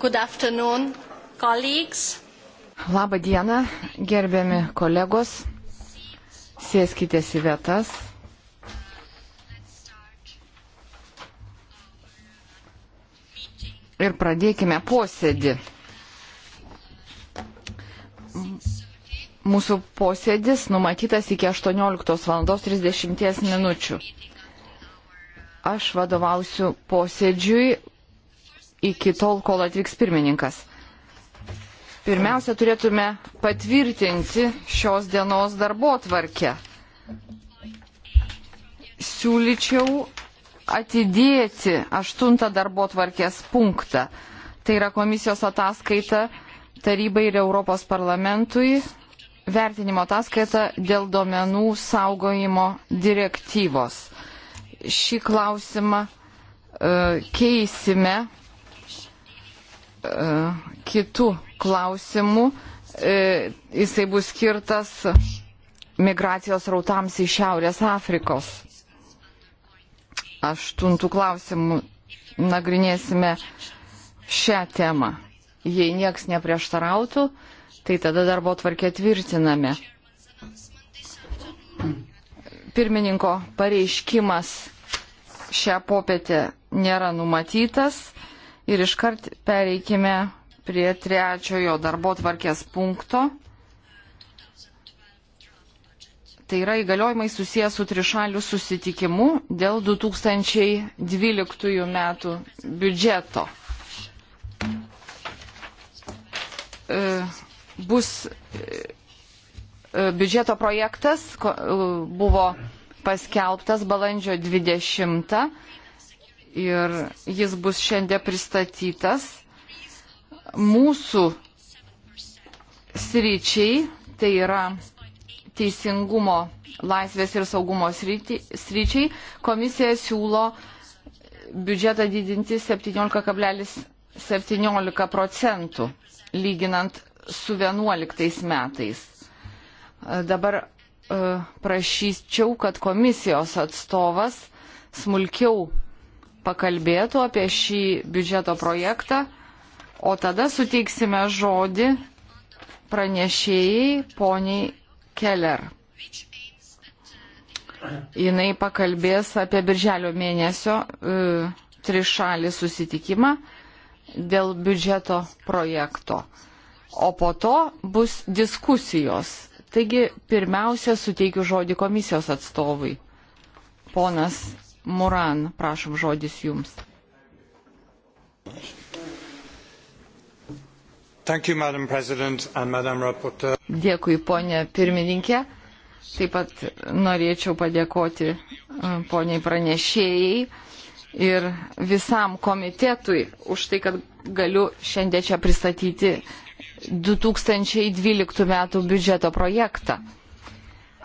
Good afternoon, colleagues. Labą dieną, gerbiami kolegos. Sėskite į vietas. Ir pradėkime posėdį. Mūsų posėdis numatytas iki 18.30 minučių aš vadovausiu posėdžiui, iki tol, kol atvyks pirmininkas. Pirmiausia, turėtume patvirtinti šios dienos darbo tvarkę. Siūlyčiau atidėti aštuntą darbo tvarkės punktą. Tai yra komisijos ataskaita tarybai ir Europos parlamentui vertinimo ataskaita dėl duomenų saugojimo direktyvos. Šį klausimą e, keisime E, kitų klausimų. E, jisai bus skirtas migracijos rautams iš Šiaurės Afrikos. Aštuntų klausimų nagrinėsime šią temą. Jei nieks neprieštarautų, tai tada darbo tvarkė tvirtiname. Pirmininko pareiškimas šią popietę nėra numatytas. Ir iškart pereikime prie trečiojo darbo tvarkės punkto. Tai yra įgaliojimai susijęs su trišalių susitikimu dėl 2012 metų biudžeto. E, bus e, biudžeto projektas e, buvo paskelbtas balandžio 20 ir jis bus šiandien pristatytas mūsų sryčiai, tai yra teisingumo, laisvės ir saugumo sryčiai, komisija siūlo biudžetą didinti 17,17 ,17 procentų, lyginant su 11 metais. Dabar e, prašyčiau, kad komisijos atstovas smulkiau pakalbėtų apie šį biudžeto projektą, o tada suteiksime žodį pranešėjai poniai Keller. Jis pakalbės apie birželio mėnesio uh, trišalį susitikimą dėl biudžeto projekto. O po to bus diskusijos. Taigi pirmiausia suteikiu žodį komisijos atstovui. Ponas Moran, prašom žodis jums. You, Madam Madam Dėkui, ponė pirmininkė. Taip pat norėčiau padėkoti e, poniai pranešėjai ir visam komitetui už tai, kad galiu šiandien čia pristatyti 2012 m. biudžeto projektą.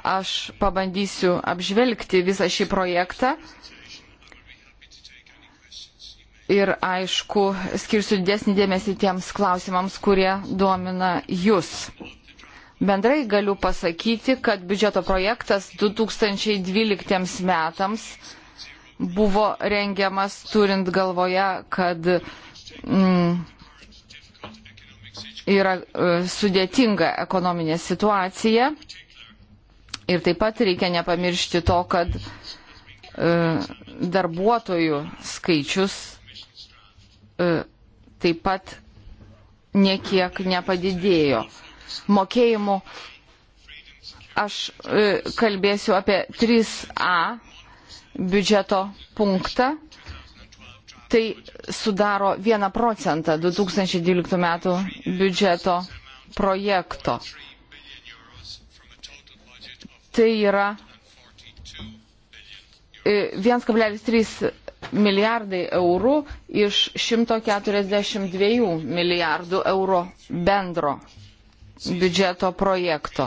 Aš pabandysiu apžvelgti visą šį projektą. Ir aišku, skirsiu didesnį dėmesį tiems klausimams, kurie domina jūs. Bendrai galiu pasakyti, kad biudžeto projektas 2012 metams buvo rengiamas turint galvoje, kad mm, yra e, sudėtinga ekonominė situacija. Ir taip pat reikia nepamiršti to, kad e, darbuotojų skaičius e, taip pat niekiek nepadidėjo. Mokėjimų aš e, kalbėsiu apie 3A biudžeto punktą. Tai sudaro 1 procentą 2012 metų biudžeto projekto tai yra 1,3 e, milijardai eurų iš 142 milijardų eurų bendro biudžeto projekto.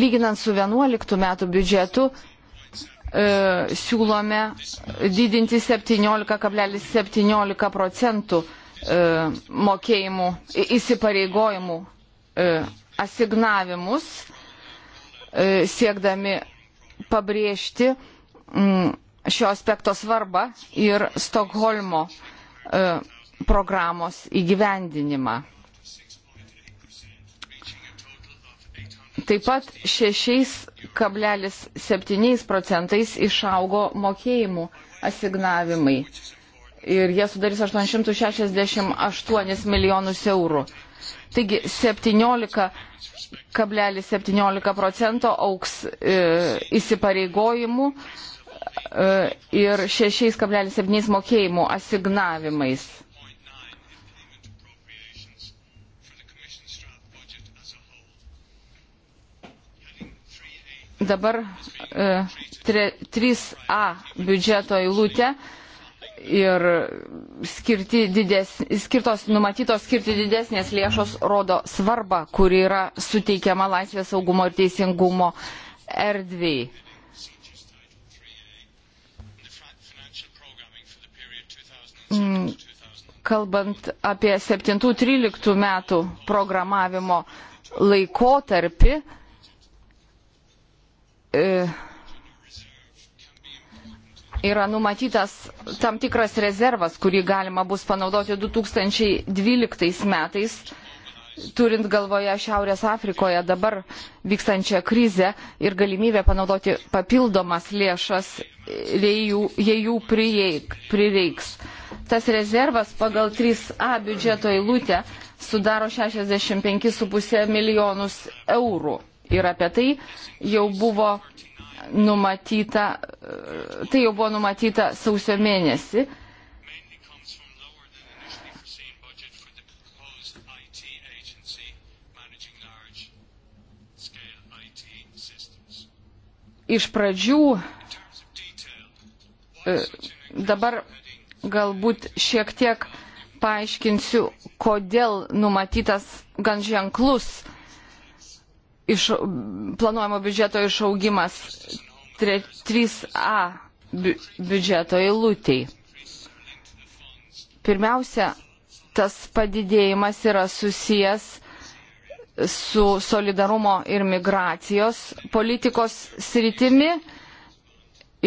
Lyginant su 11 metų biudžetu, e, siūlome didinti 17,17 ,17 procentų e, mokėjimų įsipareigojimų E, asignavimus, e, siekdami pabrėžti mm, šio aspekto svarbą ir Stokholmo e, programos įgyvendinimą. Taip pat 6,7 procentais išaugo mokėjimų asignavimai ir jie sudarys 868 milijonus eurų. Taigi 17,17 ,17 procento auks e, įsipareigojimų e, ir 6,7 mokėjimų asignavimais. Dabar e, 3A biudžeto eilutė. E, ir dides, skirtos, numatytos skirti didesnės lėšos rodo svarbą, kuri yra suteikiama laisvės saugumo ir teisingumo erdvėjai. Mm, kalbant apie 7-13 metų programavimo laikotarpį, e, yra numatytas tam tikras rezervas, kurį galima bus panaudoti 2012 metais, turint galvoje Šiaurės Afrikoje dabar vykstančią krizę ir galimybę panaudoti papildomas lėšas, jei jų, jei jų prieik, prireiks. Tas rezervas pagal 3A biudžeto eilutę sudaro 65,5 milijonus eurų. Ir apie tai jau buvo numatyta, tai jau buvo numatyta sausio mėnesį. Iš pradžių e, dabar galbūt šiek tiek paaiškinsiu, kodėl numatytas gan ženklus iš, planuojamo biudžeto išaugimas 3A bi, biudžeto eilutėj. Pirmiausia, tas padidėjimas yra susijęs su solidarumo ir migracijos politikos sritimi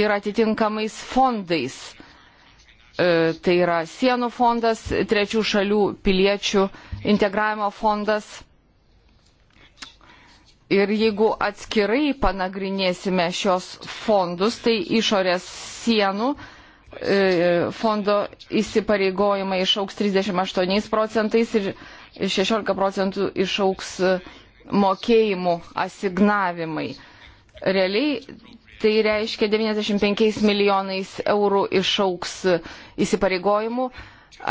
ir atitinkamais fondais. E, tai yra sienų fondas, trečių šalių piliečių integravimo fondas Ir jeigu atskirai panagrinėsime šios fondus, tai išorės sienų e, fondo įsipareigojimai išauks 38 procentais ir 16 procentų išauks e, mokėjimų asignavimai. Realiai tai reiškia 95 milijonais eurų išauks įsipareigojimų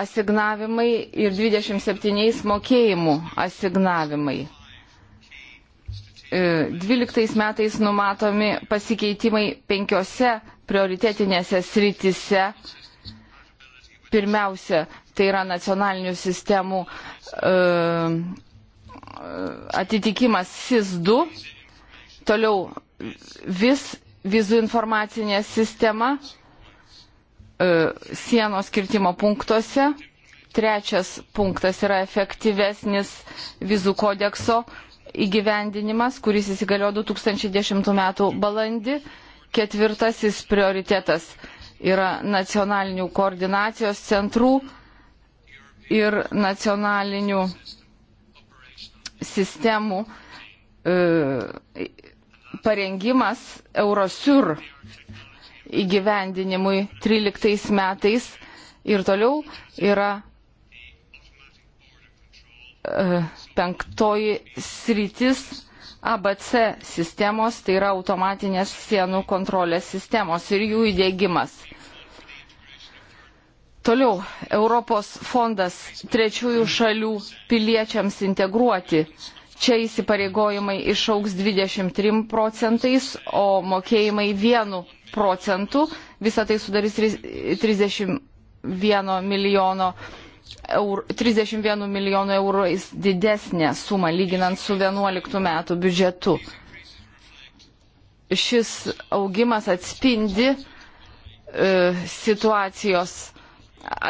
asignavimai ir 27 mokėjimų asignavimai. 12 e, metais numatomi pasikeitimai penkiose prioritetinėse sritise. Pirmiausia, tai yra nacionalinių sistemų e, atitikimas SIS2, toliau vis vizų informacinė sistema e, sienos kirtimo punktuose. Trečias punktas yra efektyvesnis vizų kodekso įgyvendinimas, kuris įsigalio 2010 m. balandį. Ketvirtasis prioritetas yra nacionalinių koordinacijos centrų ir nacionalinių sistemų e, parengimas Eurosur įgyvendinimui 13 metais ir toliau yra e, penktoji sritis ABC sistemos, tai yra automatinės sienų kontrolės sistemos ir jų įdėgymas. Toliau Europos fondas trečiųjų šalių piliečiams integruoti. Čia įsipareigojimai išauks 23 procentais, o mokėjimai 1 procentu. Visą tai sudarys 31 milijono eurų eur, 31 milijonų eurų didesnė suma lyginant su 11 metų biudžetu. Šis augimas atspindi e, situacijos,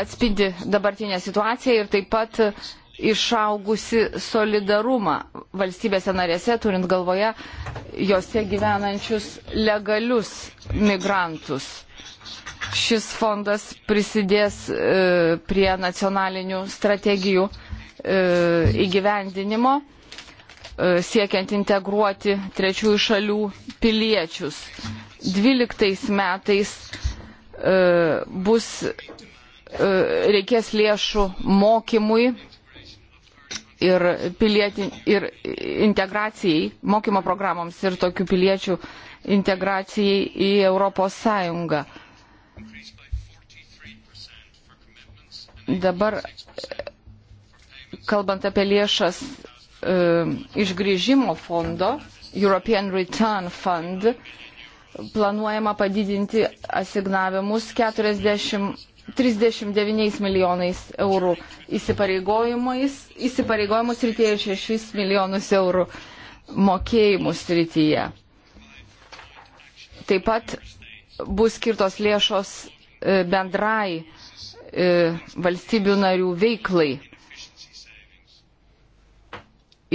atspindi dabartinę situaciją ir taip pat išaugusi solidarumą valstybėse narėse, turint galvoje jose gyvenančius legalius migrantus šis fondas prisidės e, prie nacionalinių strategijų e, įgyvendinimo, e, siekiant integruoti trečiųjų šalių piliečius. 12 metais bus reikės lėšų mokymui ir, pilietin, ir integracijai, mokymo programoms ir tokių piliečių integracijai į Europos Sąjungą. Dabar, kalbant apie lėšas e, iš grįžimo fondo, European Return Fund, planuojama padidinti asignavimus 40 39 milijonais eurų įsipareigojimų srityje ir 6 milijonus eurų mokėjimų srityje. Taip pat bus skirtos lėšos e, bendrai e, valstybių narių veiklai.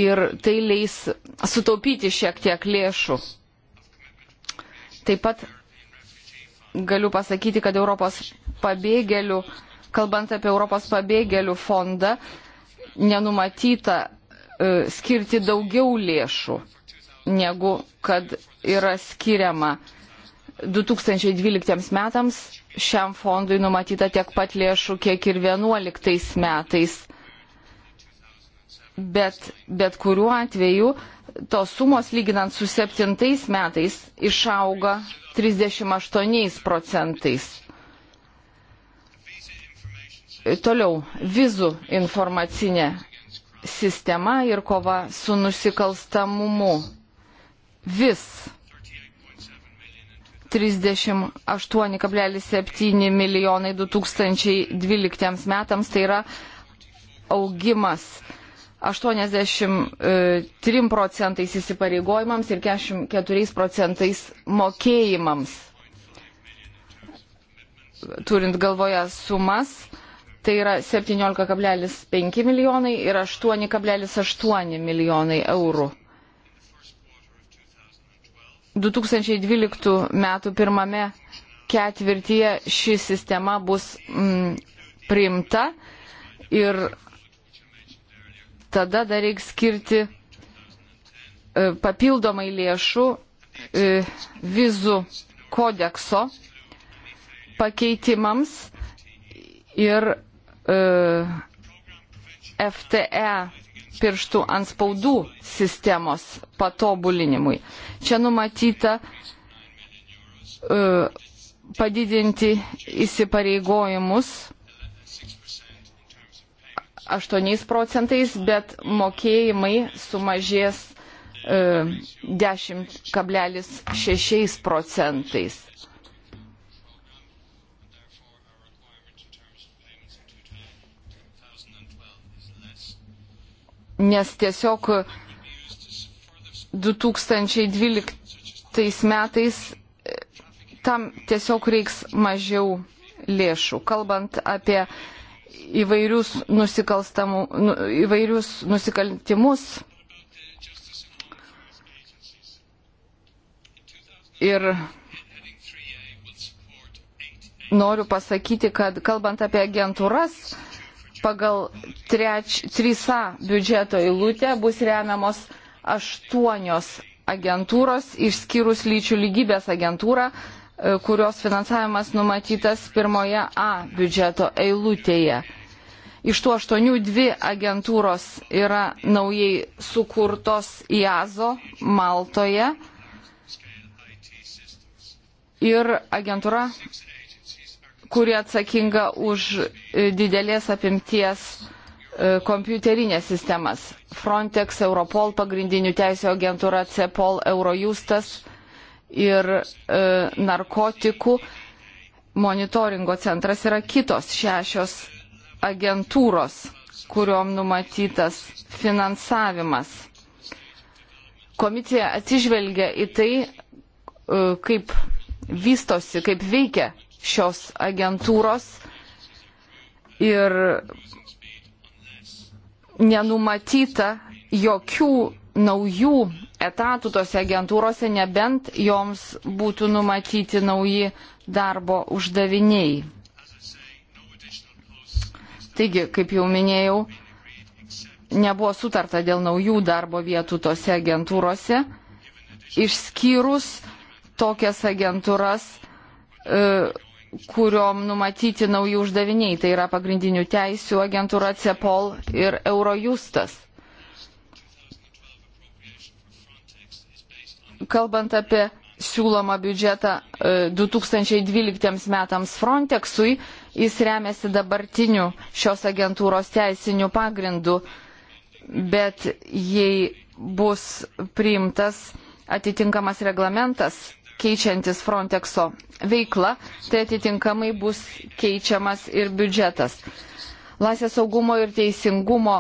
Ir tai leis sutaupyti šiek tiek lėšų. Taip pat galiu pasakyti, kad Europos pabėgėlių, kalbant apie Europos pabėgėlių fondą, nenumatyta e, skirti daugiau lėšų, negu kad yra skiriama 2012 metams šiam fondui numatyta tiek pat lėšų, kiek ir 2011 metais. Bet, bet kuriuo atveju tos sumos lyginant su 7 metais išauga 38 procentais. Toliau, vizų informacinė sistema ir kova su nusikalstamumu. Vis 38,7 milijonai 2012 metams, tai yra augimas 83 procentais įsipareigojimams ir 44 procentais mokėjimams. Turint galvoje sumas, tai yra 17,5 milijonai ir 8,8 milijonai eurų. 2012 metų pirmame ketvirtyje ši sistema bus mm, priimta ir tada dar reikia skirti e, papildomai lėšų e, vizų kodekso pakeitimams ir FTE pirštų ant spaudų sistemos patobulinimui. Čia numatyta uh, padidinti įsipareigojimus 8 procentais, bet mokėjimai sumažės 10,6 e, procentais. nes tiesiog 2012 metais e, tam tiesiog reiks mažiau lėšų. Kalbant apie įvairius, nu, įvairius nusikaltimus ir noriu pasakyti, kad kalbant apie agentūras, pagal 3A biudžeto eilutę bus remiamos aštuonios agentūros, išskyrus lyčių lygybės agentūrą, e, kurios finansavimas numatytas pirmoje A biudžeto eilutėje. Iš tų aštuonių dvi agentūros yra naujai sukurtos IAZO Maltoje ir agentūra kuri atsakinga už e, didelės apimties e, kompiuterinės sistemas. Frontex, Europol, pagrindinių teisų agentūra, CEPOL, Eurojustas ir e, narkotikų monitoringo centras yra kitos šešios agentūros, kuriuom numatytas finansavimas. Komisija atsižvelgia į tai, e, kaip vystosi, kaip veikia šios agentūros ir nenumatyta jokių naujų etatų tose agentūrose, nebent joms būtų numatyti nauji darbo uždaviniai. Taigi, kaip jau minėjau, nebuvo sutarta dėl naujų darbo vietų tose agentūrose, išskyrus tokias agentūras, e, kuriuom numatyti nauji uždaviniai. Tai yra pagrindinių teisių agentūra CEPOL ir Eurojustas. Kalbant apie siūlomą biudžetą 2012 e, metams Frontexui, jis remiasi dabartiniu šios agentūros teisiniu pagrindu, bet jei bus priimtas atitinkamas reglamentas keičiantis Frontexo veikla, tai atitinkamai bus keičiamas ir biudžetas. Laisvės saugumo ir teisingumo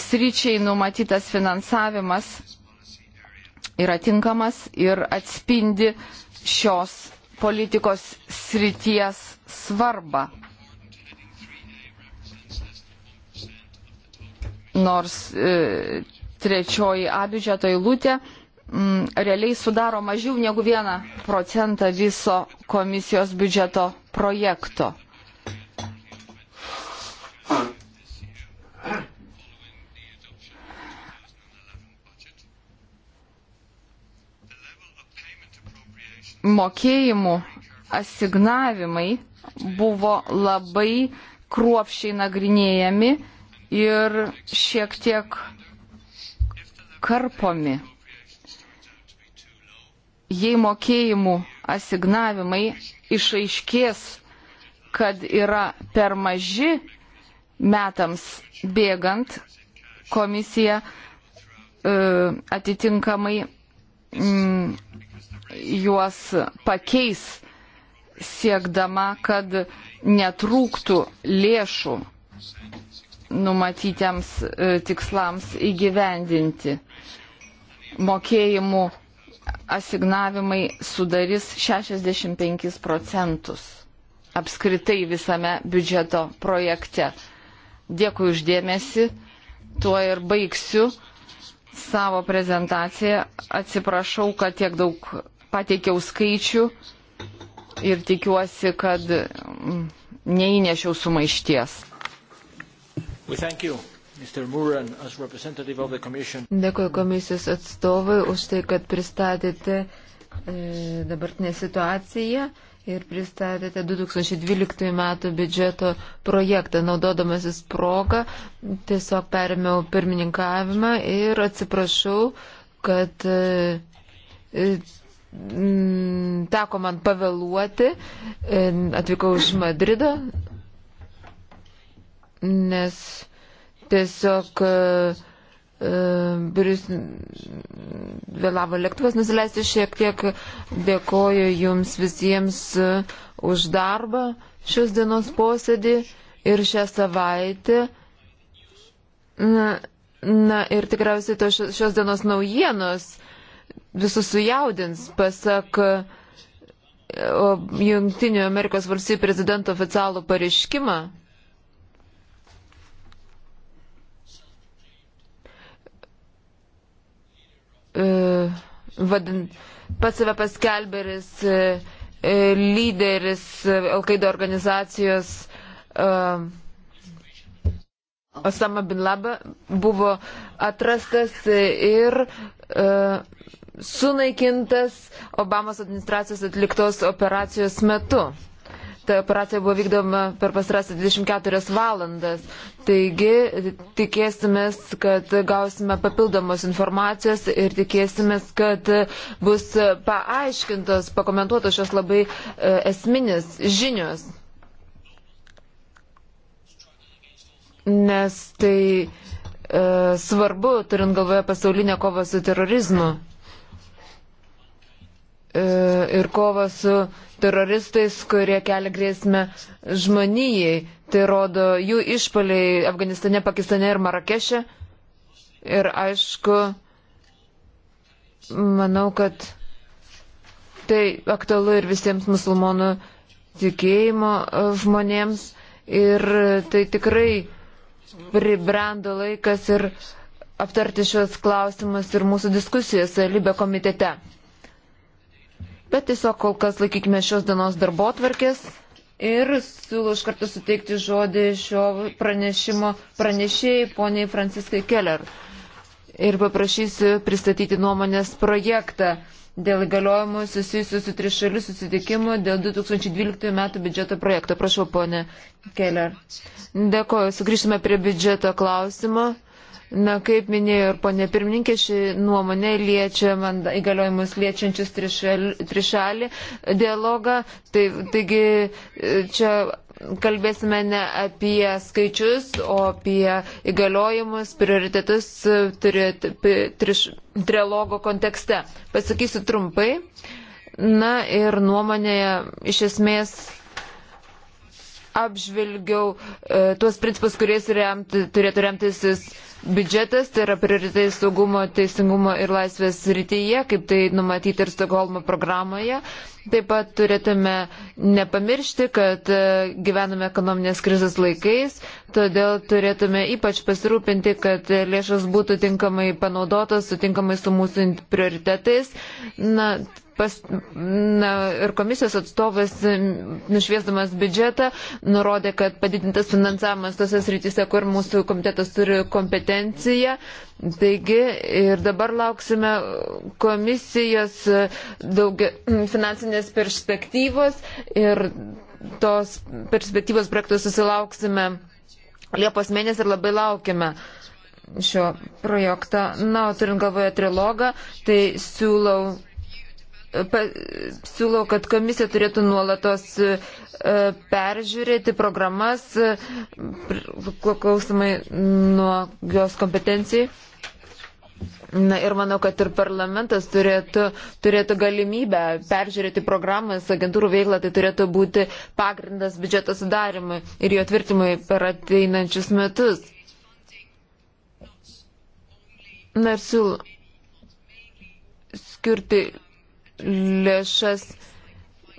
sryčiai numatytas finansavimas yra tinkamas ir atspindi šios politikos srities svarbą. Nors e, trečioji abidžeto eilutė mm, realiai sudaro mažiau negu 1 procentą viso komisijos biudžeto projekto. Mokėjimų asignavimai buvo labai kruopščiai nagrinėjami ir šiek tiek karpomi jei mokėjimų asignavimai išaiškės, kad yra per maži metams bėgant, komisija e, atitinkamai mm, juos pakeis siekdama, kad netrūktų lėšų numatytiems e, tikslams įgyvendinti. Mokėjimų asignavimai sudarys 65 procentus apskritai visame biudžeto projekte. Dėkui uždėmesi, tuo ir baigsiu savo prezentaciją. Atsiprašau, kad tiek daug pateikiau skaičių ir tikiuosi, kad mm, neįnešiau sumaišties. We thank you. Dėkuoju komisijos atstovui už tai, kad pristatėte e, dabartinę situaciją ir pristatėte 2012 metų biudžeto projektą. Naudodamasis progą, tiesiog perėmiau pirmininkavimą ir atsiprašau, kad e, e, m, teko man pavėluoti. E, atvykau iš Madrido, nes tiesiog e, e, Biurius vėlavo lėktuvas nusileisti šiek tiek. Dėkoju Jums visiems e, už darbą šios dienos posėdį ir šią savaitę. Na, na ir tikriausiai to šios dienos naujienos visus sujaudins, pasak Junktinių Amerikos valstybių prezidento oficialų pareiškimą. E, vadint, pats save paskelberis e, e, lyderis Alkaido organizacijos Osama Bin Laden buvo atrastas ir sunaikintas Obamos administracijos atliktos operacijos metu ta operacija buvo vykdoma per pastarąsias 24 valandas. Taigi tikėsimės, kad gausime papildomos informacijos ir tikėsimės, kad bus paaiškintos, pakomentuotos šios labai e, esminės žinios. Nes tai e, svarbu, turint galvoje pasaulinę kovą su terorizmu. E, ir kovą su teroristais, kurie kelia grėsmę žmonijai. Tai rodo jų išpaliai Afganistane, Pakistane ir Marakeše. Ir aišku, manau, kad tai aktualu ir visiems musulmonų tikėjimo e, žmonėms. Ir tai tikrai pribrendo laikas ir aptarti šios klausimus ir mūsų diskusijose Libė komitete. Bet tiesiog kol kas laikykime šios dienos darbo tvarkės ir siūlau iš karto suteikti žodį šio pranešimo pranešėjai poniai Franciskai Keller. Ir paprašysiu pristatyti nuomonės projektą dėl įgaliojimų susijusių su trišaliu susitikimu dėl 2012 metų biudžeto projekto. Prašau, ponė Keller. Dėkoju. Sugrįžtume prie biudžeto klausimo. Na, kaip minėjo ir ponė pirmininkė, ši nuomonė liečia manda, įgaliojimus liečiančius trišalį, trišalį dialogą. Tai, taigi čia kalbėsime ne apie skaičius, o apie įgaliojimus, prioritetus tri, triš, trialogo kontekste. Pasakysiu trumpai. Na ir nuomonėje iš esmės apžvelgiau e, tuos principus, kuriais remti, turėtų remtis biudžetas, tai yra prioritai saugumo, teisingumo ir laisvės rytyje, kaip tai numatyti ir Stokholmo programoje. Taip pat turėtume nepamiršti, kad e, gyvename ekonominės krizės laikais, todėl turėtume ypač pasirūpinti, kad lėšas būtų tinkamai panaudotos, sutinkamai su mūsų prioritetais. Na, pas, na, ir komisijos atstovas, nušviesdamas biudžetą, nurodė, kad padidintas finansavimas tose srityse, kur mūsų komitetas turi kompetenciją. Taigi ir dabar lauksime komisijos daugia, finansinės perspektyvos ir tos perspektyvos projektų susilauksime Liepos mėnesį ir labai laukime šio projekto. Na, turint galvoje trilogą, tai siūlau siūlau, kad komisija turėtų nuolatos e, peržiūrėti programas, e, klausimai nuo jos kompetencijai. Na ir manau, kad ir parlamentas turėtų, turėtų galimybę peržiūrėti programas, agentūrų veiklą, tai turėtų būti pagrindas biudžeto sudarimui ir jo tvirtimui per ateinančius metus. Na ir siūlau skirti lėšas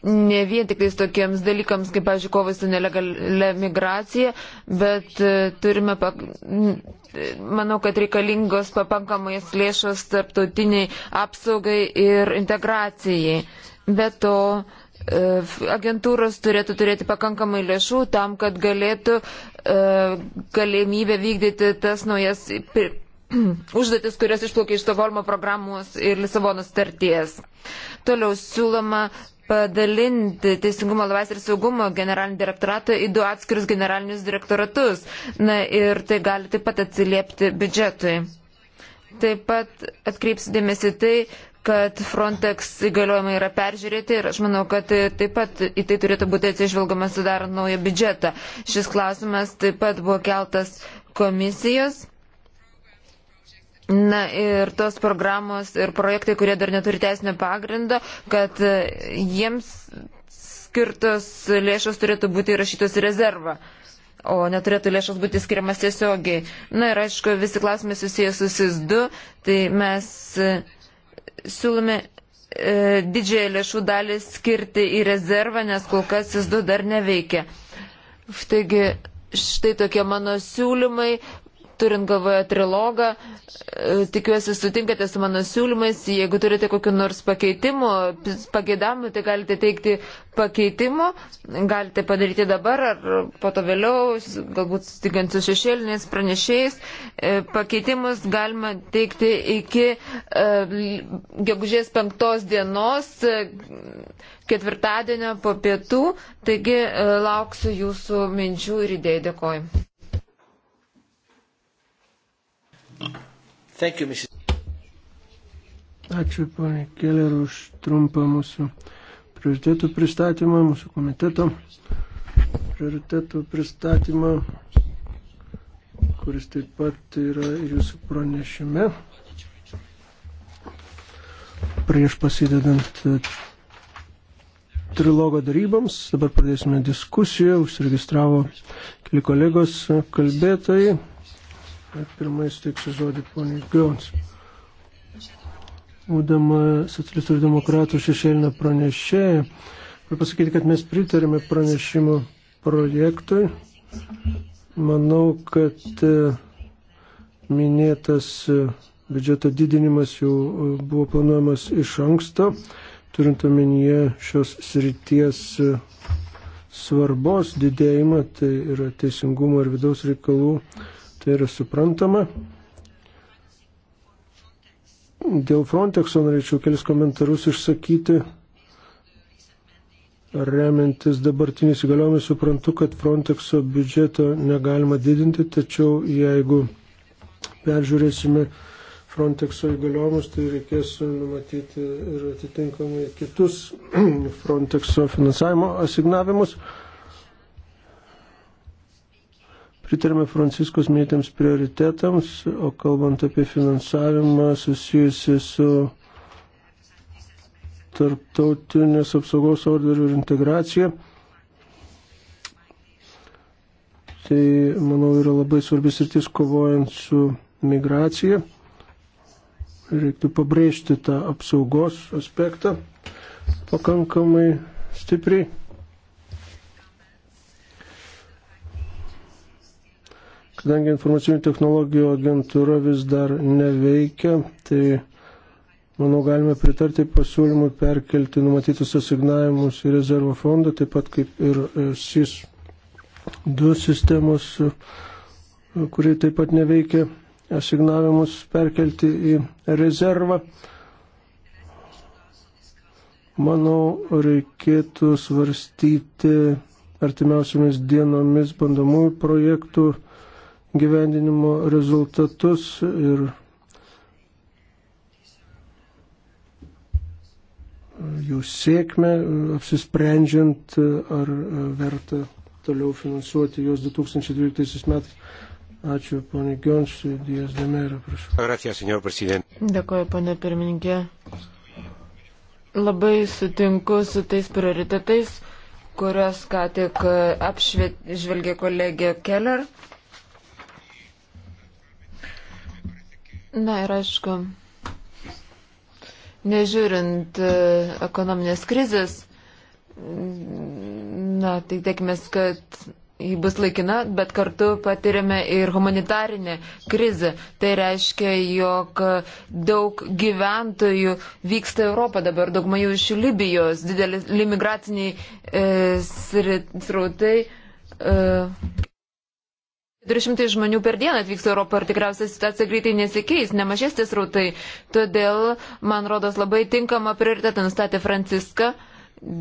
ne vien tik tokiems dalykams, kaip, pažiūrėjau, kovai su nelegalia migracija, bet e, turime, pak... manau, kad reikalingos papankamais lėšos tarptautiniai apsaugai ir integracijai. Be to, e, agentūros turėtų turėti pakankamai lėšų tam, kad galėtų e, galimybę vykdyti tas naujas užduotis, kurios išplaukia iš Stokholmo programos ir Lisabono starties. Toliau siūloma padalinti Teisingumo laisvės ir saugumo generalinį direktoratą į du atskirius generalinius direktoratus. Na ir tai gali taip pat atsiliepti biudžetui. Taip pat atkreipsiu dėmesį tai, kad Frontex įgaliojimai yra peržiūrėti ir aš manau, kad taip pat į tai turėtų būti atsižvelgama sudarant naują biudžetą. Šis klausimas taip pat buvo keltas komisijos Na ir tos programos ir projektai, kurie dar neturi teisinio pagrindo, kad e, jiems skirtos lėšos turėtų būti įrašytos į rezervą o neturėtų lėšos būti skiriamas tiesiogiai. Na ir aišku, visi klausimai susijęs su SIS2, tai mes e, siūlome e, didžiąją lėšų dalį skirti į rezervą, nes kol kas SIS2 dar neveikia. Taigi, štai tokie mano siūlymai, turint galvoje trilogą, e, tikiuosi sutinkate su mano siūlymais, jeigu turite kokiu nors pakeitimu, pageidamu, tai galite teikti pakeitimu, galite padaryti dabar ar po to vėliau, galbūt sutikiant su šešėliniais pranešėjais, e, pakeitimus galima teikti iki e, gegužės penktos dienos, ketvirtadienio po pietų, taigi lauksiu jūsų minčių ir idėjų, dėkoju. Thank you, Mrs. Ačiū, ponė Keller, už trumpą mūsų prioritetų pristatymą, mūsų komiteto prioritetų pristatymą, kuris taip pat yra jūsų pranešime. Prieš pasidedant e, trilogo daryboms, dabar pradėsime diskusiją, užsiregistravo keli kolegos e, kalbėtojai. Pirmais teiksiu žodį poniai Grions. Būdama socialistų ir demokratų šešėlinio pranešėja, noriu pasakyti, kad mes pritarėme pranešimo projektui. Manau, kad e, minėtas e, biudžeto didinimas jau e, buvo planuojamas iš anksto, turint omenyje šios srities svarbos didėjimą, tai yra teisingumo ir vidaus reikalų tai yra suprantama. Dėl Frontexo norėčiau kelis komentarus išsakyti. Remiantis dabartinis įgaliojimus suprantu, kad Frontexo biudžeto negalima didinti, tačiau jeigu peržiūrėsime Frontexo įgaliojimus, tai reikės numatyti ir atitinkamai kitus Frontexo finansavimo asignavimus. Pritarėme Franciskos minėtėms prioritetams, o kalbant apie finansavimą susijusi su tarptautinės apsaugos orderių ir integracija, tai, manau, yra labai svarbis rytis kovojant su migracija. Reiktų pabrėžti tą apsaugos aspektą pakankamai stipriai. Kadangi informacinių technologijų agentūra vis dar neveikia, tai manau galime pritarti pasiūlymui perkelti numatytus asignavimus į rezervo fondą, taip pat kaip ir e, SIS 2 sistemos, e, kurie taip pat neveikia asignavimus perkelti į rezervą. Manau, reikėtų svarstyti artimiausiamis dienomis bandomųjų projektų gyvendinimo rezultatus ir jų sėkmę, apsisprendžiant, ar verta toliau finansuoti juos 2012 metais. Ačiū, ponė Gionšui, Dijas Demera, prašau. Gracias, senor prezidentė. Dėkuoju, ponė pirmininkė. Labai sutinku su tais prioritetais, kurios ką tik apšvelgė kolegė Keller. Na ir aišku, nežiūrint e, ekonominės krizės, na, tai tiekime, kad ji bus laikina, bet kartu patiriame ir humanitarinę krizę. Tai reiškia, jog daug gyventojų vyksta Europą dabar, daug majų iš Libijos, didelis imigraciniai e, srautai. E, 400 žmonių per dieną atvyksta Europą ir tikriausiai situacija greitai nesikeis, nemažės ties rautai. Todėl, man rodos, labai tinkama prioritetą nustatė Franciska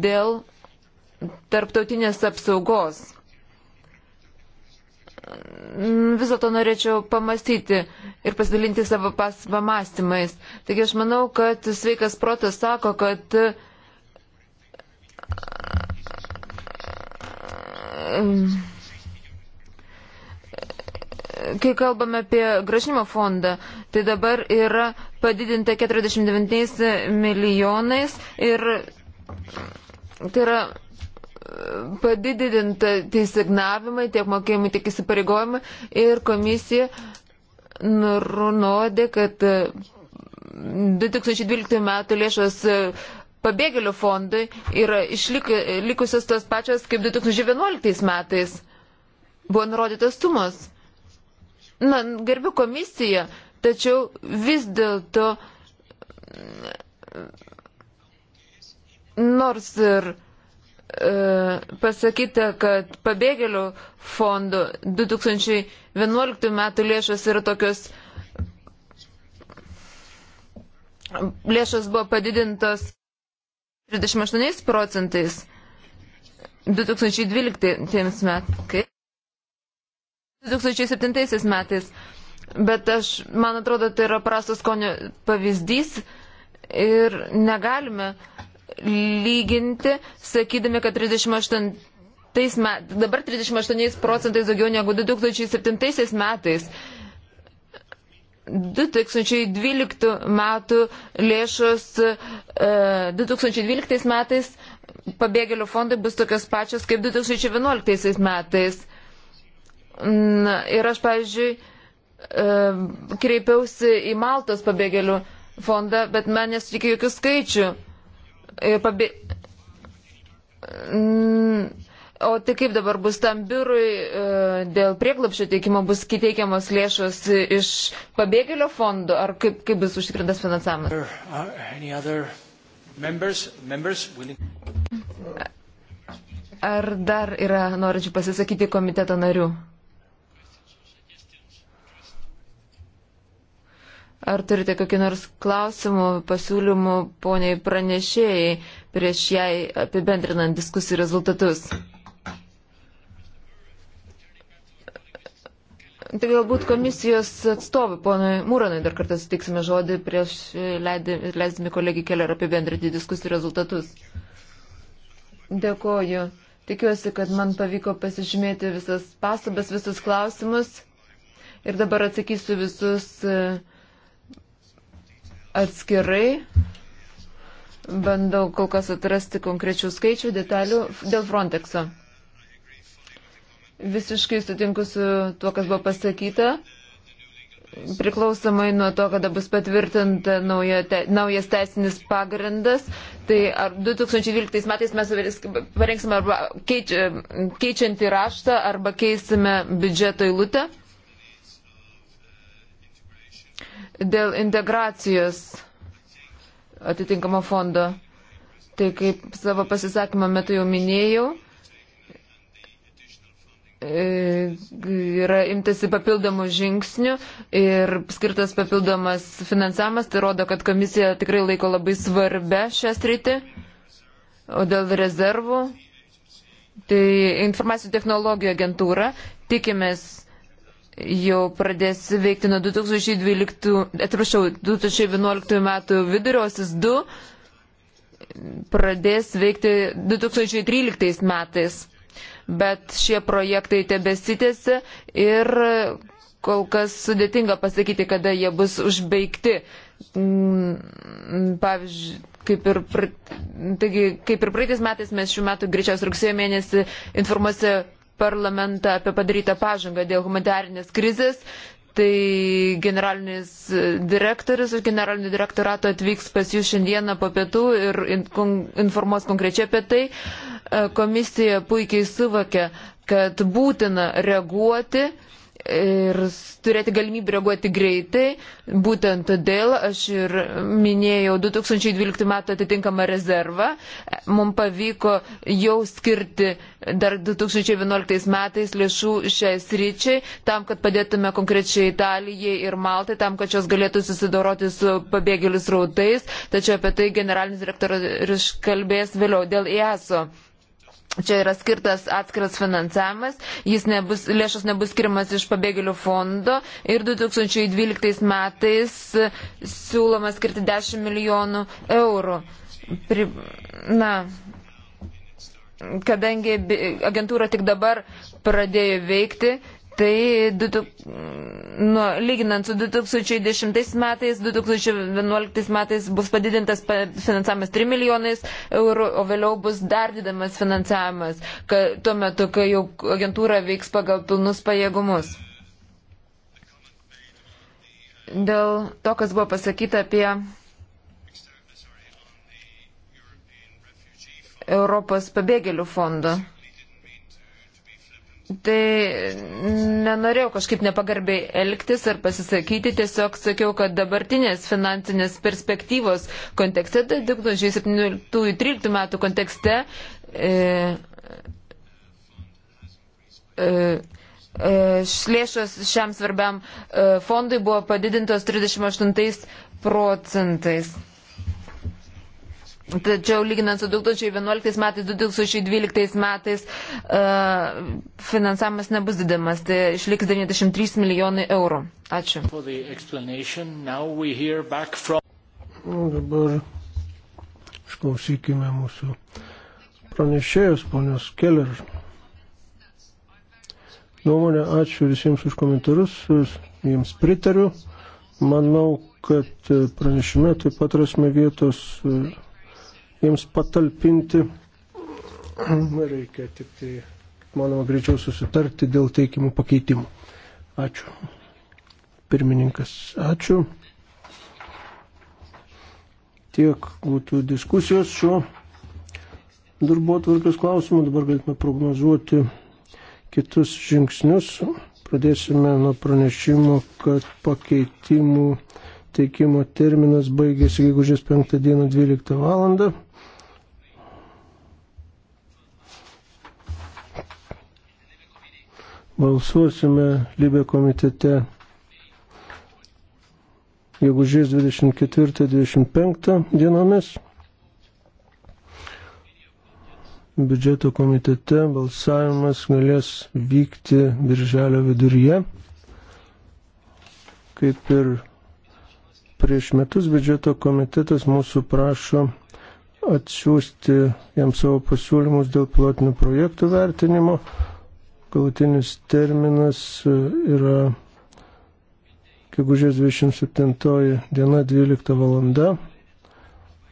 dėl tarptautinės apsaugos. Mm, vis dėlto norėčiau pamastyti ir pasidalinti savo pamastymais. Taigi aš manau, kad sveikas protas sako, kad um, kai kalbame apie gražinimo fondą, tai dabar yra padidinta 49 milijonais ir tai yra e, padidinta tai signavimai, tiek mokėjimai, tiek įsipareigojimai ir komisija nurodė, kad 2012 e, metų lėšos e, pabėgėlių fondui yra išlikusios tos pačios kaip 2011 metais. Buvo nurodytos sumos. Na, gerbiu komisiją, tačiau vis dėlto, nors ir e, pasakyta, kad pabėgėlių fondo 2011 metų lėšos yra tokios, lėšos buvo padidintos 38 procentais 2012 metais. 2007 metais. Bet aš, man atrodo, tai yra prastas skonio pavyzdys ir negalime lyginti, sakydami, kad 38 met, dabar 38 procentais daugiau negu 2007 metais. 2012 metų lėšos, 2012 e, metais pabėgėlių fondai bus tokios pačios kaip 2011 metais. Na, ir aš, pavyzdžiui, e, kreipiausi į Maltos pabėgėlių fondą, bet man nesutikė jokių skaičių. E, pabė... O tai kaip dabar bus tam biurui e, dėl prieklapšio teikimo, bus kiteikiamos lėšos iš pabėgėlio fondo, ar kaip, kaip bus užtikrintas finansavimas? Ar dar yra norinčių pasisakyti komiteto narių? Ar turite kokį nors klausimų, pasiūlymų poniai pranešėjai prieš jai apibendrinant diskusijų rezultatus? Tai galbūt komisijos atstovui, ponui Mūranui, dar kartą sutiksime žodį prieš leidimi kolegį Keller apibendrinti diskusijų rezultatus. Dėkoju. Tikiuosi, kad man pavyko pasižymėti visas pastabas, visus klausimus. Ir dabar atsakysiu visus uh, atskirai. Bandau kol kas atrasti konkrečių skaičių, detalių dėl Frontexo. Visiškai sutinku su tuo, kas buvo pasakyta. Priklausomai nuo to, kada bus patvirtinta nauja te, naujas teisinis pagrindas, tai ar 2012 metais mes parengsime arba keič, keičiantį raštą arba keisime biudžeto įlūtę. dėl integracijos atitinkamo fondo. Tai kaip savo pasisakymą metu jau minėjau, e, yra imtasi papildomų žingsnių ir skirtas papildomas finansavimas, tai rodo, kad komisija tikrai laiko labai svarbę šią sritį. O dėl rezervų, tai informacijų technologijų agentūra tikimės jau pradės veikti nuo 2012, atsiprašau, 2011 metų viduriosis 2 pradės veikti 2013 metais. Bet šie projektai tebesitėsi ir kol kas sudėtinga pasakyti, kada jie bus užbaigti. Mm, pavyzdžiui, kaip ir, taigi, kaip ir praeitais metais mes šių metų greičiausiai rugsėjo mėnesį informuose parlamentą apie padarytą pažangą dėl humanitarinės krizės. Tai generalinis direktorius ir generalinio direktorato atvyks pas jūs šiandieną po pietų ir informuos konkrečiai apie tai. E, komisija puikiai suvokia, kad būtina reaguoti ir turėti galimybę reaguoti greitai. Būtent todėl aš ir minėjau 2012 metų atitinkamą rezervą. Mums pavyko jau skirti dar 2011 metais lėšų šiai sryčiai, tam, kad padėtume konkrečiai Italijai ir Maltai, tam, kad jos galėtų susidoroti su pabėgėlius rautais. Tačiau apie tai generalinis direktorius kalbės vėliau dėl EASO Čia yra skirtas atskiras finansavimas, jis nebus, lėšas nebus skirimas iš pabėgėlių fondo ir 2012 metais siūloma skirti 10 milijonų eurų. Pri, na, kadangi agentūra tik dabar pradėjo veikti, Tai du, nu, lyginant su 2010 metais, 2011 metais bus padidintas finansavimas 3 milijonais eurų, o vėliau bus dar didamas finansavimas ka, tuo metu, kai jau agentūra veiks pagal pilnus pajėgumus. Dėl to, kas buvo pasakyta apie Europos pabėgėlių fondą. Tai nenorėjau kažkaip nepagarbiai elgtis ar pasisakyti, tiesiog sakiau, kad dabartinės finansinės perspektyvos kontekste, 2017-2013 tai metų kontekste, e, e, e, lėšos šiam svarbiam e, fondui buvo padidintos 38 procentais. Tačiau lyginant su 2011 metais, 2012 metais e, finansavimas nebus didimas, tai išliks 93 milijonai eurų. Ačiū. O dabar išklausykime mūsų pranešėjus, ponios Keller. Nuomonė, ačiū visiems už komentarus, jiems pritariu. Manau, kad pranešime taip pat rasme vietos. Uh, jiems patalpinti. Reikia tik tai, manoma, greičiau susitarti dėl teikimų pakeitimų. Ačiū. Pirmininkas, ačiū. Tiek būtų diskusijos šio darbo tvarkės klausimų. Dabar galime prognozuoti kitus žingsnius. Pradėsime nuo pranešimo, kad pakeitimų teikimo terminas baigėsi gegužės 5 dieną 12 valandą. Balsuosime Libė komitete gegužės 24-25 dienomis. Biudžeto komitete balsavimas galės vykti birželio viduryje. Kaip ir prieš metus biudžeto komitetas mūsų prašo atsiųsti jam savo pasiūlymus dėl plotinių projektų vertinimo galutinis terminas yra gegužės 27 diena 12 valanda.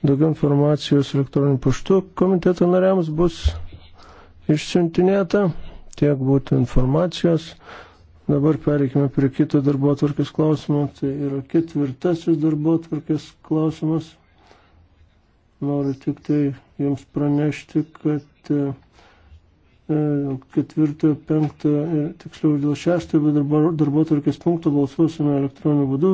Daugiau informacijos elektroniniu paštu komiteto nariams bus išsiuntinėta. Tiek būtų informacijos. Dabar pereikime prie kito darbo atvarkės klausimo. Tai yra ketvirtasis darbo atvarkės klausimas. Noriu tik tai jums pranešti, kad E, ketvirtojo, penktojo ir e, tiksliau dėl šeštojo darbo, darbo tvarkės punkto balsuosime elektroniniu būdu.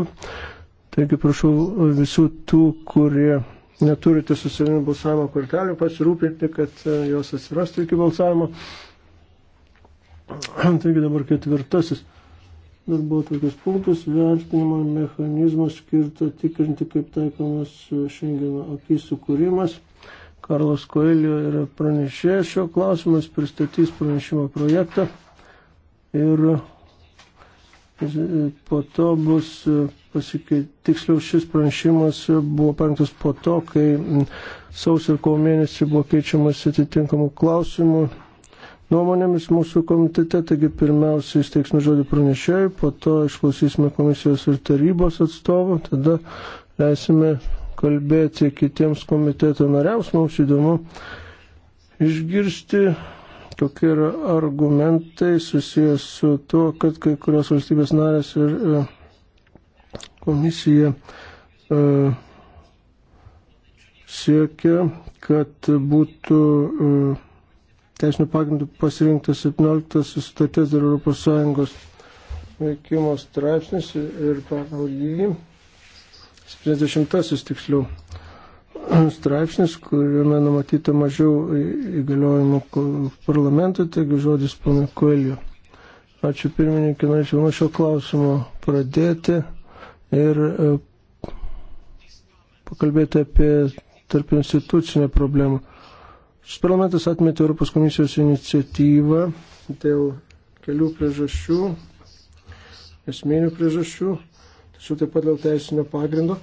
Taigi prašau visų tų, kurie neturite su savimi balsavimo kortelių, pasirūpinti, kad e, jos atsirastų iki balsavimo. Taigi dabar ketvirtasis darbo tokius punktus vertinimo mechanizmas skirta tikrinti, kaip taikomas šiandieno akis sukūrimas. Karlos Koelio yra pranešėjęs šio klausimas, pristatys pranešimo projektą ir e, po to bus e, pasikeit, tiksliau šis pranešimas e, buvo parengtas po to, kai sausio ir kovo mėnesį buvo keičiamas atitinkamų klausimų nuomonėmis mūsų komitete, taigi pirmiausiai įsteiksime žodį pranešėjui, po to išklausysime komisijos ir tarybos atstovų, tada leisime kalbėti kitiems komiteto nariams. Mums įdomu išgirsti, kokie yra argumentai susijęs su tuo, kad kai kurios valstybės narės ir e, komisija e, siekia, kad būtų e, teisinių pagrindų pasirinktas 17 sutarties dėl ES veikimo straipsnis ir pagal jį 70 tiksliau straipsnis, kuriame numatyta mažiau įgaliojimų parlamentui, taigi žodis pana Koelio. Ačiū pirmininkė, norėčiau nuo šio klausimo pradėti ir e, pakalbėti apie tarp institucinę problemą. Šis parlamentas atmetė Europos komisijos iniciatyvą dėl kelių priežasčių, esminių priežasčių tačiau taip pat dėl teisinio pagrindo.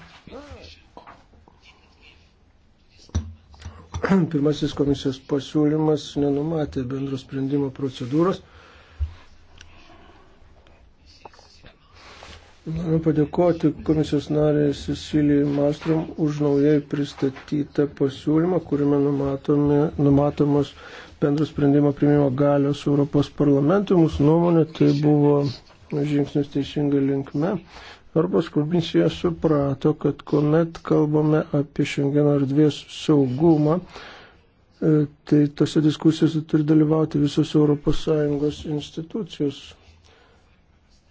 Pirmasis komisijos pasiūlymas nenumatė bendro sprendimo procedūros. Noriu padėkoti komisijos narė Cecilijai Mastrom už naujai pristatytą pasiūlymą, kuriame numatomi, numatomos bendro sprendimo priimimo galios Europos parlamentui. Mūsų nuomonė tai buvo žingsnis teisinga linkme. Europos komisija suprato, kad kuomet kalbame apie šiandieną erdvės saugumą, e, tai tose diskusijose turi dalyvauti visos ES institucijos.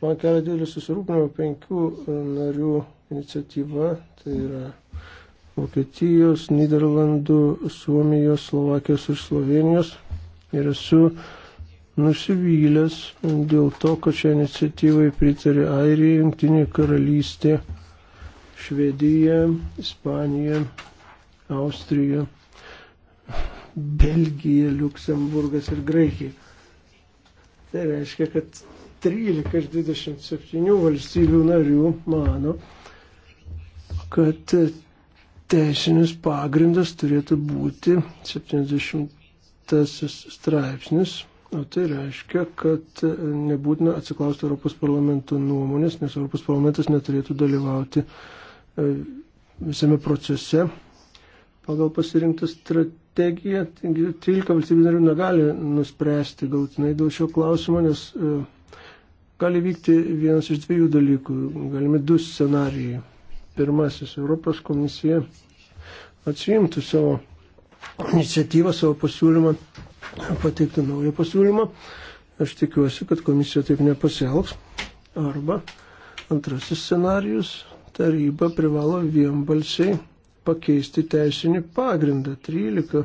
Man kelia didelį susirūpinimą penkių e, narių iniciatyva, tai yra Vokietijos, Niderlandų, Suomijos, Slovakijos ir Slovenijos. Ir esu nusivylęs dėl to, kad šią iniciatyvą pritarė Airija, Junktinė karalystė, Švedija, Ispanija, Austrija, Belgija, Luksemburgas ir Graikija. Tai reiškia, kad 13 iš 27 valstybių narių mano, kad teisinis pagrindas turėtų būti 70 straipsnis O tai reiškia, kad nebūtina atsiklausti Europos parlamento nuomonės, nes Europos parlamentas neturėtų dalyvauti e, visame procese pagal pasirinktą strategiją. 13 valstybių narių negali nuspręsti galtinai dėl šio klausimo, nes e, gali vykti vienas iš dviejų dalykų. Galime du scenarijai. Pirmasis, Europos komisija atsijimtų savo iniciatyvą, savo pasiūlymą pateikti naują pasiūlymą. Aš tikiuosi, kad komisija taip nepasielgs. Arba antrasis scenarius - taryba privalo vienbalsiai pakeisti teisinį pagrindą. 13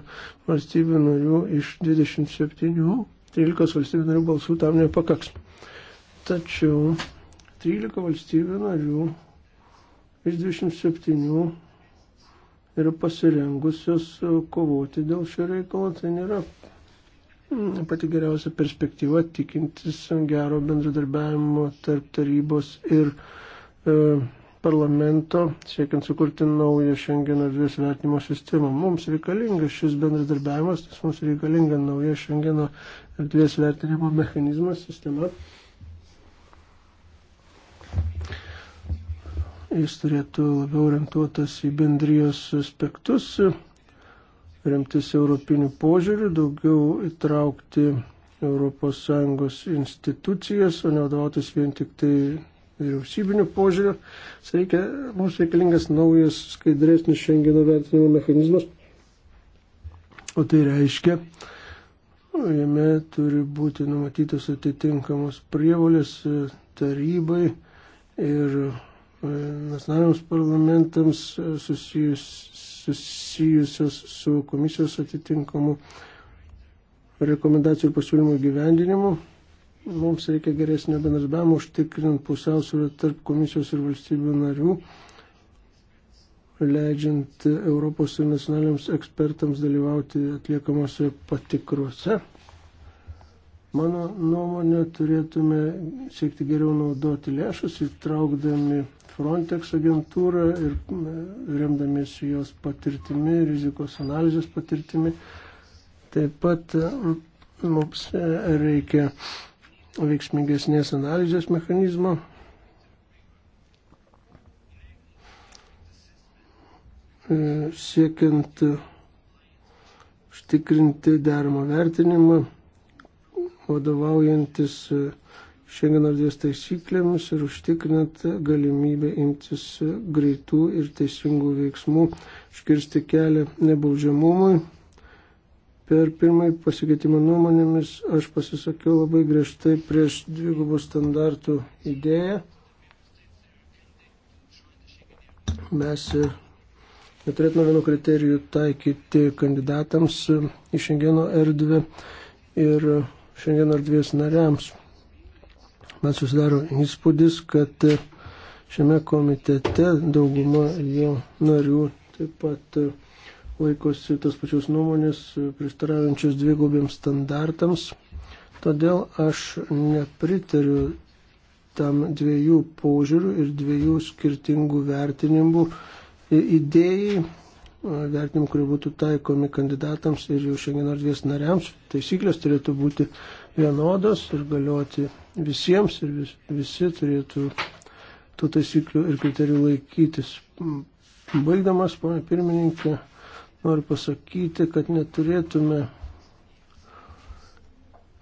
valstybių narių iš 27, 13 valstybių narių balsų tam nepakaks. Tačiau 13 valstybių narių iš 27 yra pasirengusios kovoti dėl šio reikalo. Tai nėra pati geriausia perspektyva tikintis gero bendradarbiavimo tarp tarybos ir e, parlamento, siekiant sukurti naują Šengeno erdvės vertinimo sistemą. Mums reikalingas šis bendradarbiavimas, nes mums reikalinga nauja Šengeno erdvės vertinimo mechanizmas, sistema. Jis turėtų labiau orientuotas į bendrijos aspektus. E, remtis europiniu požiūriu, daugiau įtraukti ES institucijas, o ne vadovautis vien tik tai vyriausybiniu požiūriu. Reikia, mums reikalingas naujas skaidresnis šengeno vertinimo mechanizmas. O tai reiškia, jame turi būti numatytos atitinkamos prievolės tarybai ir e, nacionaliniams parlamentams e, susijus susijusios su komisijos atitinkamu rekomendacijų ir pasiūlymų gyvendinimu. Mums reikia geresnio bendradarbiavimo, užtikrint pusiausvyrą tarp komisijos ir valstybių narių, leidžiant Europos ir nacionaliniams ekspertams dalyvauti atliekamuose patikruose. Mano nuomonė turėtume siekti geriau naudoti lėšas, įtraukdami Frontex agentūrą ir e, remdamiesi jos patirtimi, rizikos analizės patirtimi. Taip pat e, mums e, reikia veiksmingesnės analizės mechanizmo. Siekiant užtikrinti deramą vertinimą vadovaujantis e, Šengeno erdvės taisyklėmis ir užtikrinant galimybę imtis e, greitų ir teisingų veiksmų, iškirsti kelią nebaudžiamumui. Per pirmąjį pasikeitimą nuomonėmis aš pasisakiau labai griežtai prieš dvigubų standartų idėją. Mes e, neturėtume vienų kriterijų taikyti kandidatams į Šengeno erdvę ir šiandien erdvės nariams. Man susidaro įspūdis, kad šiame komitete dauguma jo narių taip pat laikosi tos pačios nuomonės prieštaraujančios dvigubiems standartams. Todėl aš nepritariu tam dviejų požiūrių ir dviejų skirtingų vertinimų idėjai vertinimų, kurie būtų taikomi kandidatams ir jų šiandien erdvės nariams. Taisyklės turėtų būti vienodos ir galioti visiems ir vis, visi turėtų tų taisyklių ir kriterijų laikytis. Baigdamas, ponė pirmininkė, noriu pasakyti, kad neturėtume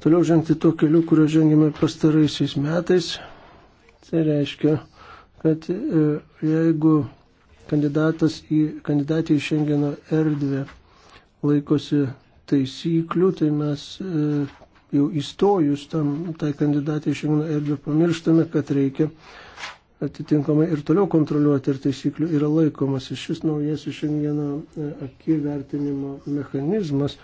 toliau žengti tuo keliu, kurio žengėme pastaraisiais metais. Tai reiškia, kad e, jeigu kandidatas į, kandidatė į Šengeno erdvę laikosi taisyklių, tai mes e, jau įstojus tam, tai kandidatė į Šengeno erdvę pamirštame, kad reikia atitinkamai ir toliau kontroliuoti, ar taisyklių yra laikomas. Šis naujasis šiandieno e, akį vertinimo mechanizmas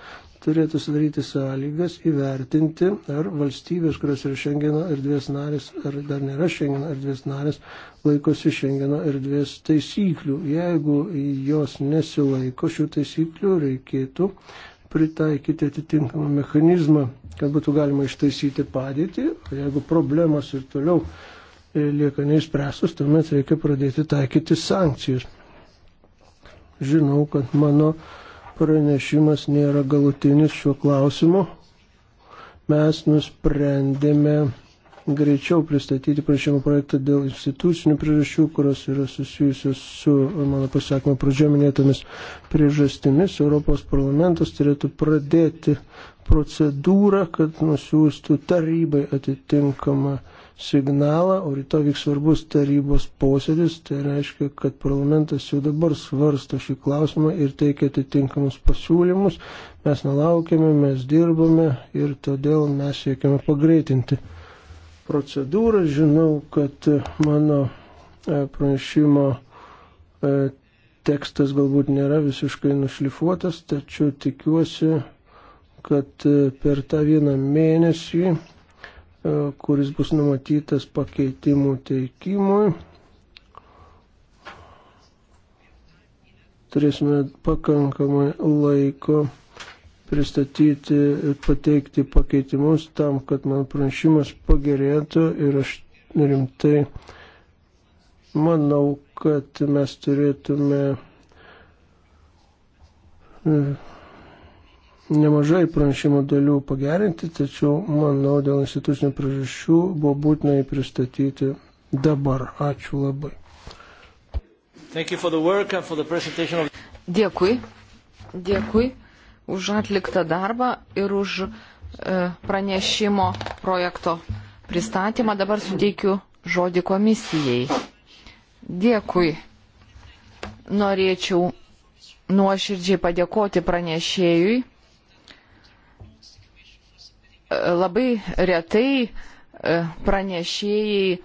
turėtų sudaryti sąlygas įvertinti, ar valstybės, kurios yra Šengeno erdvės narės, ar dar nėra Šengeno erdvės narės, laikosi Šengeno erdvės taisyklių. Jeigu jos nesilaiko šių taisyklių, reikėtų pritaikyti atitinkamą mechanizmą, kad būtų galima ištaisyti padėtį, o jeigu problemos ir toliau lieka neįspręstus, tuomet reikia pradėti taikyti sankcijas. Žinau, kad mano pranešimas nėra galutinis šiuo klausimu. Mes nusprendėme greičiau pristatyti prašymo projektą dėl institucinių priežasčių, kurios yra susijusios su mano pasakymo pradžio minėtomis priežastimis. Europos parlamentas turėtų pradėti procedūrą, kad nusiųstų tarybai atitinkamą signalą, o ryto vyks svarbus tarybos posėdis, tai reiškia, kad parlamentas jau dabar svarsto šį klausimą ir teikia atitinkamus pasiūlymus. Mes nelaukėme, mes dirbame ir todėl mes siekiame pagreitinti procedūrą. Žinau, kad mano e, pranešimo e, tekstas galbūt nėra visiškai nušlifuotas, tačiau tikiuosi, kad e, per tą vieną mėnesį E, kuris bus numatytas pakeitimų teikimui. Turėsime pakankamai laiko pristatyti ir pateikti pakeitimus tam, kad man pranešimas pagerėtų ir aš rimtai manau, kad mes turėtume e, nemažai pranešimo dalių pagerinti, tačiau, manau, dėl institucinių priežasčių buvo būtina jį pristatyti dabar. Ačiū labai. Of... Dėkui. Dėkui už atliktą darbą ir už e, pranešimo projekto pristatymą. Dabar suteikiu žodį komisijai. Dėkui. Norėčiau nuoširdžiai padėkoti pranešėjui labai retai e, pranešėjai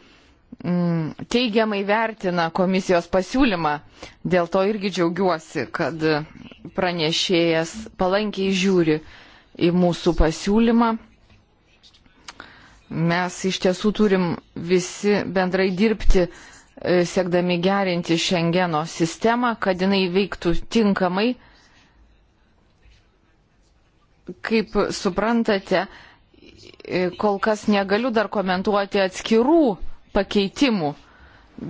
mm, teigiamai vertina komisijos pasiūlymą. Dėl to irgi džiaugiuosi, kad pranešėjas palankiai žiūri į mūsų pasiūlymą. Mes iš tiesų turim visi bendrai dirbti, e, siekdami gerinti Šengeno sistemą, kad jinai veiktų tinkamai. Kaip suprantate, E, kol kas negaliu dar komentuoti atskirų pakeitimų,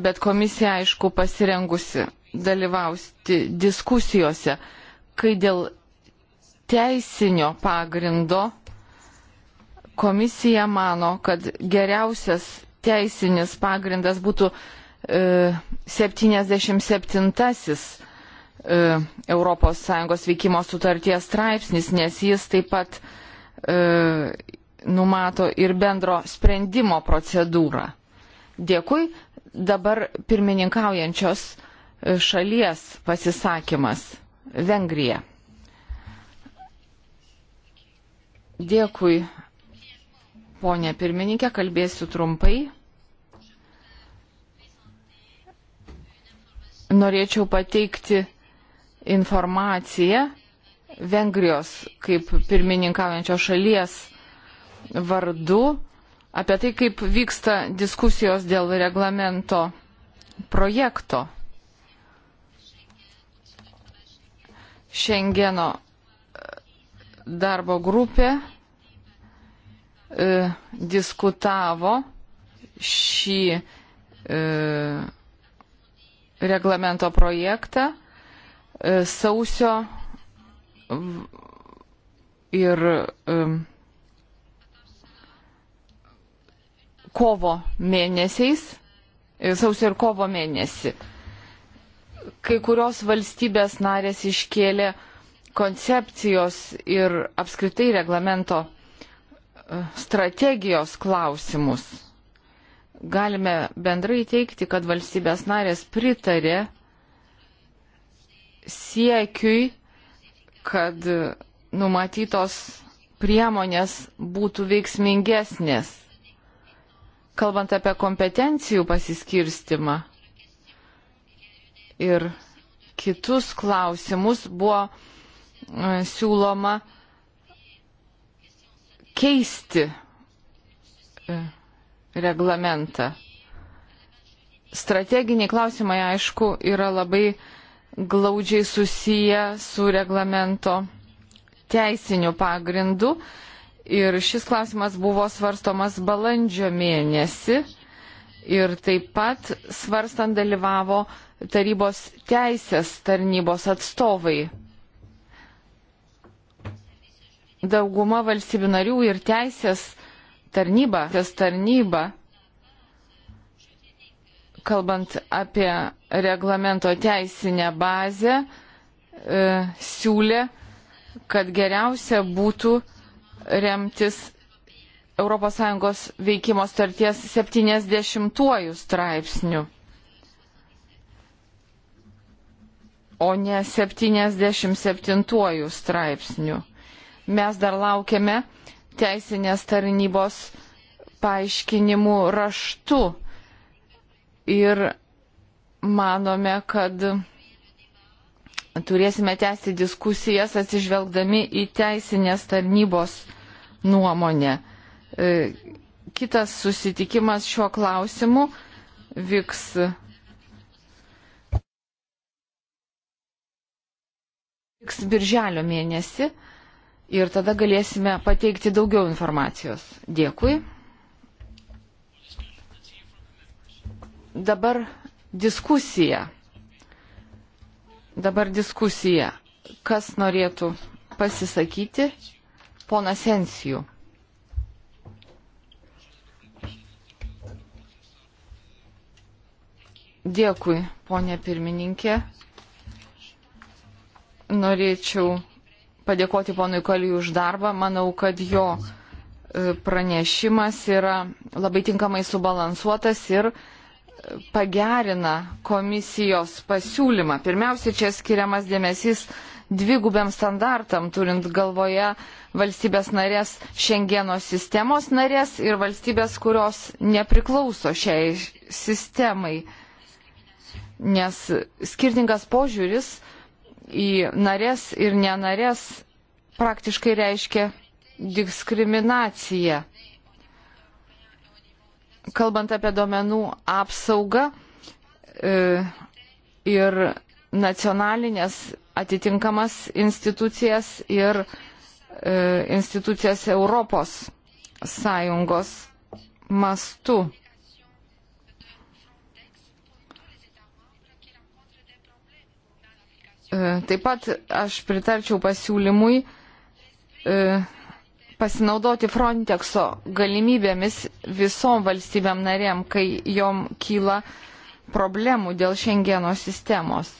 bet komisija aišku pasirengusi dalyvauti diskusijose, kai dėl teisinio pagrindo komisija mano, kad geriausias teisinis pagrindas būtų e, 77 ES veikimo sutarties straipsnis, nes jis taip pat e, numato ir bendro sprendimo procedūrą. Dėkui. Dabar pirmininkaujančios e, šalies pasisakymas - Vengrija. Dėkui, ponė pirmininkė, kalbėsiu trumpai. Norėčiau pateikti informaciją Vengrijos kaip pirmininkaujančios šalies vardu apie tai, kaip vyksta diskusijos dėl reglamento projekto. Šengeno e, darbo grupė e, diskutavo šį e, reglamento projektą e, sausio ir e, kovo mėnesiais, e, sausio ir kovo mėnesį. Kai kurios valstybės narės iškėlė koncepcijos ir apskritai reglamento e, strategijos klausimus. Galime bendrai teikti, kad valstybės narės pritarė siekiui, kad numatytos priemonės būtų veiksmingesnės kalbant apie kompetencijų pasiskirstimą ir kitus klausimus, buvo e, siūloma keisti e, reglamentą. Strateginiai klausimai, aišku, yra labai glaudžiai susiję su reglamento teisiniu pagrindu Ir šis klausimas buvo svarstomas balandžio mėnesį ir taip pat svarstant dalyvavo tarybos teisės tarnybos atstovai. Dauguma valstybių narių ir teisės tarnyba, teisės tarnyba, kalbant apie reglamento teisinę bazę, e, siūlė, kad geriausia būtų remtis ES veikimo starties 70 straipsnių, o ne 77 straipsnių. Mes dar laukiame teisinės tarnybos paaiškinimų raštu ir manome, kad turėsime tęsti diskusijas atsižvelgdami į teisinės tarnybos nuomonę. E, kitas susitikimas šiuo klausimu vyks. Vyks birželio mėnesį ir tada galėsime pateikti daugiau informacijos. Dėkui. Dabar diskusija. Dabar diskusija. Kas norėtų pasisakyti? Pona Sensijų. Dėkui, ponė pirmininkė. Norėčiau padėkoti ponui Kaliui už darbą. Manau, kad jo e, pranešimas yra labai tinkamai subalansuotas ir uh, pagerina komisijos pasiūlymą. Pirmiausia, čia skiriamas dėmesys dvigubiam standartam, turint galvoje valstybės narės Šengeno sistemos narės ir valstybės, kurios nepriklauso šiai sistemai. Nes skirtingas požiūris į narės ir nenarės praktiškai reiškia diskriminaciją kalbant apie duomenų apsaugą e, ir nacionalinės atitinkamas institucijas ir e, institucijas Europos Sąjungos mastu. E, taip pat aš pritarčiau pasiūlymui pasinaudoti Frontexo galimybėmis visom valstybėm narėm, kai jom kyla problemų dėl Šengeno sistemos.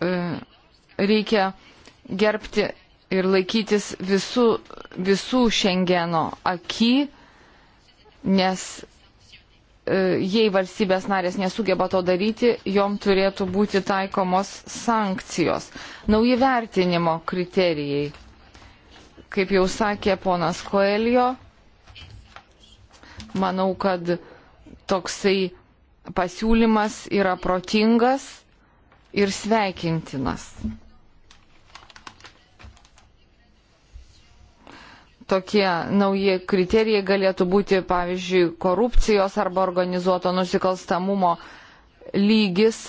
E, reikia gerbti ir laikytis visų, visų Šengeno akį, nes E, jei valstybės narės nesugeba to daryti, jom turėtų būti taikomos sankcijos. Nauji vertinimo kriterijai. Kaip jau sakė ponas Koelio, manau, kad toksai pasiūlymas yra protingas ir sveikintinas. tokie nauji kriterijai galėtų būti, pavyzdžiui, korupcijos arba organizuoto nusikalstamumo lygis.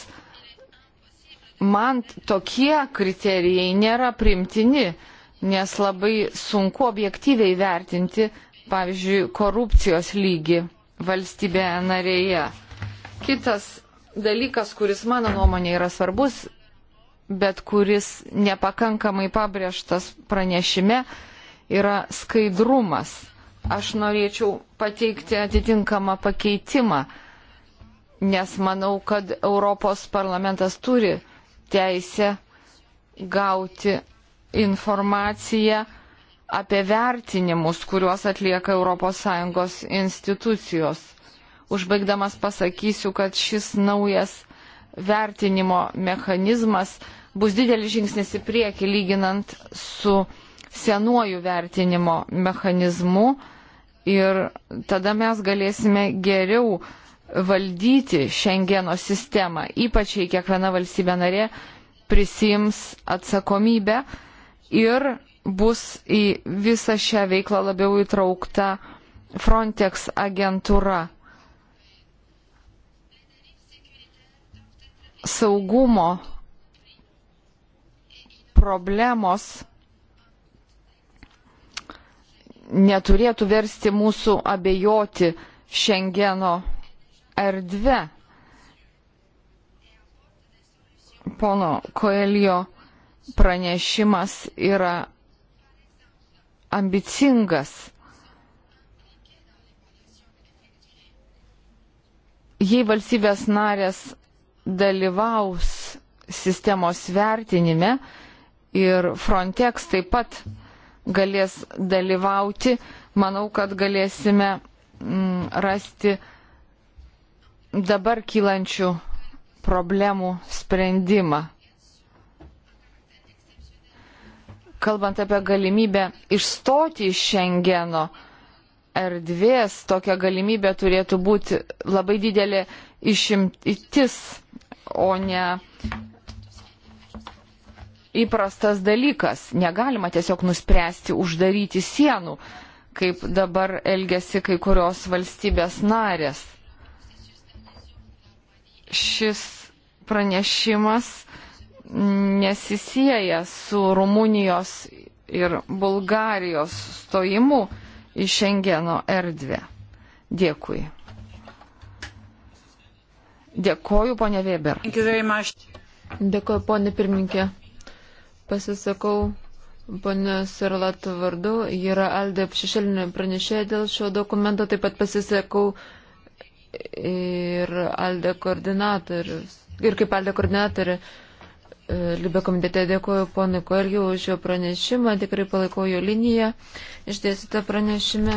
Man tokie kriterijai nėra primtini, nes labai sunku objektyviai vertinti, pavyzdžiui, korupcijos lygį valstybėje narėje. Kitas dalykas, kuris mano nuomonė yra svarbus, bet kuris nepakankamai pabrėžtas pranešime, yra skaidrumas. Aš norėčiau pateikti atitinkamą pakeitimą, nes manau, kad Europos parlamentas turi teisę gauti informaciją apie vertinimus, kuriuos atlieka ES institucijos. Užbaigdamas pasakysiu, kad šis naujas vertinimo mechanizmas bus didelis žingsnis į priekį lyginant su senuoju vertinimo mechanizmu ir tada mes galėsime geriau valdyti Šengeno sistemą, ypač jei kiekviena valstybė narė prisims atsakomybę ir bus į visą šią veiklą labiau įtraukta Frontex agentūra. Saugumo problemos neturėtų versti mūsų abejoti Šengeno erdve. Pono Koelio pranešimas yra ambicingas. Jei valstybės narės dalyvaus sistemos vertinime ir Frontex taip pat galės dalyvauti, manau, kad galėsime mm, rasti dabar kylančių problemų sprendimą. Kalbant apie galimybę išstoti iš Šengeno erdvės, tokia galimybė turėtų būti labai didelė išimtis, o ne įprastas dalykas. Negalima tiesiog nuspręsti uždaryti sienų, kaip dabar elgesi kai kurios valstybės narės. Šis pranešimas nesisieja su Rumunijos ir Bulgarijos stojimu į Šengeno erdvę. Dėkui. Dėkoju, ponė Weber. Dėkoju, ponė pirmininkė pasisakau ponios Irlat vardu, ji yra Aldė šešėlinė pranešėja dėl šio dokumento, taip pat pasisakau ir Aldė koordinatorius. Ir kaip Aldė koordinatorė, e, Libė komitete dėkoju ponui Koelgiu už jo pranešimą, tikrai palaikau jo liniją, išdėsite pranešime.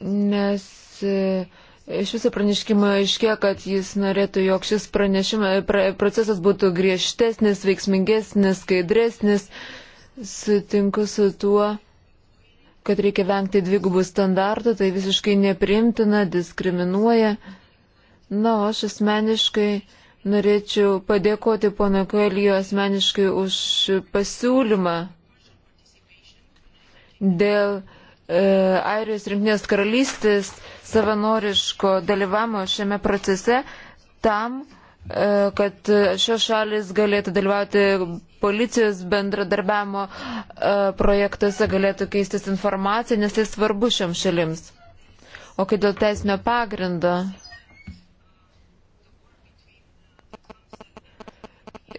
Nes e, Iš viso praneškimo aiškė, kad jis norėtų, jog šis pra, procesas būtų griežtesnis, veiksmingesnis, skaidresnis. Sutinku su tuo, kad reikia vengti dvigubų standartų, tai visiškai neprimtina, diskriminuoja. Na, aš asmeniškai norėčiau padėkoti pono Koelijo asmeniškai už pasiūlymą dėl e, Airijos rinktinės karalystės savanoriško dalyvavimo šiame procese tam, e, kad šios šalis galėtų dalyvauti policijos bendradarbiavimo e, projektuose, galėtų keistis informacija, nes tai svarbu šiam šalims. O kai dėl teisinio pagrindo.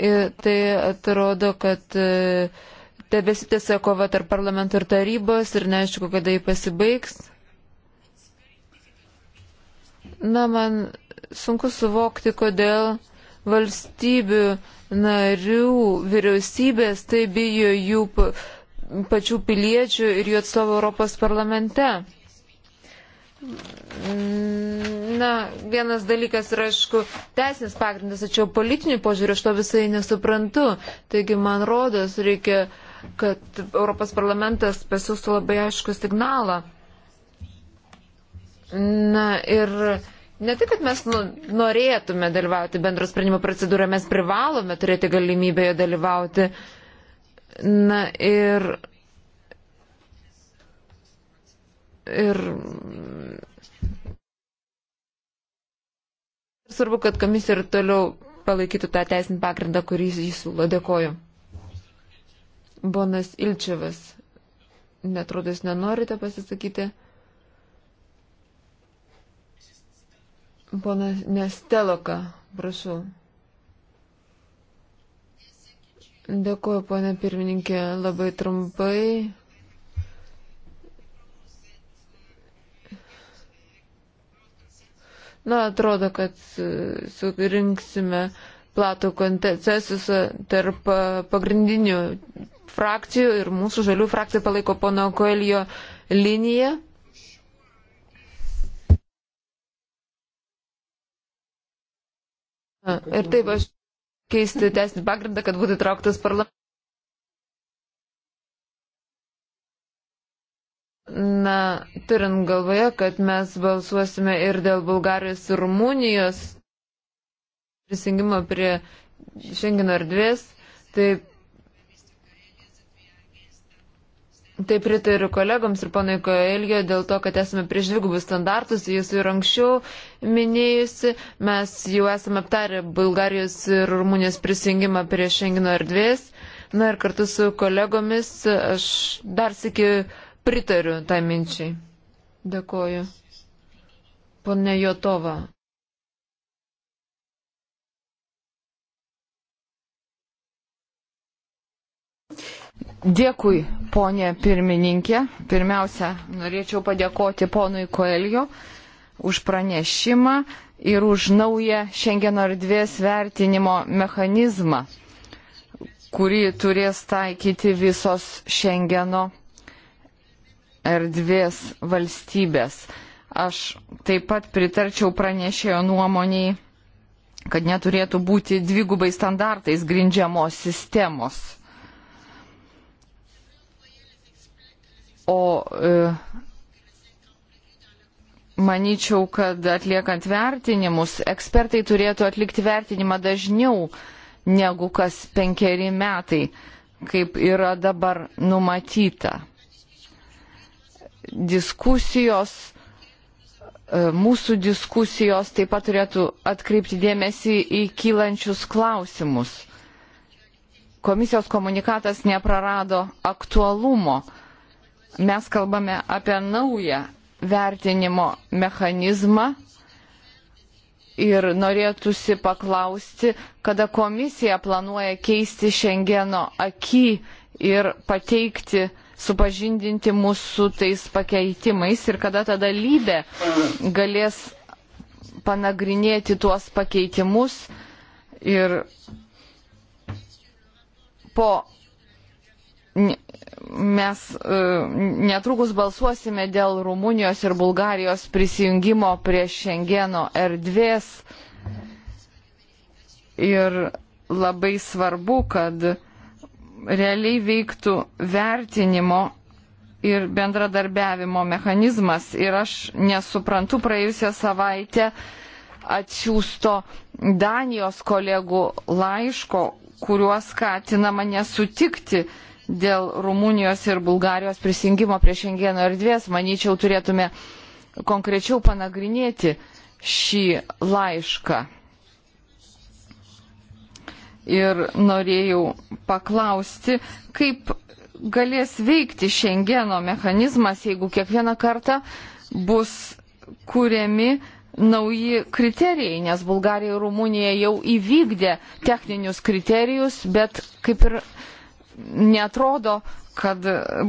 E, tai atrodo, kad tebesitėse kova tarp parlamento ir tarybos ir neaišku, kada jį pasibaigs. Na, man sunku suvokti, kodėl valstybių narių vyriausybės tai bijo jų pačių piliečių ir jų atstovų Europos parlamente. Na, vienas dalykas yra, aišku, teisinis pagrindas, tačiau politinių požiūrių aš to visai nesuprantu. Taigi, man rodos, reikia, kad Europos parlamentas pasiūstų labai aišku signalą. Na ir ne tai, kad mes nu, norėtume dalyvauti bendro sprendimo procedūrą, mes privalome turėti galimybę jo dalyvauti. Na ir. Ir svarbu, kad komisija ir toliau palaikytų tą teisinį pagrindą, kurį jis siūlo. Dėkoju. Bonas Ilčiavas. Netrodo, jūs nenorite pasisakyti. Ponas Nesteloka, prašau. Dėkuoju, ponė pirmininkė, labai trumpai. Na, atrodo, kad surinksime platų konsensusą tarp pagrindinių frakcijų ir mūsų žalių frakcija palaiko pono Koelio liniją. Ir taip aš keisti teisinį pagrindą, kad būtų įtrauktas parlamentas. Na, turint galvoje, kad mes balsuosime ir dėl Bulgarijos ir Rumunijos prisijungimo prie Šengino erdvės, taip Tai pritariu kolegoms ir panai Koelgio dėl to, kad esame prieš dvigubus standartus, jūs ir anksčiau minėjusi, mes jau esame aptarę Bulgarijos ir Rumunijos prisijungimą prie Šengino erdvės. Na ir kartu su kolegomis aš dar sėki pritariu tai minčiai. Dėkoju. Pone Jotova. Dėkui, ponė pirmininkė. Pirmiausia, norėčiau padėkoti ponui Koelio už pranešimą ir už naują Šengeno erdvės vertinimo mechanizmą, kurį turės taikyti visos Šengeno erdvės valstybės. Aš taip pat pritarčiau pranešėjo nuomoniai, kad neturėtų būti dvigubai standartais grindžiamos sistemos O e, manyčiau, kad atliekant vertinimus, ekspertai turėtų atlikti vertinimą dažniau negu kas penkeri metai, kaip yra dabar numatyta. Diskusijos, e, mūsų diskusijos taip pat turėtų atkreipti dėmesį į kylančius klausimus. Komisijos komunikatas neprarado aktualumo mes kalbame apie naują vertinimo mechanizmą ir norėtųsi paklausti, kada komisija planuoja keisti Šengeno akį ir pateikti, supažindinti mūsų tais pakeitimais ir kada tada lybė galės panagrinėti tuos pakeitimus ir po mes e, netrukus balsuosime dėl Rumunijos ir Bulgarijos prisijungimo prie Šengeno erdvės. Ir labai svarbu, kad realiai veiktų vertinimo ir bendradarbiavimo mechanizmas. Ir aš nesuprantu praėjusią savaitę atsiųsto Danijos kolegų laiško, kuriuo skatinama nesutikti uh, dėl Rumunijos ir Bulgarijos prisijungimo prie Šengeno erdvės, manyčiau, turėtume konkrečiau panagrinėti šį laišką. Ir norėjau paklausti, kaip galės veikti Šengeno mechanizmas, jeigu kiekvieną kartą bus kūriami nauji kriterijai, nes Bulgarija ir Rumunija jau įvykdė techninius kriterijus, bet kaip ir netrodo, kad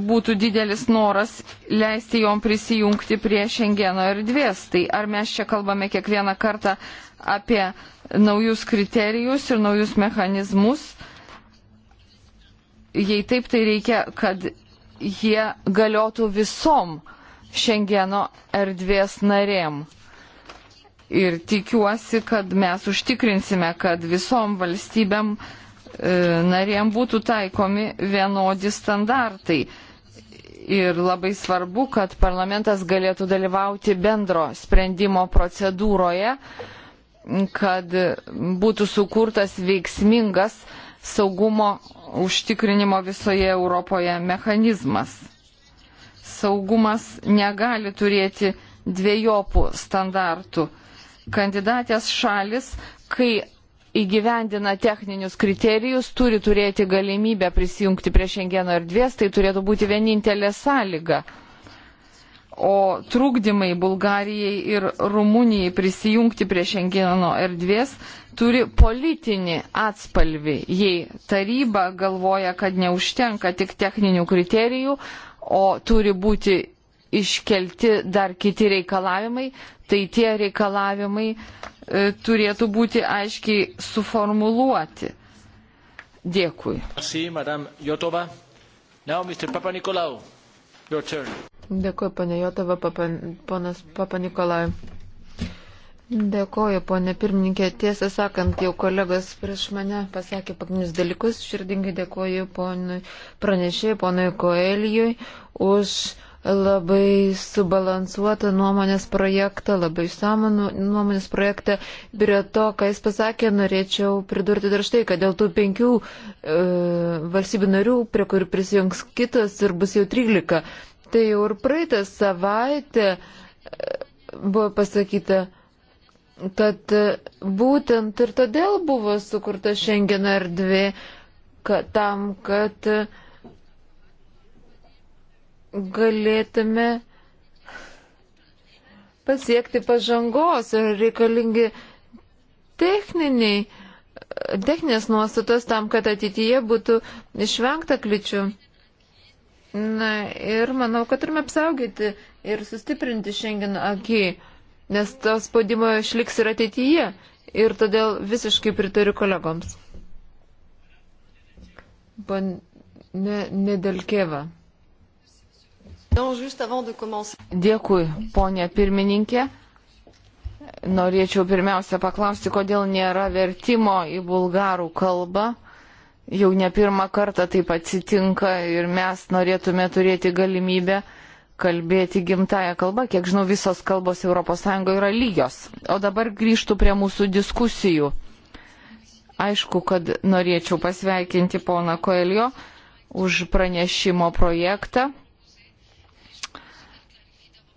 būtų didelis noras leisti jom prisijungti prie Šengeno erdvės. Tai ar mes čia kalbame kiekvieną kartą apie naujus kriterijus ir naujus mechanizmus? Jei taip, tai reikia, kad jie galiotų visom Šengeno erdvės narėm. Ir tikiuosi, kad mes užtikrinsime, kad visom valstybėm uh, E, narėm būtų taikomi vienodi standartai. Ir labai svarbu, kad parlamentas galėtų dalyvauti bendro sprendimo procedūroje, kad būtų sukurtas veiksmingas saugumo užtikrinimo visoje Europoje mechanizmas. Saugumas negali turėti dviejopų standartų. Kandidatės šalis, kai įgyvendina techninius kriterijus, turi turėti galimybę prisijungti prie šengeno erdvės, tai turėtų būti vienintelė sąlyga. O trūkdymai Bulgarijai ir Rumunijai prisijungti prie šengeno erdvės turi politinį atspalvį. Jei taryba galvoja, kad neužtenka tik techninių kriterijų, o turi būti iškelti dar kiti reikalavimai, tai tie reikalavimai E, turėtų būti aiškiai suformuluoti. Dėkui. Dėkui, ponė Jotova, papa, ponas Papa Nikolai. Dėkoju, ponė pirmininkė. Tiesą sakant, jau kolegos prieš mane pasakė pagrindinius dalykus. Širdingai dėkoju ponui pranešėjui, ponui Koelijui, už labai subalansuotą nuomonės projektą, labai išsamų nu, nuomonės projektą. Prie to, ką jis pasakė, norėčiau pridurti dar štai, kad dėl tų penkių e, valstybių narių, prie kurių prisijungs kitas ir bus jau trylika, tai jau ir praeitą savaitę e, buvo pasakyta, kad e, būtent ir todėl buvo sukurta Šengeno erdvė, kad tam, kad e, galėtume pasiekti pažangos ir reikalingi techniniai, techninės nuostatos tam, kad ateityje būtų išvengta kliučių. Na ir manau, kad turime apsaugoti ir sustiprinti šiandien akį, nes to spaudimo išliks ir ateityje. Ir todėl visiškai pritariu kolegoms. Pane Nedelkeva. Ne Dėkui, ponė pirmininkė. Norėčiau pirmiausia paklausti, kodėl nėra vertimo į bulgarų kalbą. Jau ne pirmą kartą taip atsitinka ir mes norėtume turėti galimybę kalbėti gimtają kalbą. Kiek žinau, visos kalbos ES yra lygios. O dabar grįžtų prie mūsų diskusijų. Aišku, kad norėčiau pasveikinti poną Koelio už pranešimo projektą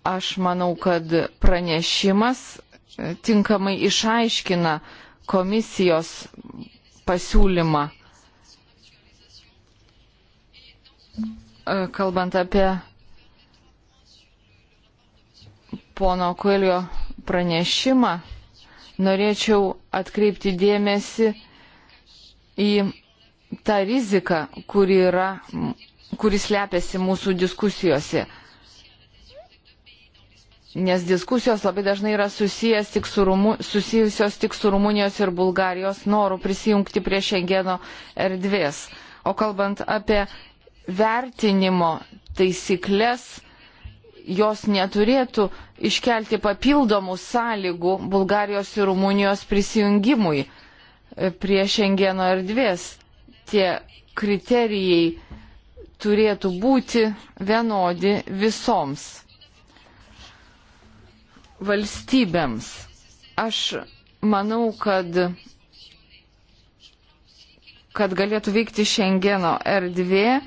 Aš manau, kad pranešimas e, tinkamai išaiškina komisijos pasiūlymą. E, kalbant apie pono Kuelio pranešimą, norėčiau atkreipti dėmesį į tą riziką, kuri yra, kuris lepiasi mūsų diskusijose nes diskusijos labai dažnai yra tik rumu, susijusios tik su Rumunijos ir Bulgarijos noru prisijungti prie Šengeno erdvės. O kalbant apie vertinimo taisyklės, jos neturėtų iškelti papildomų sąlygų Bulgarijos ir Rumunijos prisijungimui e, prie Šengeno erdvės. Tie kriterijai turėtų būti vienodi visoms valstybėms. Aš manau, kad, kad galėtų veikti Šengeno erdvė,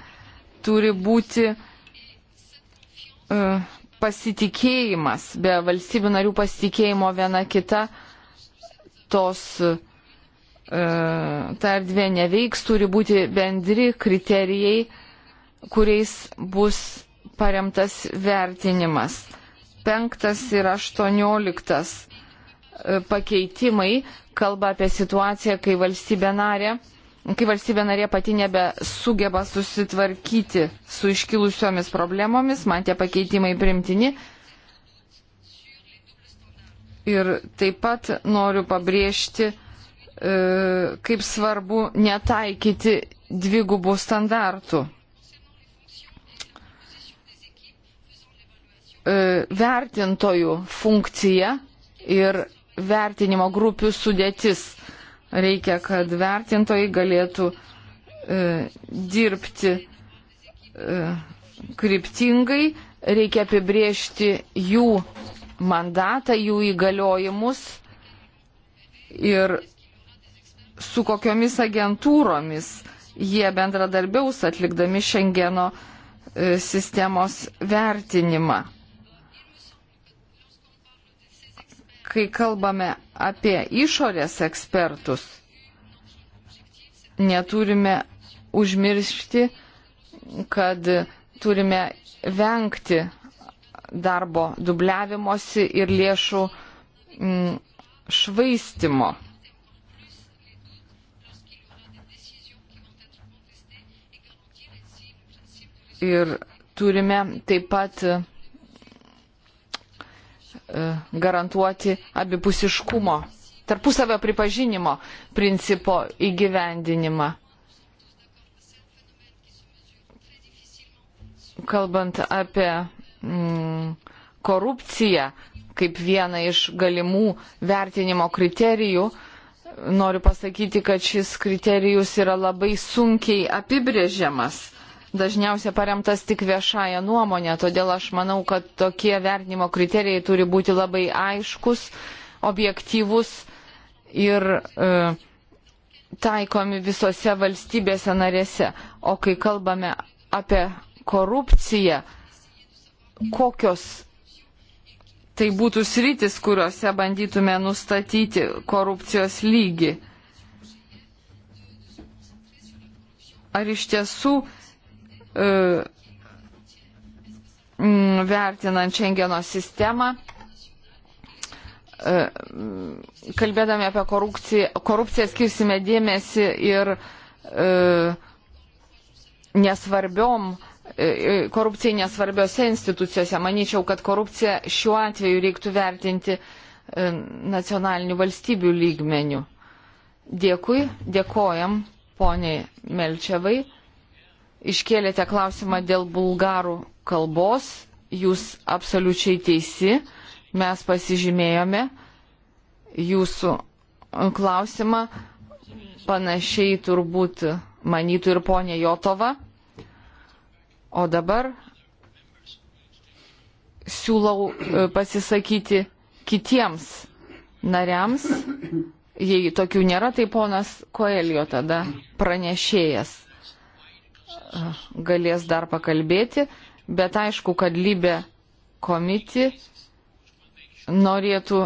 turi būti uh, pasitikėjimas, be valstybių narių pasitikėjimo viena kita, tos uh, ta erdvė neveiks, turi būti bendri kriterijai, kuriais bus paremtas vertinimas. 5 ir 18 e, pakeitimai kalba apie situaciją, kai valstybė narė, kai valstybė narė pati nebesugeba susitvarkyti su iškilusiomis problemomis, man tie pakeitimai primtini. Ir taip pat noriu pabrėžti, e, kaip svarbu netaikyti dvigubų standartų. E, vertintojų funkcija ir vertinimo grupių sudėtis. Reikia, kad vertintojai galėtų e, dirbti e, kryptingai, reikia apibriežti jų mandatą, jų įgaliojimus ir su kokiomis agentūromis jie bendradarbiaus atlikdami Šengeno e, sistemos vertinimą. kai kalbame apie išorės ekspertus, neturime užmiršti, kad turime vengti darbo dubliavimosi ir lėšų mm, švaistimo. Ir turime taip pat E, garantuoti abipusiškumo, tarpusavio pripažinimo principo įgyvendinimą. Kalbant apie mm, korupciją kaip vieną iš galimų vertinimo kriterijų, noriu pasakyti, kad šis kriterijus yra labai sunkiai apibrėžiamas dažniausiai paremtas tik viešąją nuomonę, todėl aš manau, kad tokie vertinimo kriterijai turi būti labai aiškus, objektyvus ir e, taikomi visose valstybėse narėse. O kai kalbame apie korupciją, kokios tai būtų sritis, kuriuose bandytume nustatyti korupcijos lygį. Ar iš tiesų E, vertinant Schengeno sistemą, e, kalbėdami apie korupciją, korupciją skirsime dėmesį ir e, nesvarbiom, korupcijai nesvarbiose institucijose. Manyčiau, kad korupciją šiuo atveju reiktų vertinti nacionalinių valstybių lygmenių. Dėkui, dėkojam poniai Melčiavai iškėlėte klausimą dėl bulgarų kalbos. Jūs absoliučiai teisi. Mes pasižymėjome jūsų klausimą. Panašiai turbūt manytų ir ponė Jotova. O dabar siūlau e, pasisakyti kitiems nariams. Jei tokių nėra, tai ponas Koelio tada pranešėjas galės dar pakalbėti, bet aišku, kad Libė komiti norėtų,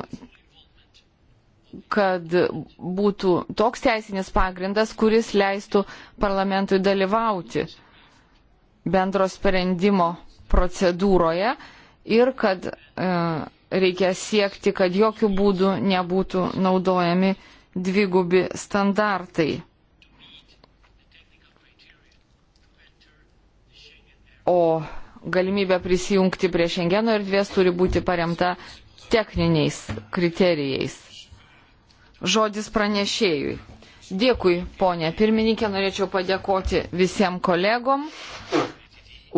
kad būtų toks teisinis pagrindas, kuris leistų parlamentui dalyvauti bendro sprendimo procedūroje ir kad e, reikia siekti, kad jokių būdų nebūtų naudojami dvigubi standartai. o galimybė prisijungti prie Šengeno erdvės turi būti paremta techniniais kriterijais. Žodis pranešėjui. Dėkui, ponė pirmininkė, norėčiau padėkoti visiems kolegom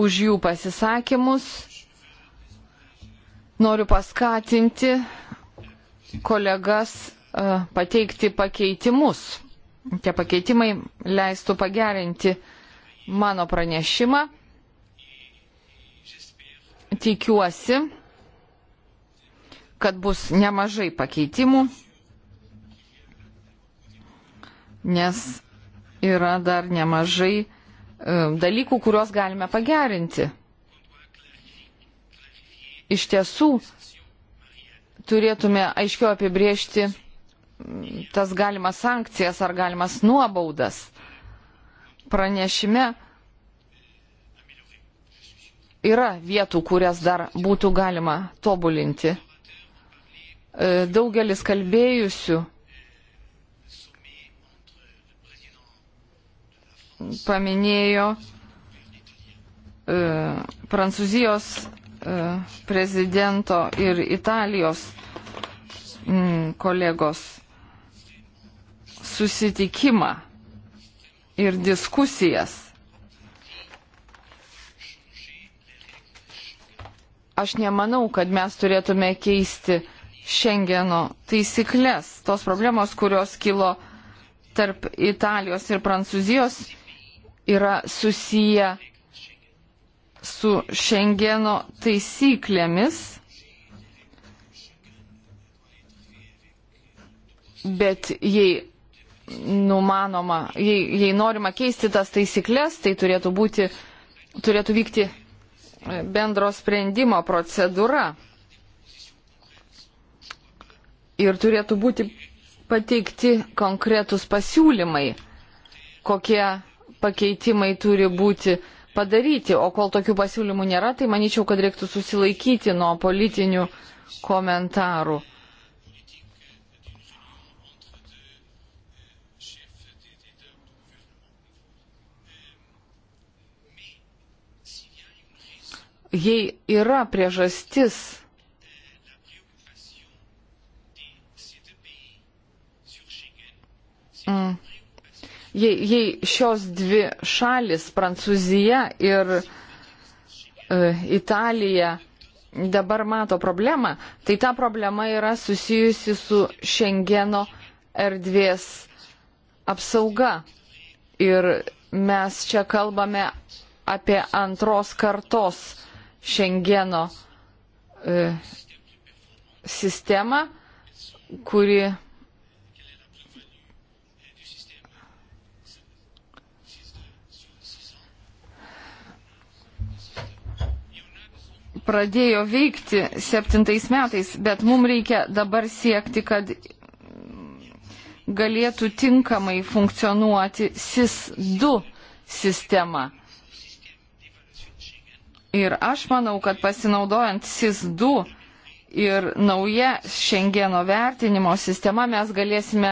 už jų pasisakymus. Noriu paskatinti kolegas e, pateikti pakeitimus. Tie pakeitimai leistų pagerinti mano pranešimą tikiuosi, kad bus nemažai pakeitimų, nes yra dar nemažai e, dalykų, kuriuos galime pagerinti. Iš tiesų, turėtume aiškiau apibriežti tas galimas sankcijas ar galimas nuobaudas. Pranešime yra vietų, kurias dar būtų galima tobulinti. E, daugelis kalbėjusių paminėjo e, Prancūzijos e, prezidento ir Italijos kolegos susitikimą ir diskusijas. aš nemanau, kad mes turėtume keisti Šengeno taisyklės. Tos problemos, kurios kilo tarp Italijos ir Prancūzijos, yra susiję su Šengeno taisyklėmis, bet jei numanoma, jei, jei norima keisti tas taisyklės, tai turėtų, būti, turėtų vykti bendro sprendimo procedūra ir turėtų būti pateikti konkretus pasiūlymai, kokie pakeitimai turi būti padaryti. O kol tokių pasiūlymų nėra, tai manyčiau, kad reiktų susilaikyti nuo politinių komentarų. jei yra priežastis, mm, jei, jei šios dvi šalis, Prancūzija ir e, Italija, dabar mato problemą, tai ta problema yra susijusi su Šengeno erdvės apsauga. Ir mes čia kalbame apie antros kartos Šengeno e, sistemą, kuri pradėjo veikti septintais metais, bet mums reikia dabar siekti, kad galėtų tinkamai funkcionuoti SIS-2 sistema. Ir aš manau, kad pasinaudojant SIS2 ir nauja Šengeno vertinimo sistema mes galėsime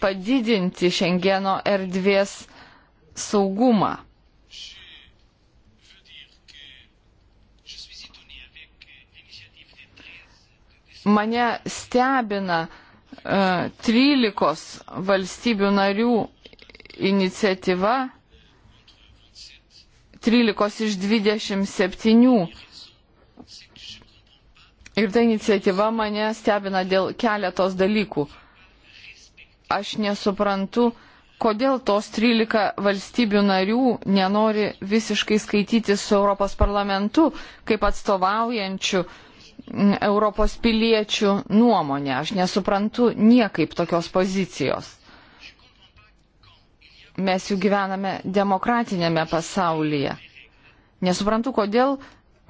padidinti Šengeno erdvės saugumą. Mane stebina uh, e, 13 valstybių narių iniciatyva 13 iš 27. Ir ta iniciatyva mane stebina dėl keletos dalykų. Aš nesuprantu, kodėl tos 13 valstybių narių nenori visiškai skaityti su Europos parlamentu kaip atstovaujančių Europos piliečių nuomonę. Aš nesuprantu niekaip tokios pozicijos. Mes jų gyvename demokratinėme pasaulyje. Nesuprantu, kodėl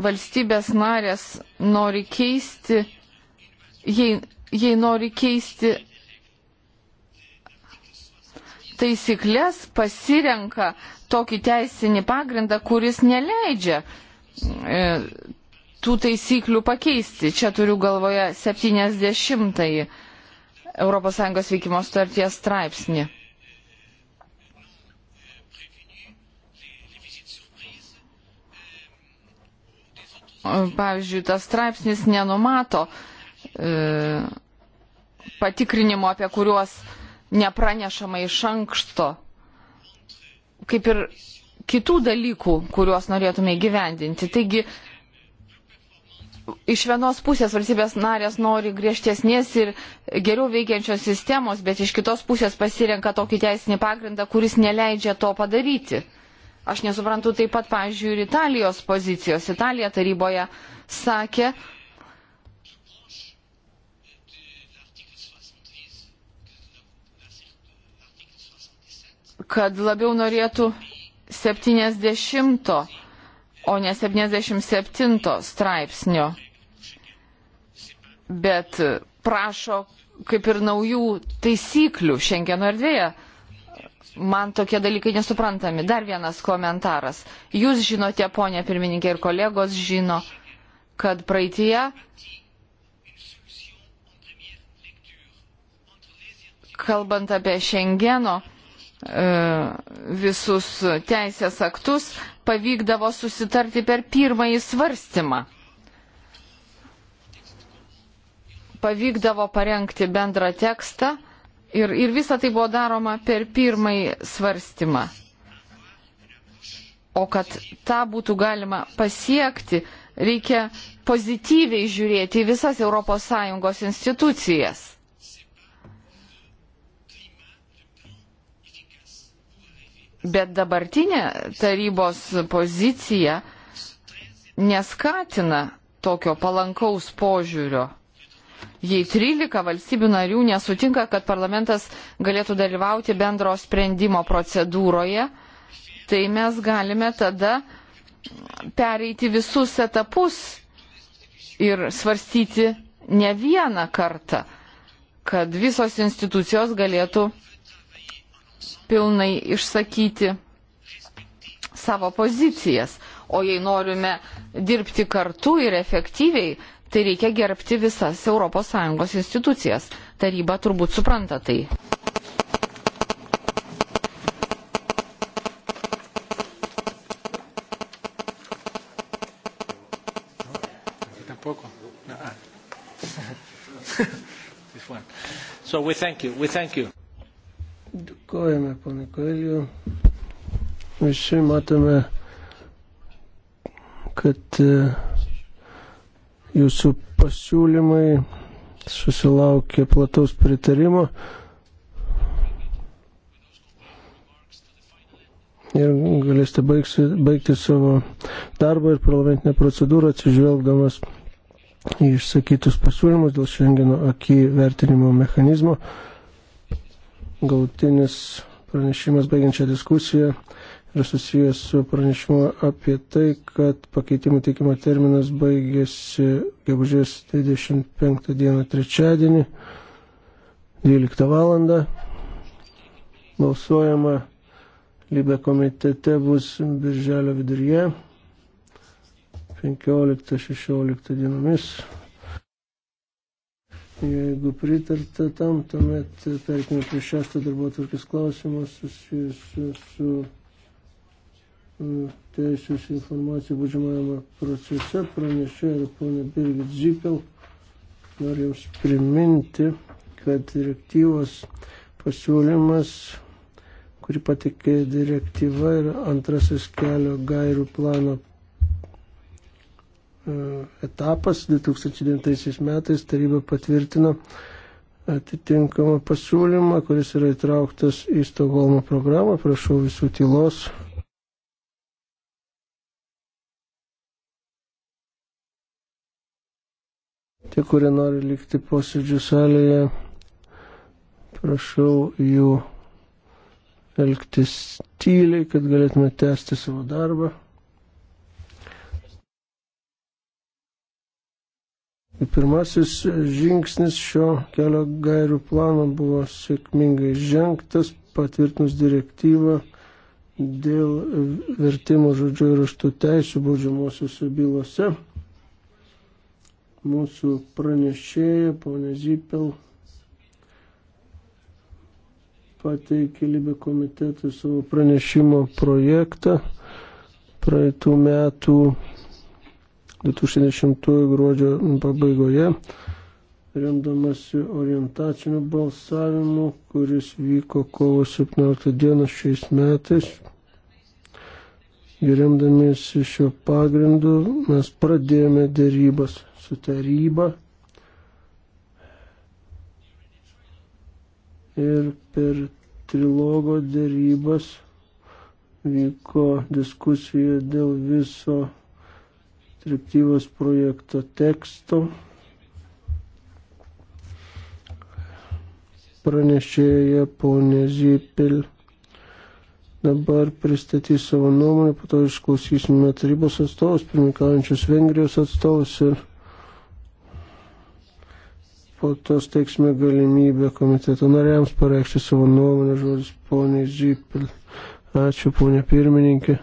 valstybės narės nori keisti, jei, jei nori keisti taisyklės, pasirenka tokį teisinį pagrindą, kuris neleidžia e, tų taisyklių pakeisti. Čia turiu galvoje 70-ąjį ES veikimo sutarties straipsnį. Pavyzdžiui, tas straipsnis nenumato e, patikrinimo, apie kuriuos nepranešama iš anksto, kaip ir kitų dalykų, kuriuos norėtume įgyvendinti. Taigi, iš vienos pusės valstybės narės nori griežtesnės ir geriau veikiančios sistemos, bet iš kitos pusės pasirenka tokį teisinį pagrindą, kuris neleidžia to padaryti. Aš nesuprantu taip pat, pavyzdžiui, ir Italijos pozicijos. Italija taryboje sakė, kad labiau norėtų 70, o ne 77 straipsnio. Bet prašo kaip ir naujų taisyklių Šengeno erdvėje man tokie dalykai nesuprantami. Dar vienas komentaras. Jūs žinote, ponė pirmininkė ir kolegos žino, kad praeitie. Kalbant apie Šengeno e, visus teisės aktus, pavykdavo susitarti per pirmąjį svarstymą. Pavykdavo parengti bendrą tekstą Ir, ir visa tai buvo daroma per pirmąjį svarstymą. O kad tą būtų galima pasiekti, reikia pozityviai žiūrėti į visas ES institucijas. Bet dabartinė tarybos pozicija neskatina tokio palankaus požiūrio jei 13 valstybių narių nesutinka, kad parlamentas galėtų dalyvauti bendro sprendimo procedūroje, tai mes galime tada pereiti visus etapus ir svarstyti ne vieną kartą, kad visos institucijos galėtų pilnai išsakyti savo pozicijas. O jei norime dirbti kartu ir efektyviai, tai reikia gerbti visas ES institucijas. Taryba turbūt supranta tai. Ah. So we thank you. We thank you. Dėkojame, pana Koeliu. Visi matome, kad uh, Jūsų pasiūlymai susilaukė plataus pritarimo. Ir galėsite baigsi, baigti savo darbą ir parlamentinę procedūrą atsižvelgdamas į išsakytus pasiūlymus dėl šiandieno akį vertinimo mechanizmo. Gautinis pranešimas baigiančią diskusiją yra susijęs su pranešimu apie tai, kad pakeitimų teikimo terminas baigėsi gegužės 25 dieną trečiadienį, 12 valandą. Balsuojama Libė komitete bus birželio viduryje, 15-16 dienomis. Jeigu pritarta tam, tuomet perkime prie šešto darbo tvarkės klausimas susijusiu su. su E, teisės informaciją būdžiamajame procese pranešė ir ponė Birgit Zipel. Noriu Jums priminti, kad direktyvos pasiūlymas, kurį patikė direktyva ir antrasis kelio gairių plano e, etapas 2009 metais taryba patvirtino atitinkamą pasiūlymą, kuris yra įtrauktas į Stokholmo programą. Prašau visų tylos. Tie, kurie nori likti posėdžių salėje, prašau jų elgtis tyliai, kad galėtume tęsti savo darbą. Pirmasis žingsnis šio kelio gairių plano buvo sėkmingai žengtas, patvirtinus direktyvą dėl vertimo žodžio ir aštų teisų baudžiamosiuose bylose mūsų pranešėja, ponė Zipel, pateikė Libė komitetui savo pranešimo projektą praeitų metų 2010 gruodžio pabaigoje, remdamasi orientaciniu balsavimu, kuris vyko kovo 17 dieną šiais metais. Ir remdamiesi šio pagrindu mes pradėjome dėrybas su taryba. Ir per trilogo dėrybas vyko diskusija dėl viso direktyvos projekto teksto. Pranešėja ponė Zypil dabar pristatys savo nuomonę, po to išklausysime tarybos atstovus, pirmininkaujančius Vengrijos atstovus ir po to steiksime galimybę komiteto nariams pareikšti savo nuomonę žodis poniai Zypil. Ačiū, ponė pirmininkė.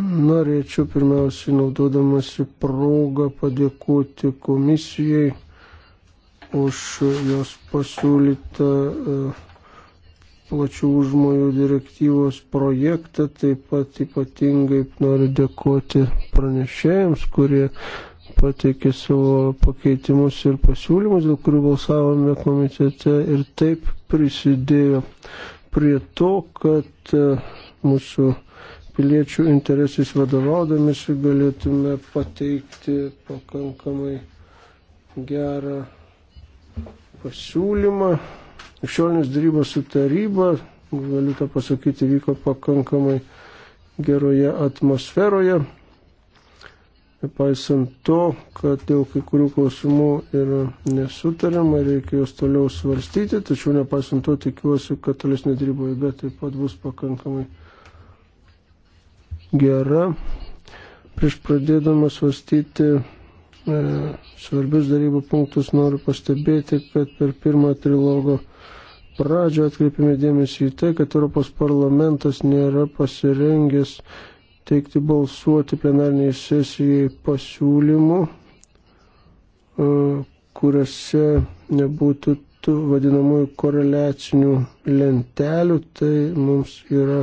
Norėčiau pirmiausiai naudodamasi progą padėkoti komisijai už jos pasiūlytą e, plačių užmojų direktyvos projektą. Taip pat ypatingai noriu dėkoti pranešėjams, kurie pateikė savo pakeitimus ir pasiūlymus, dėl kurių balsavome komitete ir taip prisidėjo prie to, kad e, mūsų piliečių interesais vadovaudamėsi galėtume pateikti pakankamai gerą pasiūlymą. Šiolinės darybos su taryba, galiu tą pasakyti, vyko pakankamai geroje atmosferoje. Nepaisant to, kad dėl kai kurių klausimų yra nesutariama, reikia juos toliau svarstyti, tačiau nepaisant to tikiuosi, kad tolesnė dirybo eiga taip pat bus pakankamai gera. Prieš pradėdama svarstyti e, svarbius darybų punktus noriu pastebėti, kad per pirmą trilogo pradžią atkreipime dėmesį į tai, kad Europos parlamentas nėra pasirengęs teikti balsuoti plenarniai sesijai pasiūlymų, e, kuriuose nebūtų tų vadinamųjų koreliacinių lentelių, tai mums yra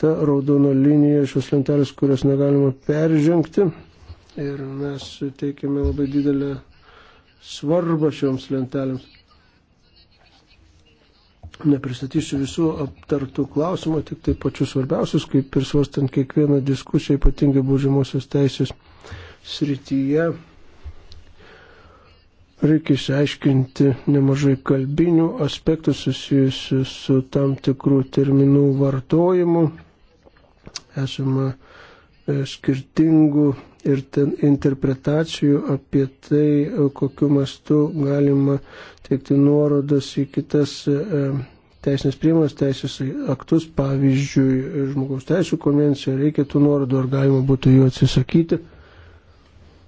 ta raudona linija šios lentelės, kurias negalima peržengti. Ir mes teikiame labai didelę svarbą šioms lentelėms. Nepristatysiu visų aptartų klausimų, tik tai pačius svarbiausius, kaip ir svarstant kiekvieną diskusiją, ypatingai būdžiamosios teisės srityje. Reikia išsiaiškinti nemažai kalbinių aspektų susijusių su tam tikrų terminų vartojimu. Esame skirtingų ir ten interpretacijų apie tai, e, kokiu mastu galima teikti nuorodas į kitas e, teisinės priemonės, teisės aktus, pavyzdžiui, žmogaus teisų konvenciją, reikia tų nuorodų, ar galima būtų jų atsisakyti.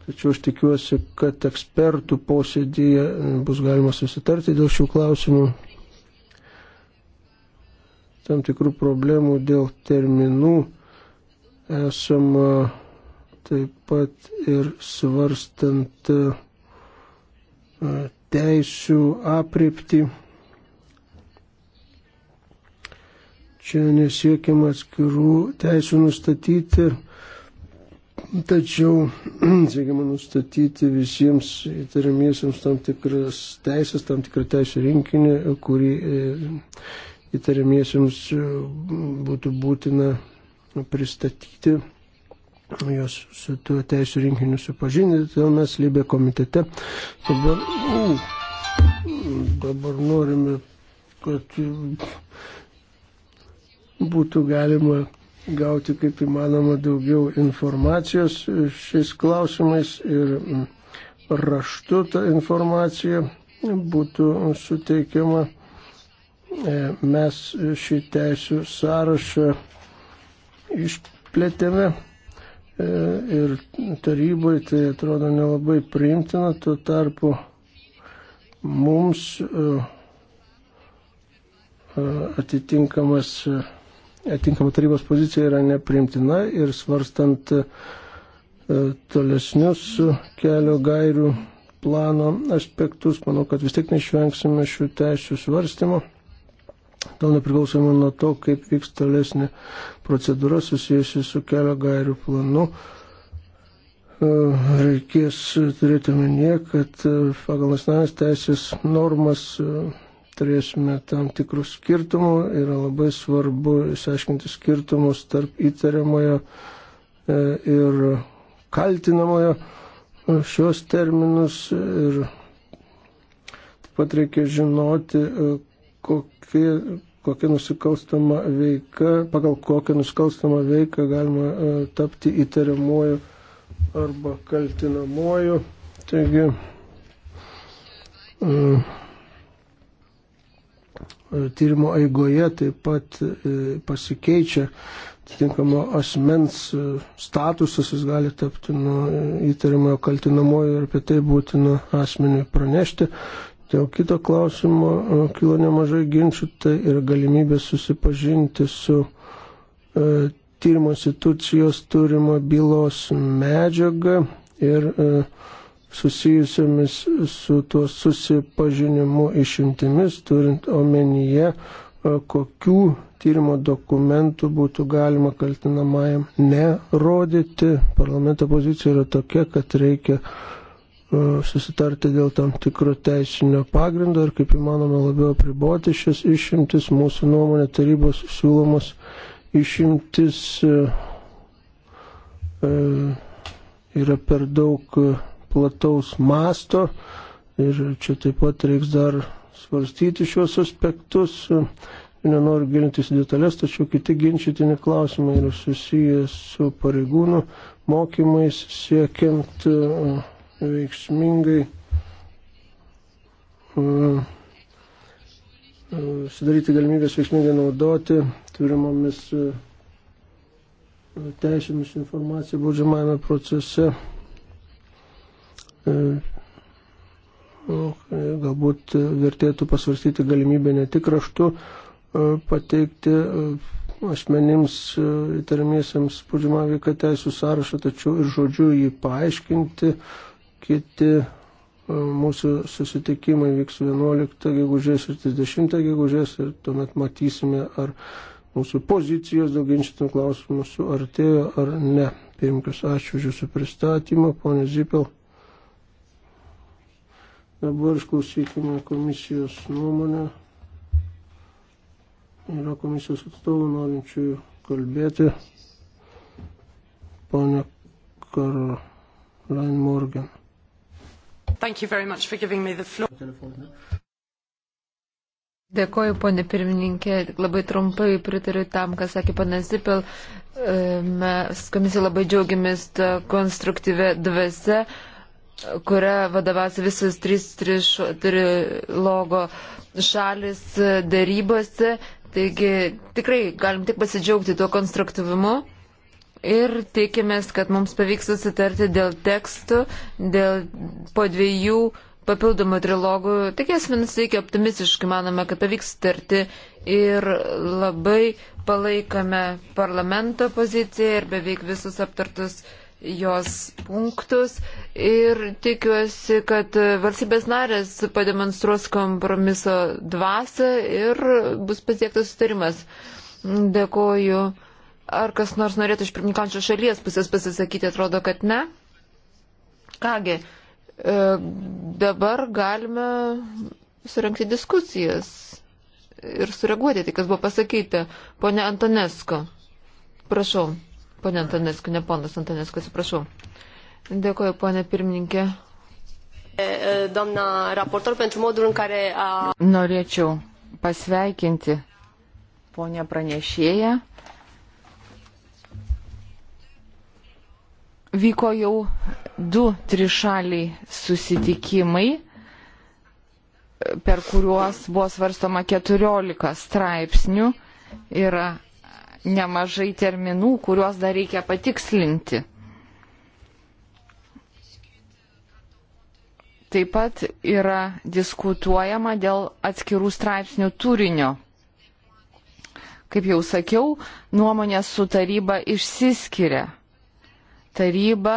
Tačiau aš tikiuosi, kad ekspertų posėdėje e, bus galima susitarti dėl šių klausimų. Tam tikrų problemų dėl terminų esama taip pat ir svarstant e, teisų apripti. Čia nesiekiama atskirų teisų nustatyti, tačiau siekiama nustatyti visiems įtariamiesiams tam tikras teisės, tam tikrą teisų rinkinį, kurį e, įtariamiesiams e, būtų būtina pristatyti jos su tuo teisų rinkiniu supažinti, todėl mes lybė komitete dabar, dabar norime, kad būtų galima gauti kaip įmanoma daugiau informacijos šiais klausimais ir raštu ta informacija būtų suteikiama. E, mes šį teisų sąrašą išplėtėme E, ir tarybai tai atrodo nelabai priimtina, tuo tarpu mums e, e, atitinkamas, atitinkama tarybos pozicija yra nepriimtina ir svarstant tolesnius kelio gairių plano aspektus, manau, kad vis tiek neišvengsime šių teisų svarstymo. Tol nepriklausomai nuo to, kaip vyks tolesnė procedūra susijusi su kelio gairių planu, e, reikės turėti omenyje, kad e, pagal nacionalinės teisės normas e, turėsime tam tikrų skirtumų. Yra labai svarbu išsiaiškinti skirtumus tarp įtariamojo ir kaltinamojo šios terminus ir taip pat reikia žinoti, kokie kokie, kokia nusikalstama veika, pagal kokią nusikalstamą veiką galima e, tapti įtariamuoju arba kaltinamuoju. Taigi, e, e, tyrimo eigoje taip pat pasikeičia atitinkamo asmens statusas, jis gali tapti nuo įtariamojo kaltinamojo ir apie tai būtina asmeniui pranešti. Dėl kito klausimo e, kilo nemažai ginčių, tai yra galimybė susipažinti su e, tyrimo institucijos turimo bylos medžiaga ir e, susijusiamis su tuo susipažinimu išimtimis, turint omenyje, e, kokių tyrimo dokumentų būtų galima kaltinamajam nerodyti. Parlamento pozicija yra tokia, kad reikia E, susitarti dėl tam tikro teisinio pagrindo ir kaip įmanoma labiau apriboti šias išimtis. Mūsų nuomonė tarybos siūlomas išimtis e, e, yra per daug plataus masto ir čia taip pat reiks dar svarstyti šios aspektus. Nenoriu gilintis į detalės, tačiau kiti ginčytini klausimai yra susijęs su pareigūnų mokymais siekiant uh, veiksmingai e, e, sudaryti galimybės veiksmingai naudoti turimomis e, teisėmis informaciją baudžiamajame procese. Galbūt vertėtų pasvarstyti galimybę ne tik raštu pateikti asmenims įtarimiesiams spaudžiamą veiką teisų sąrašą, tačiau ir žodžiu jį paaiškinti, Kiti e, mūsų susitikimai vyks 11 gegužės ir 30 gegužės ir tuomet matysime, ar mūsų pozicijos dėl ginčytinų klausimų suartėjo ar ne. Pirmkas, ačiū už Jūsų pristatymą, ponė Zipel. Dabar išklausykime komisijos nuomonę. Yra komisijos atstovų norinčių kalbėti. Pane Karolain Morgan. Dėkoju, ponė pirmininkė. Labai trumpai pritariu tam, ką sakė panas Zipel. E, mes komisija labai džiaugiamės tą konstruktyvę dvasę, kuria vadovasi visos trys trilogo šalis darybose. Taigi tikrai galim tik pasidžiaugti tuo konstruktyvimu ir tikimės, kad mums pavyks susitarti dėl tekstų, dėl po dviejų papildomų trilogų. Tikėsime, nusiteikia optimistiškai, manome, kad pavyks sutarti ir labai palaikome parlamento poziciją ir beveik visus aptartus jos punktus ir tikiuosi, kad valstybės narės pademonstruos kompromiso dvasę ir bus pasiektas sutarimas. Dėkoju Ar kas nors norėtų iš pirmininkančios šalies pusės pasisakyti, atrodo, kad ne. Kągi, e, dabar galime surinkti diskusijas ir sureaguoti tai, kas buvo pasakyta. Pone Antonesko, prašau. Pone Antonesko, ne ponas Antonesko, atsiprašau. Dėkuoju, ponė pirmininkė. E, e, Domna raportor, pentru modul în care a... Norėčiau pasveikinti ponę pranešėją vyko jau du trišaliai susitikimai, per kuriuos buvo svarstoma 14 straipsnių. Yra nemažai terminų, kuriuos dar reikia patikslinti. Taip pat yra diskutuojama dėl atskirų straipsnių turinio. Kaip jau sakiau, nuomonės su taryba išsiskiria taryba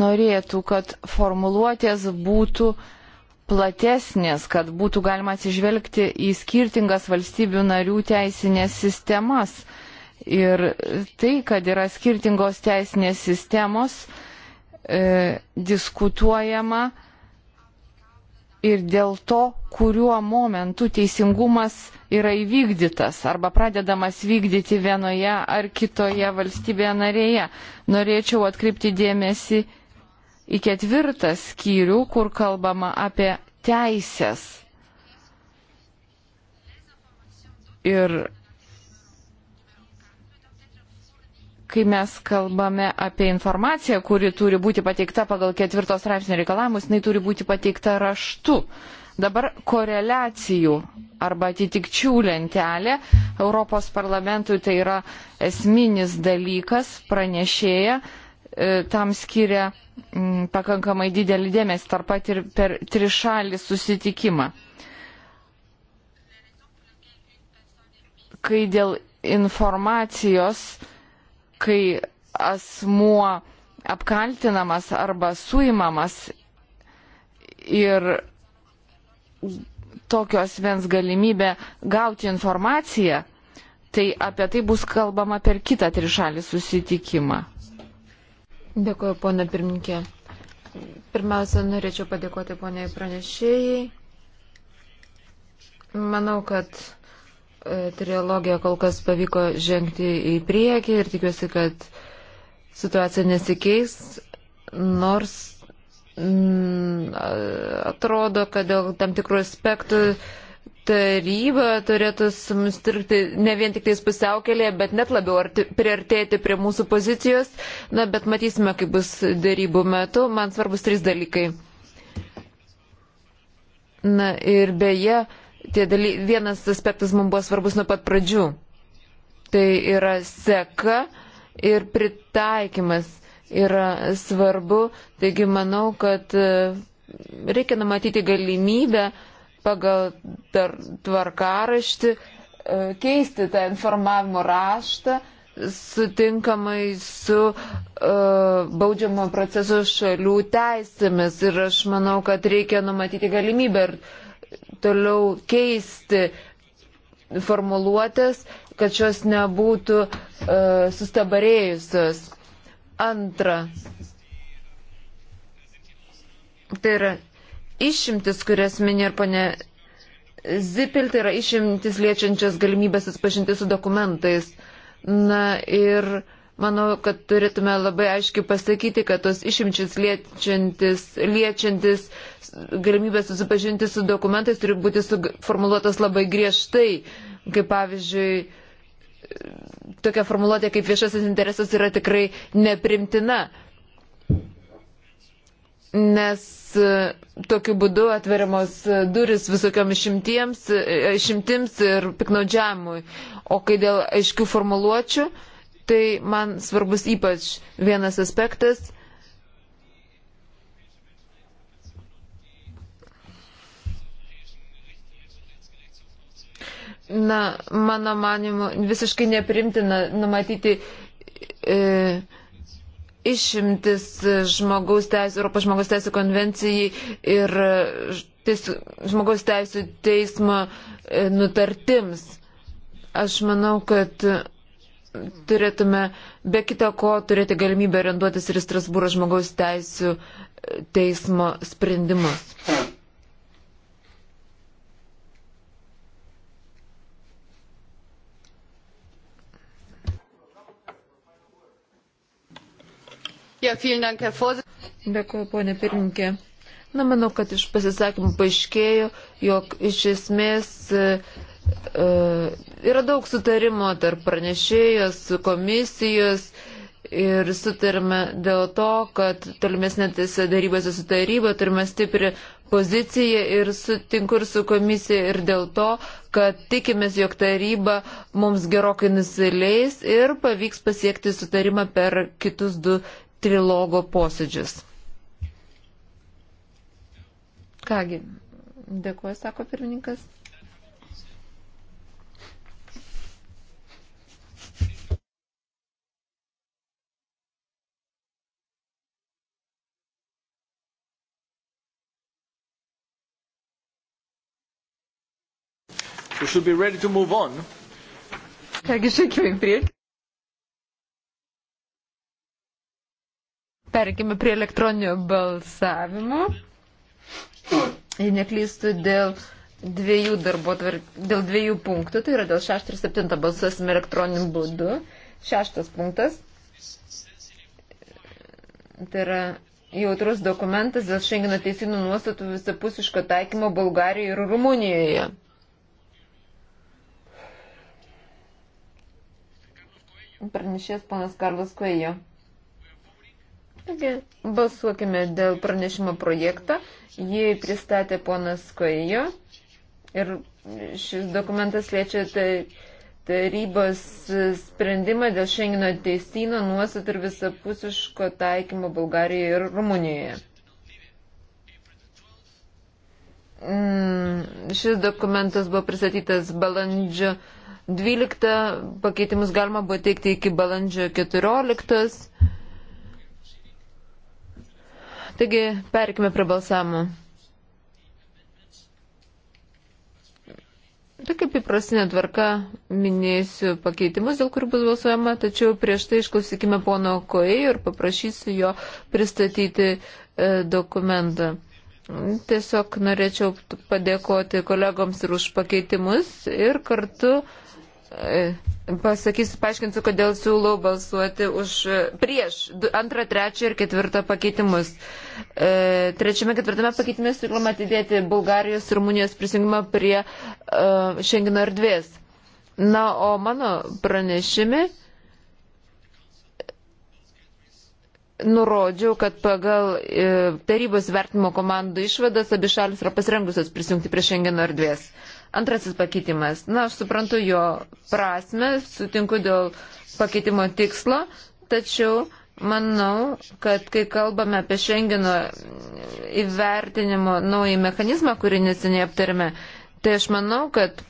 norėtų, kad formuluotės būtų platesnės, kad būtų galima atsižvelgti į skirtingas valstybių narių teisinės sistemas. Ir tai, kad yra skirtingos teisinės sistemos, e, diskutuojama, e, ir dėl to, kuriuo momentu teisingumas yra įvykdytas arba pradedamas vykdyti vienoje ar kitoje valstybėje narėje. Norėčiau atkreipti dėmesį į ketvirtą skyrių, kur kalbama apie teisės. Ir kai mes kalbame apie informaciją, kuri turi būti pateikta pagal ketvirtos straipsnio reikalavimus, jinai turi būti pateikta raštu. Dabar koreliacijų arba atitikčių lentelė Europos parlamentui tai yra esminis dalykas, pranešėja, e, tam skiria mm, pakankamai didelį dėmesį tarp pat ir per trišalį susitikimą. Kai dėl informacijos kai asmuo apkaltinamas arba suimamas ir tokio asmens galimybė gauti informaciją, tai apie tai bus kalbama per kitą trišalį susitikimą. Dėkuoju, ponė pirmininkė. Pirmiausia, norėčiau padėkoti poniai pranešėjai. Manau, kad E, Trilogija kol kas pavyko žengti į priekį ir tikiuosi, kad situacija nesikeis, nors m, mm, atrodo, kad dėl tam tikrų aspektų taryba turėtų sumstirkti ne vien tik tais pusiaukelėje, bet net labiau arti, priartėti prie mūsų pozicijos. Na, bet matysime, kaip bus darybų metu. Man svarbus trys dalykai. Na ir beje, uh, daly... vienas aspektas mums buvo svarbus nuo pat pradžių. Tai yra seka ir pritaikymas yra svarbu. Taigi manau, kad e, reikia numatyti galimybę pagal tvarkaraštį e, keisti tą informavimo raštą sutinkamai su uh, baudžiamo proceso šalių teisėmis ir aš manau, kad reikia numatyti galimybę ir uh, toliau keisti formuluotės, kad šios nebūtų uh, sustabarėjusios. Antra. Tai yra išimtis, kurias minė ir ponė Zipil, tai yra išimtis liečiančias galimybės atspažinti su dokumentais. Na ir uh, Manau, kad turėtume labai aiškiai pasakyti, kad tos išimčius liečiantis, liečiantis galimybę susipažinti su dokumentais turi būti formuluotas labai griežtai, kaip pavyzdžiui, tokia formuluotė kaip viešasis interesas yra tikrai neprimtina, nes e, tokiu būdu atveriamos duris visokiam e, išimtims ir piknaudžiamui. O kai dėl aiškių formuluočių, tai man svarbus ypač vienas aspektas. Na, mano manimu, visiškai neprimtina numatyti e, išimtis žmogaus teisų, Europos žmogaus teisų konvencijai ir e, teisų, žmogaus teisų teismo e, nutartims. Aš manau, kad e, turėtume be kita ko turėti galimybę renduotis ir Strasbūro žmogaus teisų e, teismo sprendimus. Ja, Dank, Herr Dėkuoju, ponė pirmininkė. Na, manau, kad iš pasisakymų paaiškėjo, jog iš esmės e, E, yra daug sutarimo tarp pranešėjos, komisijos ir sutarime dėl to, kad tolimesnėse darybose su taryba turime stiprią poziciją ir sutinku ir su komisija ir dėl to, kad tikimės, jog taryba mums gerokai nusileis ir pavyks pasiekti sutarimą per kitus du trilogo posėdžius. Kągi, dėkuoju, sako pirmininkas. We should be ready to move on. Kągi, žiūrėkime į priekį. Perkime prie elektroninio balsavimo. Jei neklystu dėl dviejų darbo tvark... dėl dviejų punktų, tai yra dėl 6 ir 7 balsuosime elektroniniu būdu. Šeštas punktas. Tai yra jautrus dokumentas dėl Šengino teisinių nuostatų visapusiško taikymo Bulgarijoje ir Rumunijoje. Pranešės panas Karlas Kvejo. Taigi, balsuokime dėl pranešimo projektą. Jį pristatė ponas Kvejo ir šis dokumentas liečia tai tarybos sprendimą dėl Šengino teisino nuosat ir visapusiško taikymo Bulgarijoje ir Rumunijoje. Mm, šis dokumentas buvo pristatytas balandžio 12 12 pakeitimus galima buvo teikti iki balandžio 14. Taigi, perkime prie balsavimo. Tai kaip įprasinė tvarka minėsiu pakeitimus, dėl kurių bus balsuojama, tačiau prieš tai išklausykime pono Koejo ir paprašysiu jo pristatyti e, dokumentą. Tiesiog norėčiau padėkoti kolegoms ir už pakeitimus ir kartu e, E, Pasakysiu, paaiškinsiu, kodėl siūlau balsuoti už prieš antrą, trečią ir ketvirtą pakeitimus. E, trečiame, ketvirtame pakeitime siūloma atidėti Bulgarijos ir Rumunijos prisijungimą prie e, Šengino erdvės. Na, o mano pranešimi nurodžiau, kad pagal e, tarybos vertimo komandų išvadas abi šalis yra pasirengusios prisijungti prie Šengino erdvės. E, Antrasis pakeitimas. Na, aš suprantu jo prasme, sutinku dėl pakeitimo tikslo, tačiau manau, kad kai kalbame apie Šengino įvertinimo naują mechanizmą, kurį neseniai aptarėme, tai aš manau, kad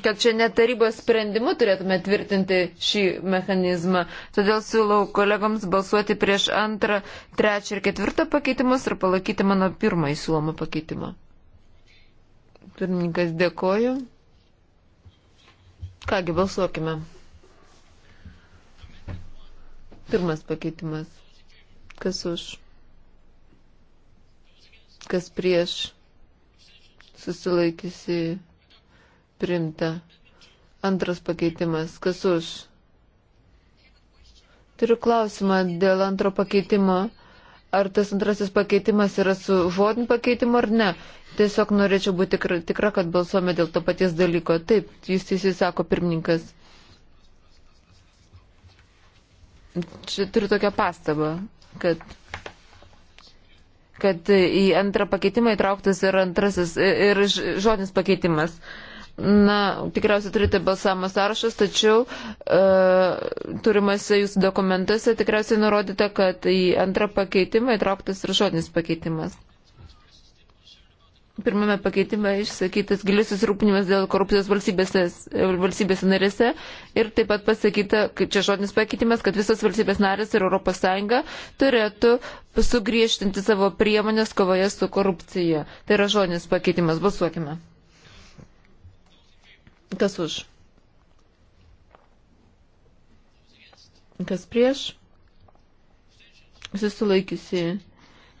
kad čia net tarybos sprendimu turėtume tvirtinti šį mechanizmą. Todėl siūlau kolegoms balsuoti prieš antrą, trečią ir ketvirtą pakeitimus ir palaikyti mano pirmąjį siūlomą pakeitimą. Pirmininkas dėkoju. Kągi, balsuokime. Pirmas pakeitimas. Kas už? Kas prieš? Susilaikysi Primta. Antras pakeitimas. Kas už? Turiu klausimą dėl antro pakeitimo. Ar tas antrasis pakeitimas yra su žodin pakeitimu ar ne? Tiesiog norėčiau būti tikra, tikra kad balsuome dėl to paties dalyko. Taip, jūs teisai sako pirmininkas. Čia turiu tokią pastabą, kad, kad į antrą pakeitimą įtrauktas ir antrasis ir žodinis pakeitimas. Uh, Na, tikriausiai turite balsavimo sąrašas, tačiau e, turimasi jūsų dokumentuose tikriausiai nurodyta, kad į antrą pakeitimą įtrauktas ir žodinis pakeitimas. Pirmame pakeitime išsakytas gilis susirūpinimas dėl korupcijos valstybėse, valstybėse narėse ir taip pat pasakyta, kaip čia žodinis pakeitimas, kad visos valstybės narės ir ES turėtų sugriežtinti savo priemonės kovoje su korupcija. Tai yra žodinis pakeitimas. Balsuokime. Kas už? Kas prieš? Susilaikiusi.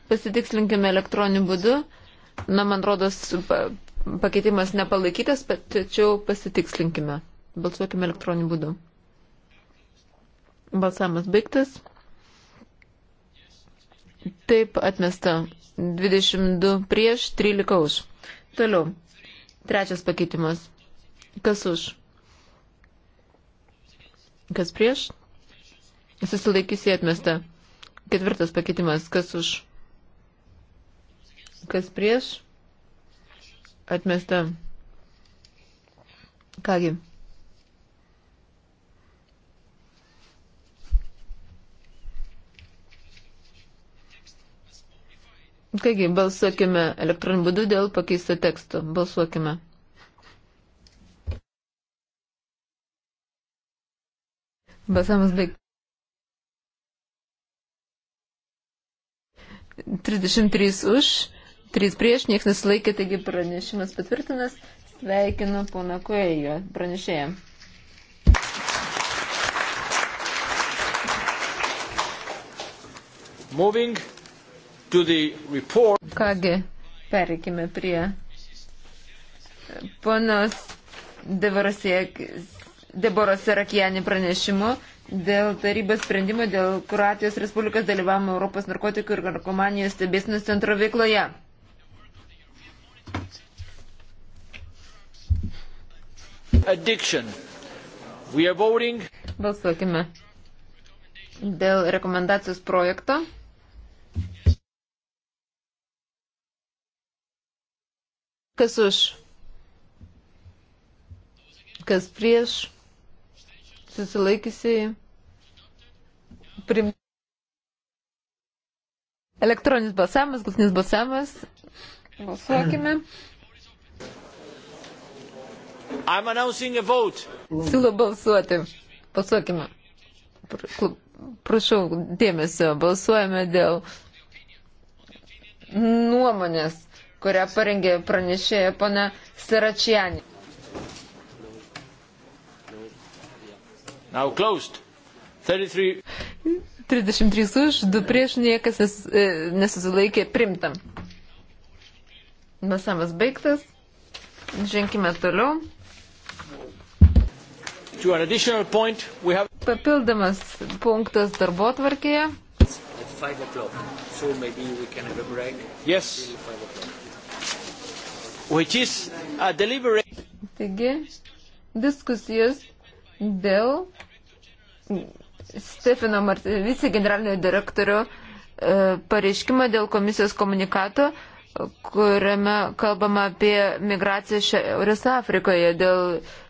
Pasitikslinkime elektroniniu būdu. Na, man rodos, pakeitimas nepalaikytas, bet tačiau pasitikslinkime. Balsuokime elektroniniu būdu. Balsavimas baigtas. Taip atmesta. 22 prieš, 13 už. Toliau. Trečias pakeitimas. Kas už? Kas prieš? Susilaikysi atmesta. Ketvirtas pakeitimas. Kas už? Kas prieš? Atmesta. Kągi. Kągi, balsuokime elektroniniu būdu dėl pakeisto teksto. Balsuokime. Balsavimas baigtas. 33 už, 3 prieš, niekas nesilaikė, taigi pranešimas patvirtinas. Sveikinu poną Koejo, pranešėją. Kągi, pereikime prie ponos Devarasiekis Deboros Sarakijanį pranešimu dėl tarybos sprendimo dėl Kroatijos Respublikos dalyvavimo Europos narkotikų ir narkomanijos stebėsinos centro veikloje. Addiction. We are voting. Balsuokime dėl rekomendacijos projekto. Kas už? Kas prieš? susilaikysiai primti. Elektroninis balsavimas, galtinis balsavimas. Balsuokime. I'm announcing a vote. Siūlau balsuoti. Balsuokime. Prašau dėmesio, balsuojame dėl nuomonės, kurią parengė pranešėja pana Siračianė. Now closed. 33. 33 už, 2 prieš, niekas nes, e, nesusilaikė primtam. Balsavimas baigtas. Ženkime toliau. Have... Papildomas punktas darbo tvarkėje. So yes. Deliberate... Taigi, diskusijos dėl Stefano Martin, vicegeneralinio direktorio e, pareiškimą dėl komisijos komunikato, kuriame kalbama apie migraciją Šiaurės Afrikoje, dėl,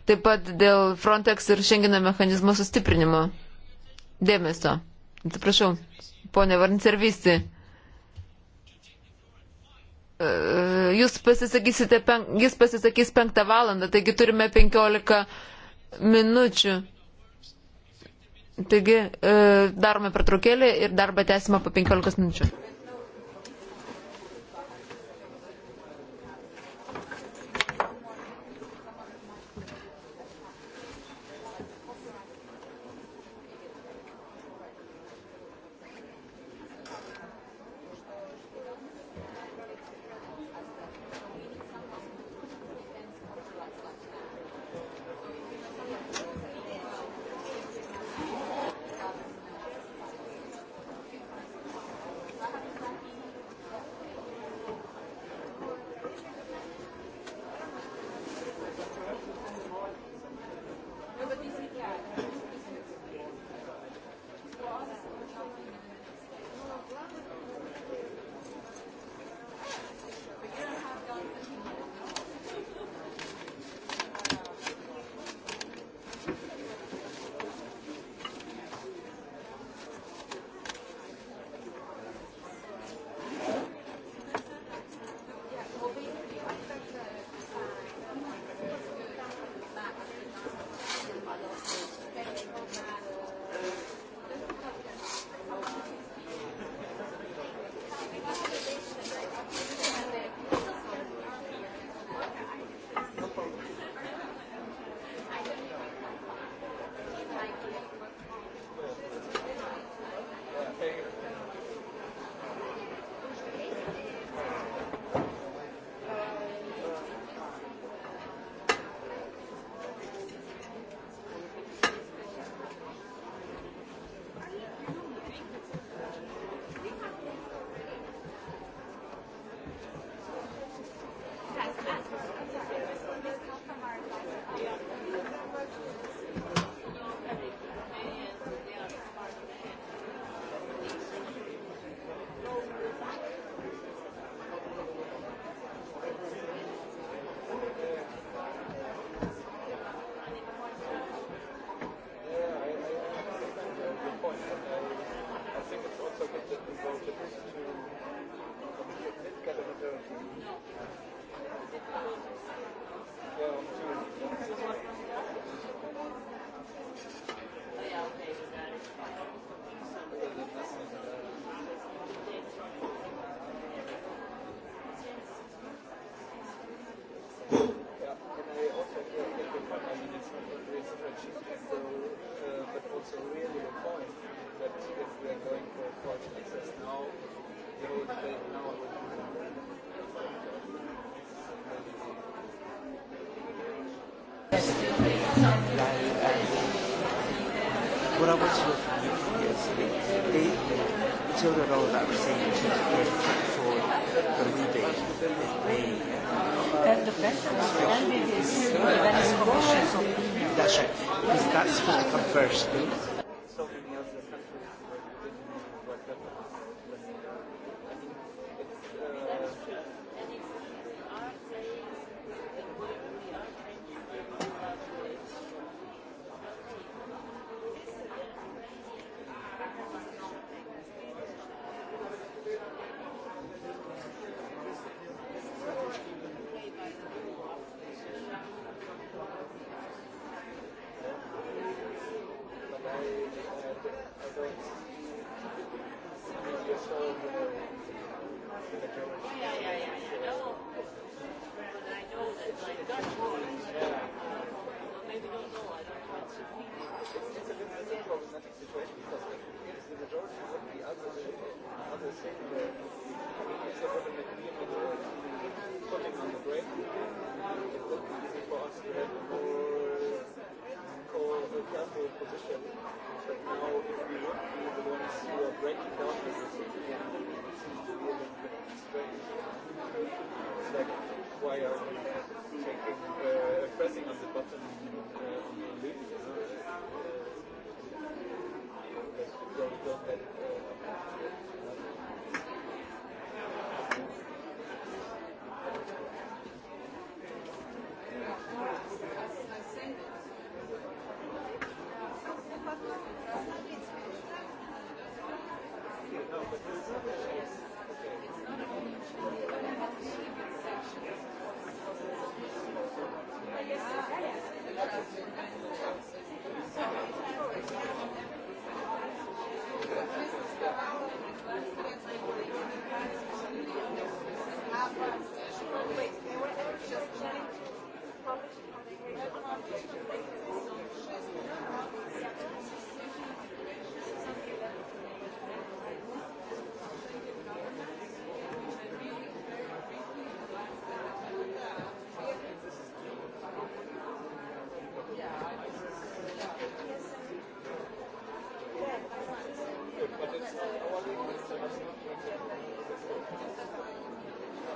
taip pat dėl Frontex ir Schengeno mechanizmo sustiprinimo. Dėmesio. Atsiprašau, ponė Varnservisti. E, jūs pasisakysite, jis pasisakys penktą valandą, taigi turime penkiolika 15 minučių. Taigi e, darome pertraukėlį ir darbą tęsime po 15 minučių.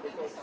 because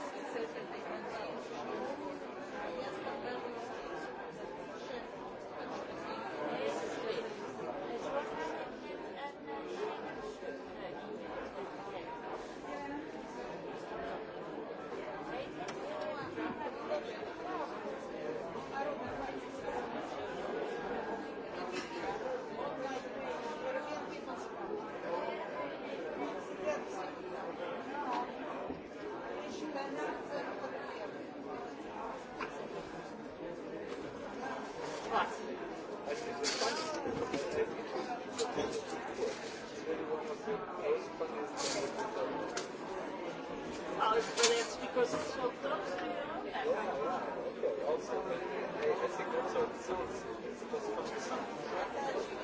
was so close to your own yeah, yeah, okay. Also, but I, I think also it's, it's, it's, it's, it's, it's, it's, it's, it's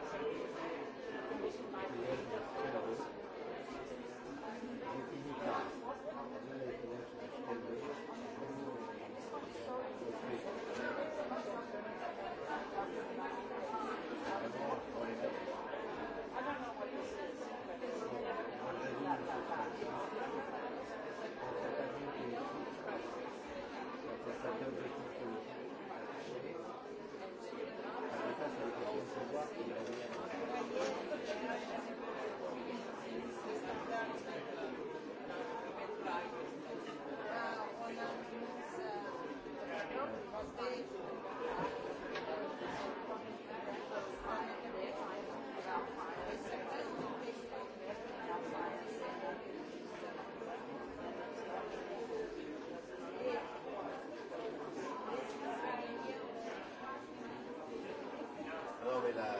poi la,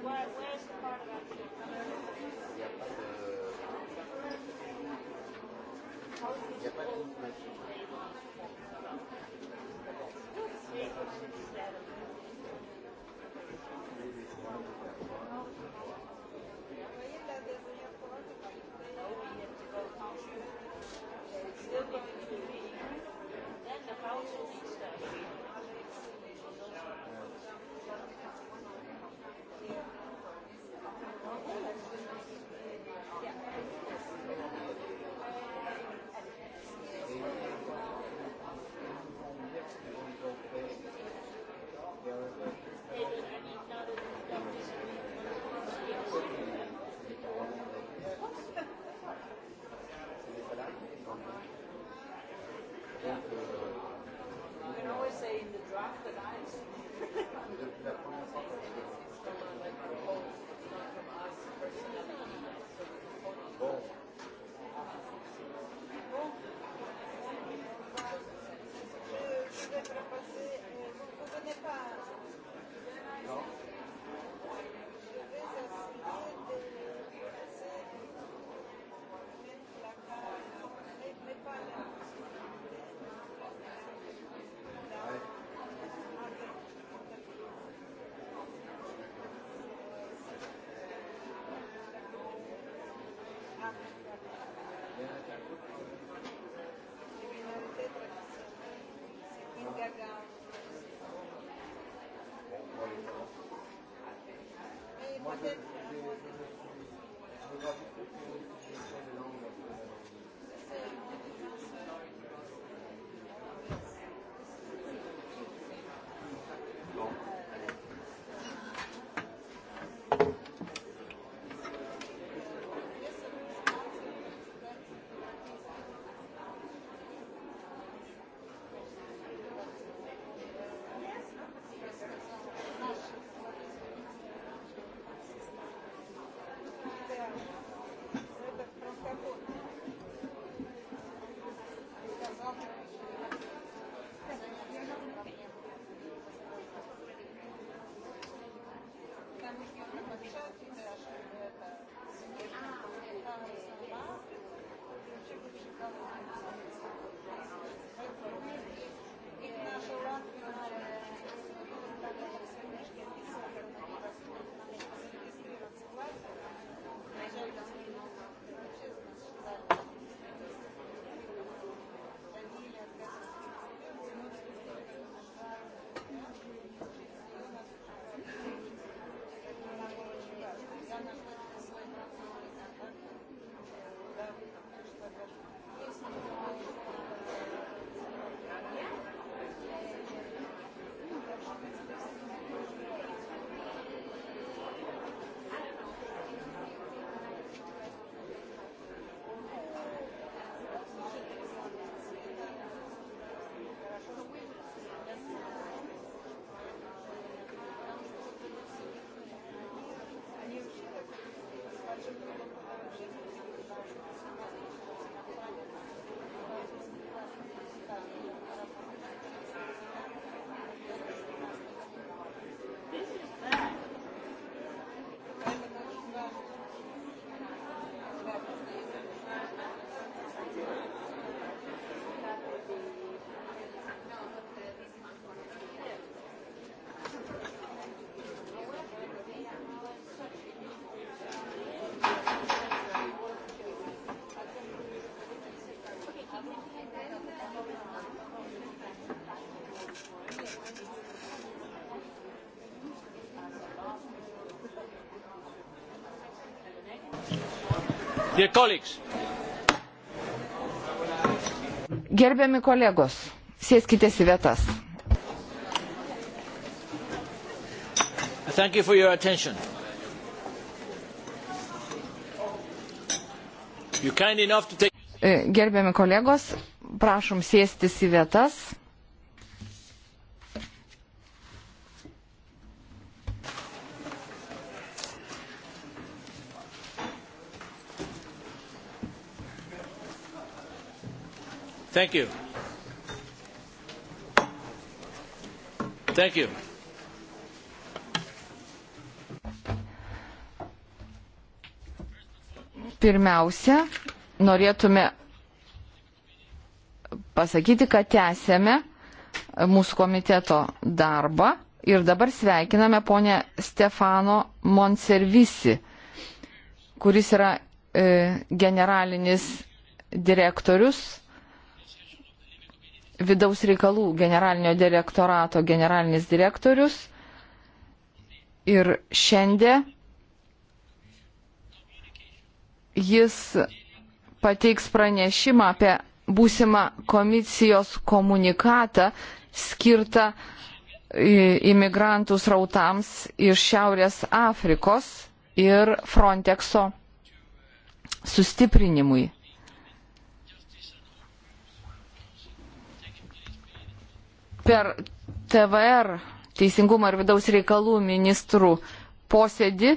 Where, where's the part about you? Il n'y a pas de... Il n'y a pas de... Moi, je, je, je, je, je, je, je, je, je, Gerbiami kolegos, sėskite į vietas. Thank you for your attention. You kind enough to take... Gerbiami kolegos, prašom sėstis į vietas. Thank you. Thank you. Pirmiausia, norėtume pasakyti, kad tęsėme mūsų komiteto darbą ir dabar sveikiname ponę Stefano Monservisi, kuris yra e, generalinis direktorius vidaus reikalų generalinio direktorato generalinis direktorius. Ir šiandien jis pateiks pranešimą apie būsimą komisijos komunikatą skirtą imigrantų srautams iš Šiaurės Afrikos ir Frontexo sustiprinimui. per TVR teisingumo ir vidaus reikalų ministrų posėdį,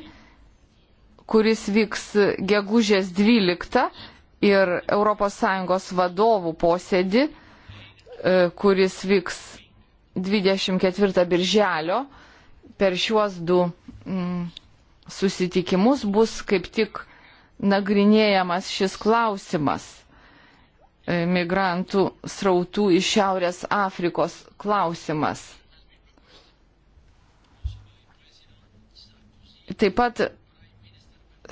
kuris vyks gegužės 12 ir ES vadovų posėdį, e, kuris vyks 24 birželio. Per šiuos du mm, susitikimus bus kaip tik nagrinėjamas šis klausimas migrantų srautų iš Šiaurės Afrikos klausimas. Taip pat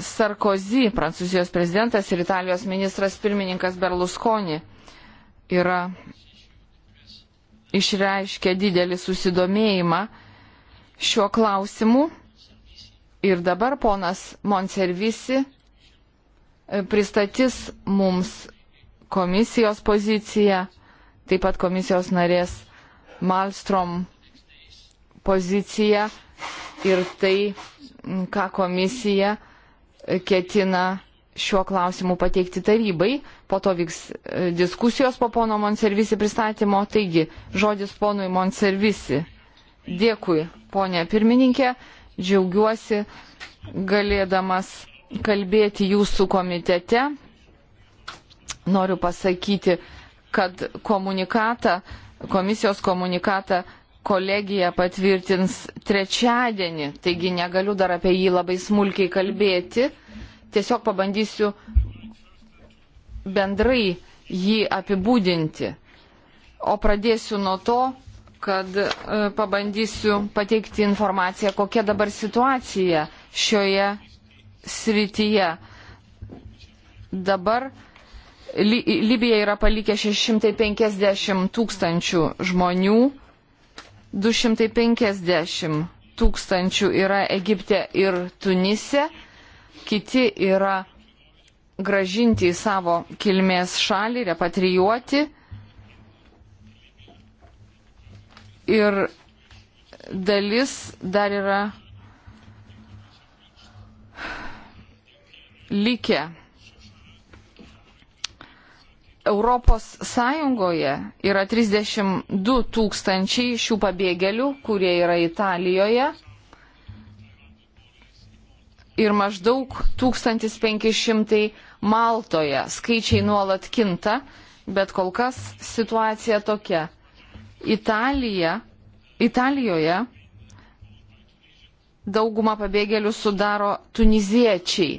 Sarkozy, prancūzijos prezidentas ir Italijos ministras pirmininkas Berlusconi yra išreiškę didelį susidomėjimą šiuo klausimu. Ir dabar ponas Monservisi pristatys mums komisijos poziciją, taip pat komisijos narės Malstrom poziciją ir tai, ką komisija ketina šiuo klausimu pateikti tarybai. Po to vyks e, diskusijos po pono Monservisi pristatymo. Taigi, žodis ponui Monservisi. Dėkui, ponė pirmininkė. Džiaugiuosi galėdamas kalbėti jūsų komitete noriu pasakyti, kad komunikatą, komisijos komunikatą kolegija patvirtins trečiadienį, taigi negaliu dar apie jį labai smulkiai kalbėti. Tiesiog pabandysiu bendrai jį apibūdinti. O pradėsiu nuo to, kad e, pabandysiu pateikti informaciją, kokia dabar situacija šioje srityje. Dabar Libija yra palikę 650 tūkstančių žmonių, 250 tūkstančių yra Egipte ir Tunise, kiti yra gražinti į savo kilmės šalį, repatrijuoti. Ir dalis dar yra likę Europos Sąjungoje yra 32 tūkstančiai šių pabėgėlių, kurie yra Italijoje. Ir maždaug 1500 Maltoje. Skaičiai nuolat kinta, bet kol kas situacija tokia. Italija, Italijoje daugumą pabėgėlių sudaro tuniziečiai.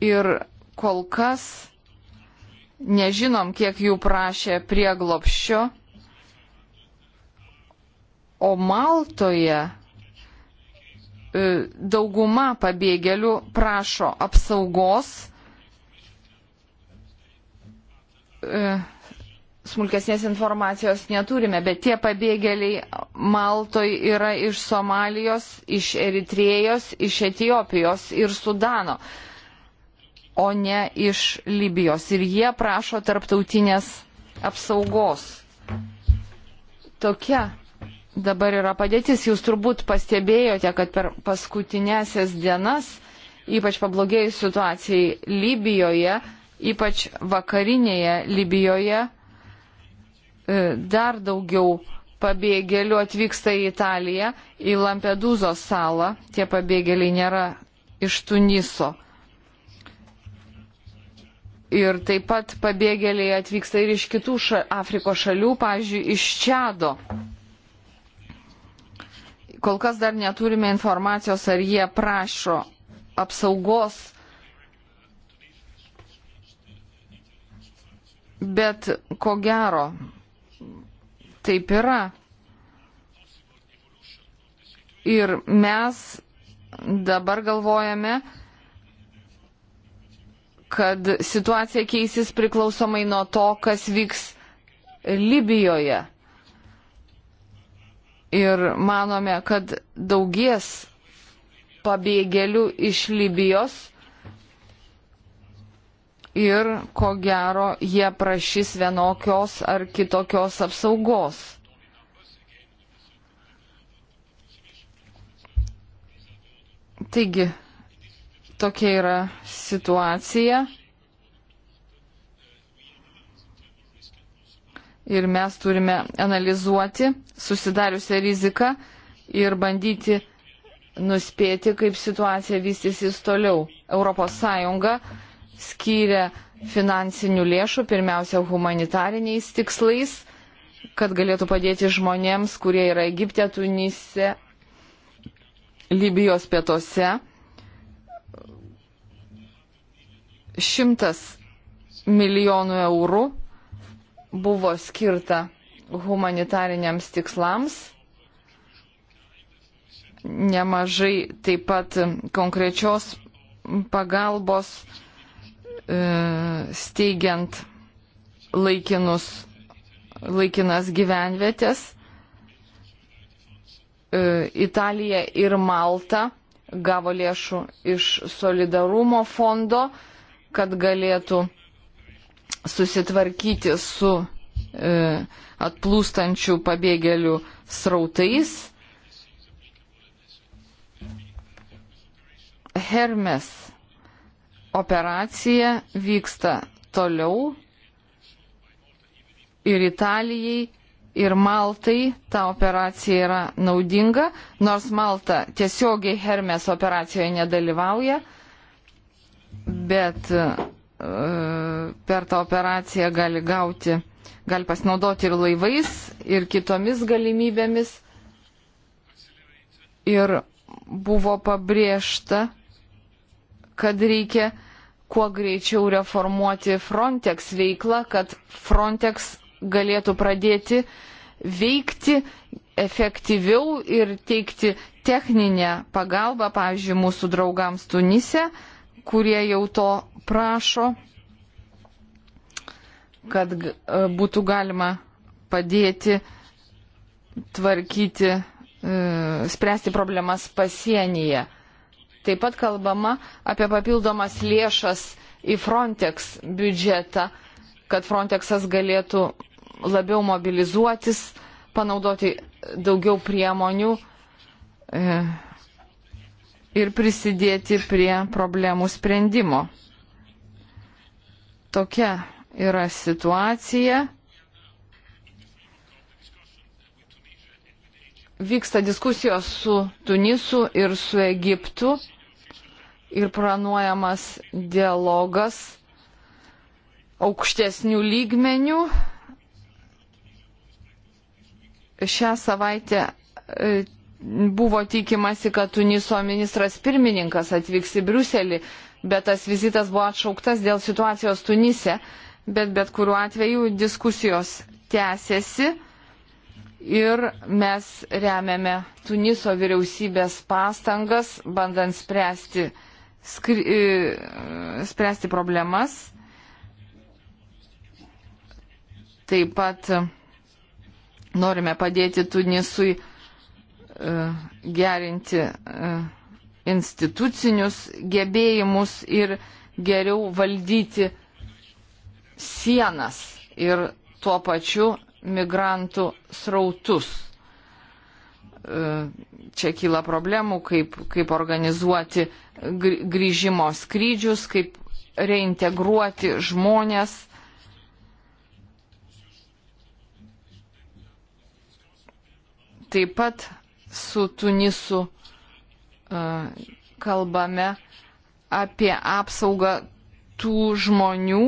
ir kol kas nežinom, kiek jų prašė prieglopščio, o Maltoje e, dauguma pabėgėlių prašo apsaugos e, smulkesnės informacijos neturime, bet tie pabėgėliai Maltoj yra iš Somalijos, iš Eritrėjos, iš Etijopijos ir Sudano o ne iš Libijos. Ir jie prašo tarptautinės apsaugos. Tokia dabar yra padėtis. Jūs turbūt pastebėjote, kad per paskutinėsias dienas, ypač pablogėjus situacijai Libijoje, ypač vakarinėje Libijoje, e, dar daugiau pabėgėlių atvyksta į Italiją, į Lampedūzos salą. Tie pabėgėliai nėra iš Tuniso. Ir taip pat pabėgėliai atvyksta ir iš kitų ša Afrikos šalių, pavyzdžiui, iš Čado. Kol kas dar neturime informacijos, ar jie prašo apsaugos, bet ko gero taip yra. Ir mes dabar galvojame, kad situacija keisis priklausomai nuo to, kas vyks Libijoje. Ir manome, kad daugies pabėgėlių iš Libijos ir ko gero jie prašys vienokios ar kitokios apsaugos. Taigi, tokia yra situacija. Ir mes turime analizuoti susidariusią riziką ir bandyti nuspėti, kaip situacija vystysis toliau. ES skyrė finansinių lėšų, pirmiausia, humanitariniais tikslais, kad galėtų padėti žmonėms, kurie yra Egipte, Tunise, Libijos pietose. Šimtas milijonų eurų buvo skirta humanitariniams tikslams. Nemažai taip pat konkrečios pagalbos e, steigiant laikinus, laikinas gyvenvietės. E, Italija ir Malta gavo lėšų iš solidarumo fondo. E, kad galėtų susitvarkyti su e, atplūstančių pabėgėlių srautais. Hermes operacija vyksta toliau ir Italijai, ir Maltai ta operacija yra naudinga, nors Malta tiesiogiai Hermes operacijoje nedalyvauja bet e, per tą operaciją gali gauti, gali pasinaudoti ir laivais, ir kitomis galimybėmis. Ir buvo pabrėžta, kad reikia kuo greičiau reformuoti Frontex veiklą, kad Frontex galėtų pradėti veikti efektyviau ir teikti techninę pagalbą, pavyzdžiui, mūsų draugams Tunise, uh, kurie jau to prašo, kad e, būtų galima padėti tvarkyti, e, spręsti problemas pasienyje. Taip pat kalbama apie papildomas lėšas į Frontex biudžetą, kad Frontexas galėtų labiau mobilizuotis, panaudoti daugiau priemonių. E, ir prisidėti prie problemų sprendimo. Tokia yra situacija. Vyksta diskusijos su Tunisu ir su Egiptu ir planuojamas dialogas aukštesnių lygmenių. Šią savaitę e, buvo tikimasi, kad Tuniso ministras pirmininkas atvyks į Briuselį, bet tas vizitas buvo atšauktas dėl situacijos Tunise, bet bet kuriuo atveju diskusijos tęsiasi ir mes remiame Tuniso vyriausybės pastangas, bandant spręsti, skri, e, spręsti problemas. Taip pat norime padėti Tunisui E, gerinti e, institucinius gebėjimus ir geriau valdyti sienas ir tuo pačiu migrantų srautus. E, čia kyla problemų, kaip, kaip organizuoti grįžimo skrydžius, kaip reintegruoti žmonės. Taip pat su Tunisu e, kalbame apie apsaugą tų žmonių,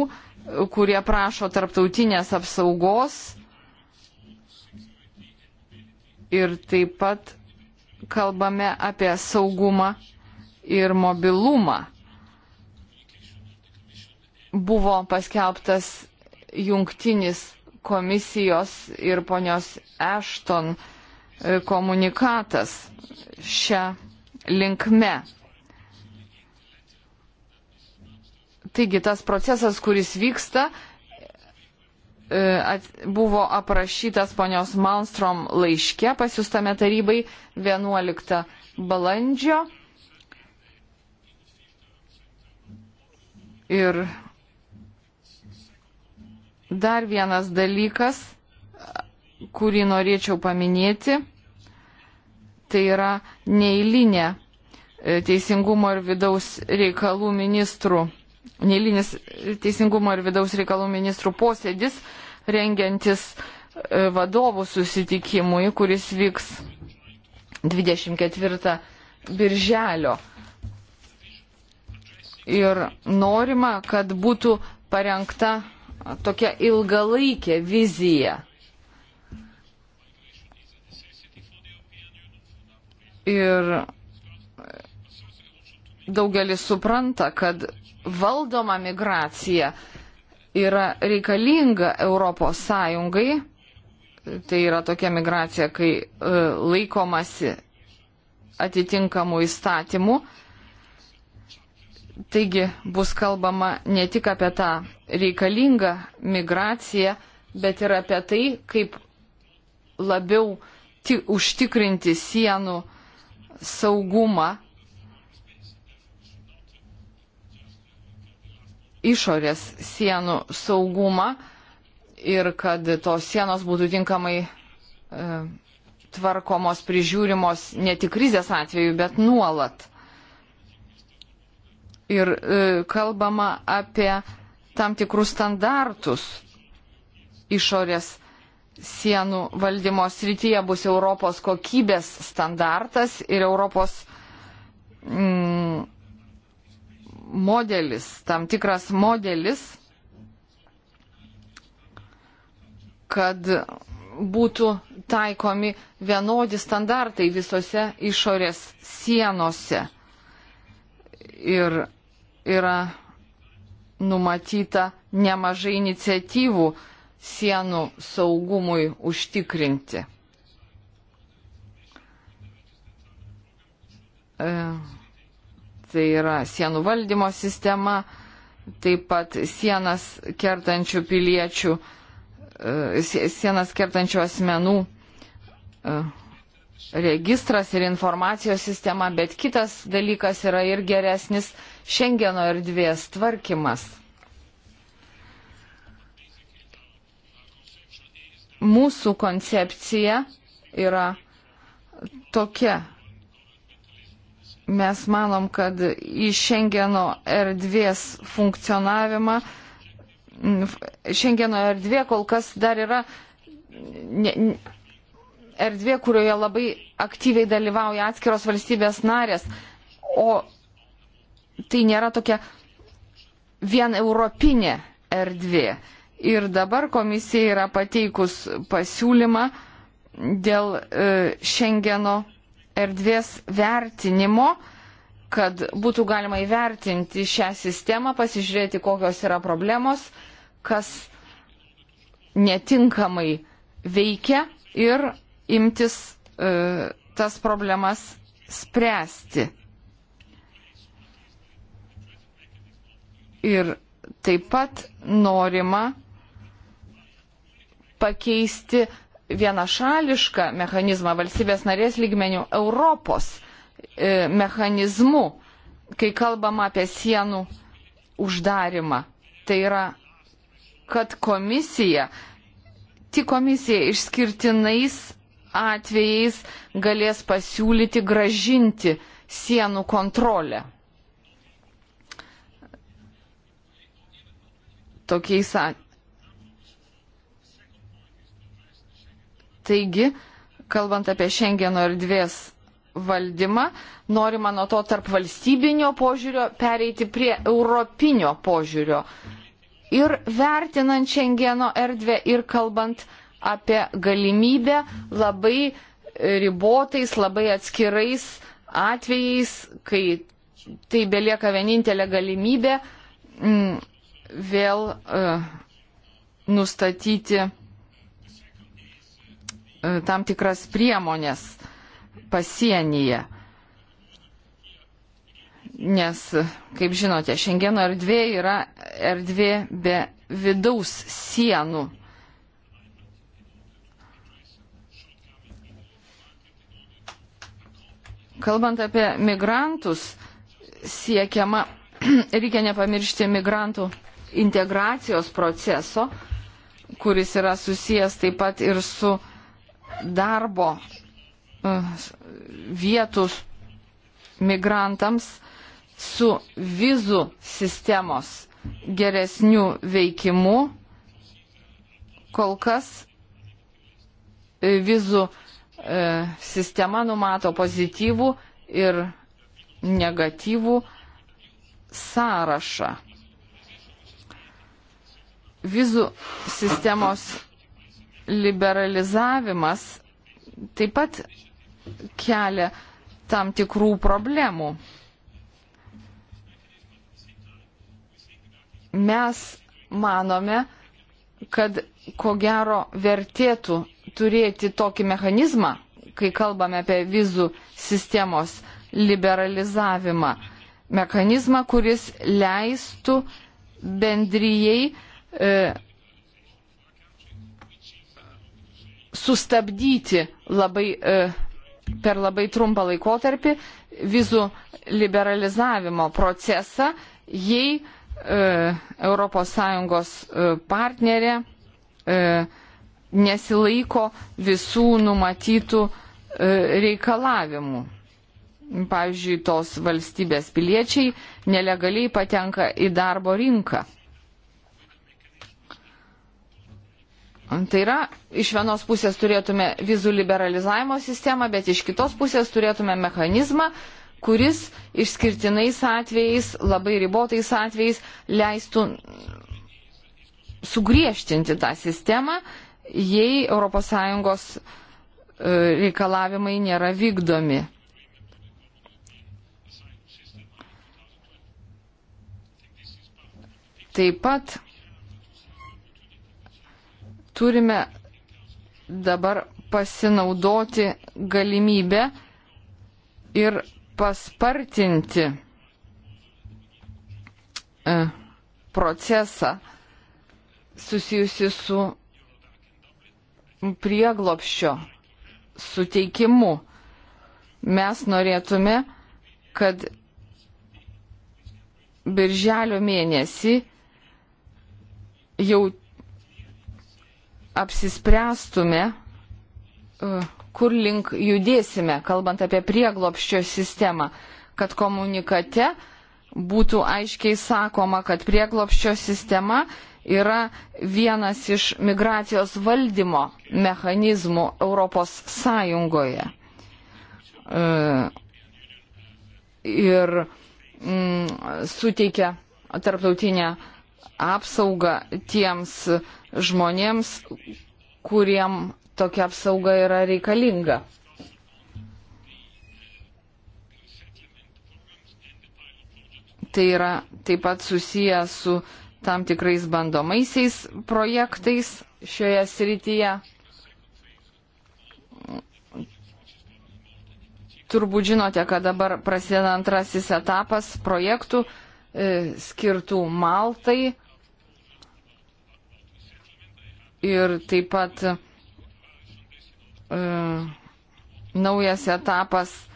kurie prašo tarptautinės apsaugos ir taip pat kalbame apie saugumą ir mobilumą. Buvo paskelbtas jungtinis komisijos ir ponios Ešton uh, E, komunikatas šią linkme. Taigi tas procesas, kuris vyksta, e, buvo aprašytas ponios Malmstrom laiške pasiūstame tarybai 11 balandžio. Ir dar vienas dalykas kurį norėčiau paminėti, tai yra neįlinė e, teisingumo ir vidaus reikalų ministrų, neįlinis e, teisingumo ir vidaus reikalų ministrų posėdis, rengiantis e, vadovų susitikimui, kuris vyks 24 birželio. Ir norima, kad būtų parengta tokia ilgalaikė vizija Ir daugelis supranta, kad valdoma migracija yra reikalinga Europos Sąjungai. Tai yra tokia migracija, kai e, laikomasi atitinkamų įstatymų. Taigi bus kalbama ne tik apie tą reikalingą migraciją, bet ir apie tai, kaip labiau tik, užtikrinti sienų uh, saugumą išorės sienų saugumą ir kad tos sienos būtų tinkamai e, tvarkomos, prižiūrimos ne tik krizės atveju, bet nuolat. Ir e, kalbama apie tam tikrus standartus išorės sienų valdymo srityje bus Europos kokybės standartas ir Europos mm, modelis, tam tikras modelis, kad būtų taikomi vienodi standartai visose išorės sienose. Ir yra numatyta nemažai iniciatyvų, sienų saugumui užtikrinti. E, tai yra sienų valdymo sistema, taip pat sienas kertančių piliečių, e, sienas kertančių asmenų e, registras ir informacijos sistema, bet kitas dalykas yra ir geresnis Šengeno erdvės tvarkymas. mūsų koncepcija yra tokia. Mes manom, kad į Šengeno erdvės funkcionavimą, Šengeno erdvė kol kas dar yra ne, erdvė, kurioje labai aktyviai dalyvauja atskiros valstybės narės, o tai nėra tokia vien europinė erdvė. Ir dabar komisija yra pateikus pasiūlymą dėl Šengeno e, erdvės vertinimo, kad būtų galima įvertinti šią sistemą, pasižiūrėti, kokios yra problemos, kas netinkamai veikia ir imtis e, tas problemas spręsti. Ir taip pat norima pakeisti vienašališką mechanizmą valstybės narės lygmenių Europos e, mechanizmu, kai kalbama apie sienų uždarimą. Tai yra, kad komisija, tik komisija išskirtinais atvejais galės pasiūlyti gražinti sienų kontrolę. Tokiais atvejais Taigi, kalbant apie Šengeno erdvės valdymą, norima nuo to tarp valstybinio požiūrio pereiti prie europinio požiūrio. Ir vertinant Šengeno erdvę ir kalbant apie galimybę labai ribotais, labai atskirais atvejais, kai tai belieka vienintelė galimybė m, mm, vėl e, nustatyti E, tam tikras priemonės pasienyje. Nes, kaip žinote, Šengeno erdvė yra erdvė be vidaus sienų. Kalbant apie migrantus, siekiama, reikia nepamiršti migrantų integracijos proceso, kuris yra susijęs taip pat ir su uh, darbo e, vietus migrantams su vizų sistemos geresniu veikimu. Kol kas e, vizų e, sistema numato pozityvų ir negatyvų sąrašą. Vizų sistemos liberalizavimas taip pat kelia tam tikrų problemų. Mes manome, kad ko gero vertėtų turėti tokį mechanizmą, kai kalbame apie vizų sistemos liberalizavimą. Mechanizmą, kuris leistų bendryjei e, sustabdyti labai, e, per labai trumpą laikotarpį vizų liberalizavimo procesą, jei ES e, partnerė e, nesilaiko visų numatytų reikalavimų. Pavyzdžiui, tos valstybės piliečiai nelegaliai patenka į darbo rinką. Tai yra, iš vienos pusės turėtume vizų liberalizavimo sistemą, bet iš kitos pusės turėtume mechanizmą, kuris išskirtinais atvejais, labai ribotais atvejais leistų sugriežtinti tą sistemą, jei ES e, reikalavimai nėra vykdomi. Taip pat turime dabar pasinaudoti galimybę ir paspartinti e, procesą susijusi su prieglopščio suteikimu. Mes norėtume, kad birželio mėnesį jau apsispręstume, e, kur link judėsime, kalbant apie prieglopščio sistemą, kad komunikate būtų aiškiai sakoma, kad prieglopščio sistema yra vienas iš migracijos valdymo mechanizmų Europos Sąjungoje. E, ir mm, suteikia tarptautinę apsaugą tiems žmonėms, kuriem tokia apsauga yra reikalinga. Tai yra taip pat susiję su tam tikrais bandomaisiais projektais šioje srityje. Turbūt žinote, kad dabar prasideda antrasis etapas projektų e, skirtų Maltai ir taip pat e, naujas etapas.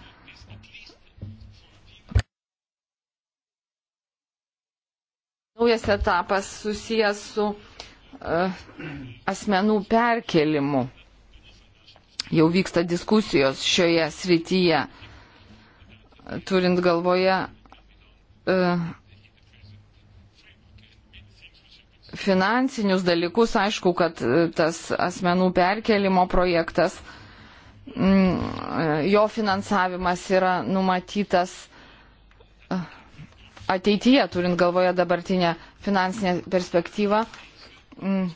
Naujas etapas susijęs su e, asmenų perkelimu. Jau vyksta diskusijos šioje srityje, turint galvoje e, finansinius dalykus, aišku, kad e, tas asmenų perkelimo projektas, mm, e, jo finansavimas yra numatytas e, ateityje, turint galvoje dabartinę finansinę perspektyvą. Mm,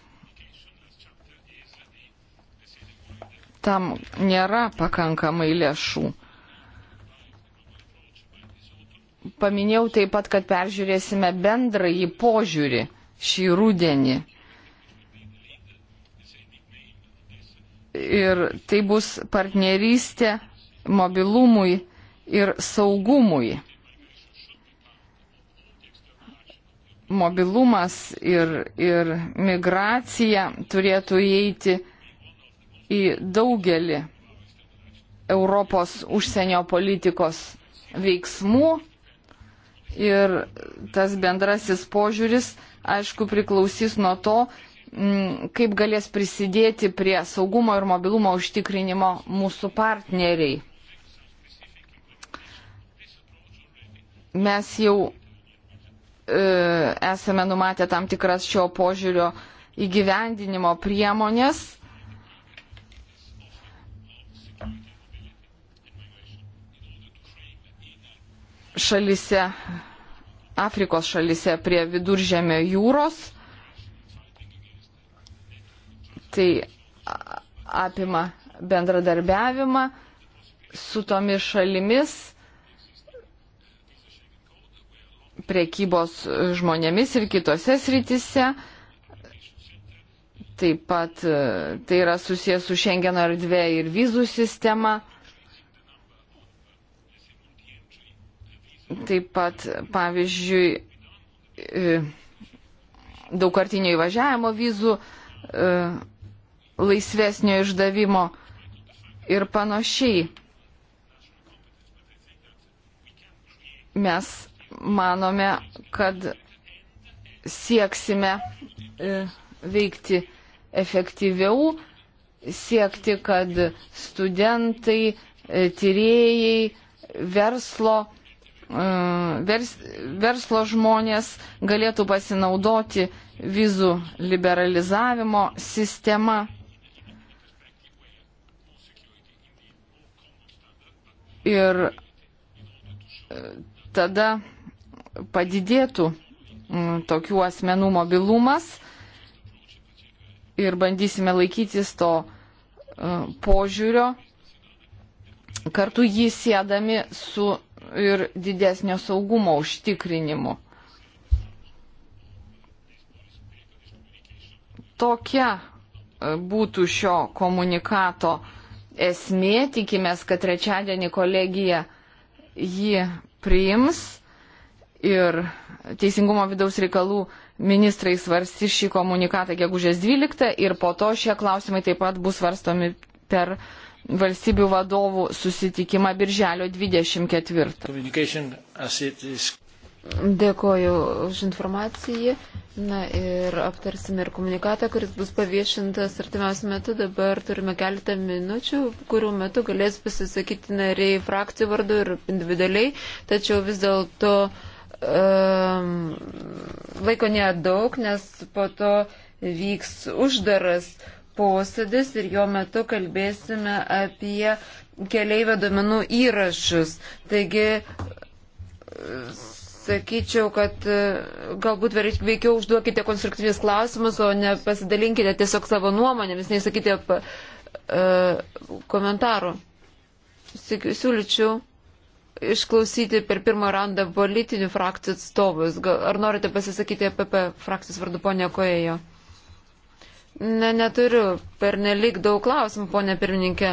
tam nėra pakankamai lėšų. Paminėjau taip pat, kad peržiūrėsime bendrąjį požiūrį šį rūdienį. Ir tai bus partnerystė mobilumui ir saugumui. Mobilumas ir, ir migracija turėtų įeiti į daugelį Europos užsienio politikos veiksmų Ir tas bendrasis požiūris, aišku, priklausys nuo to, mm, kaip galės prisidėti prie saugumo ir mobilumo užtikrinimo mūsų partneriai. Mes jau e, esame numatę tam tikras šio požiūrio įgyvendinimo priemonės. Šalise Afrikos šalise prie viduržėmio jūros. Tai apima bendradarbiavimą su tomis šalimis, priekybos žmonėmis ir kitose sritise. Taip pat e, tai yra susijęs su Schengeno erdvė ir vizų sistema. Taip pat, pavyzdžiui, e, daugkartinio įvažiavimo vizų, e, laisvesnio išdavimo ir panašiai. Mes manome, kad sieksime e, veikti efektyviau, siekti, kad studentai, tyrėjai, verslo E, vers, verslo žmonės galėtų pasinaudoti vizų liberalizavimo sistema. Ir e, tada padidėtų tokių asmenų mobilumas ir bandysime laikytis to e, požiūrio, kartu jį sėdami su ir didesnio saugumo užtikrinimu. Tokia e, būtų šio komunikato esmė. Tikimės, kad trečiadienį kolegija jį priims ir Teisingumo vidaus reikalų ministrai svarstys šį komunikatą gegužės 12 ir po to šie klausimai taip pat bus svarstomi per valstybių vadovų susitikimą birželio 24. Dėkoju už informaciją. Na ir aptarsime ir komunikatą, kuris bus paviešintas artimiausiu metu. Dabar turime keletą minučių, kurių metu galės pasisakyti nariai frakcijų vardu ir individualiai. Tačiau vis dėlto um, laiko nedaug, nes po to vyks uždaras posėdis ir jo metu kalbėsime apie keliaivio duomenų įrašus. Taigi, sakyčiau, kad e, galbūt veikiau užduokite konstruktyvius klausimus, o ne pasidalinkite tiesiog savo nuomonėmis, nesakykite uh, e, komentarų. Siūlyčiau išklausyti per pirmą randą politinių frakcijų atstovus. Gal, ar norite pasisakyti apie PP frakcijos vardu ponė Kojejo? Ne, neturiu per nelik daug klausimų, ponė pirmininkė,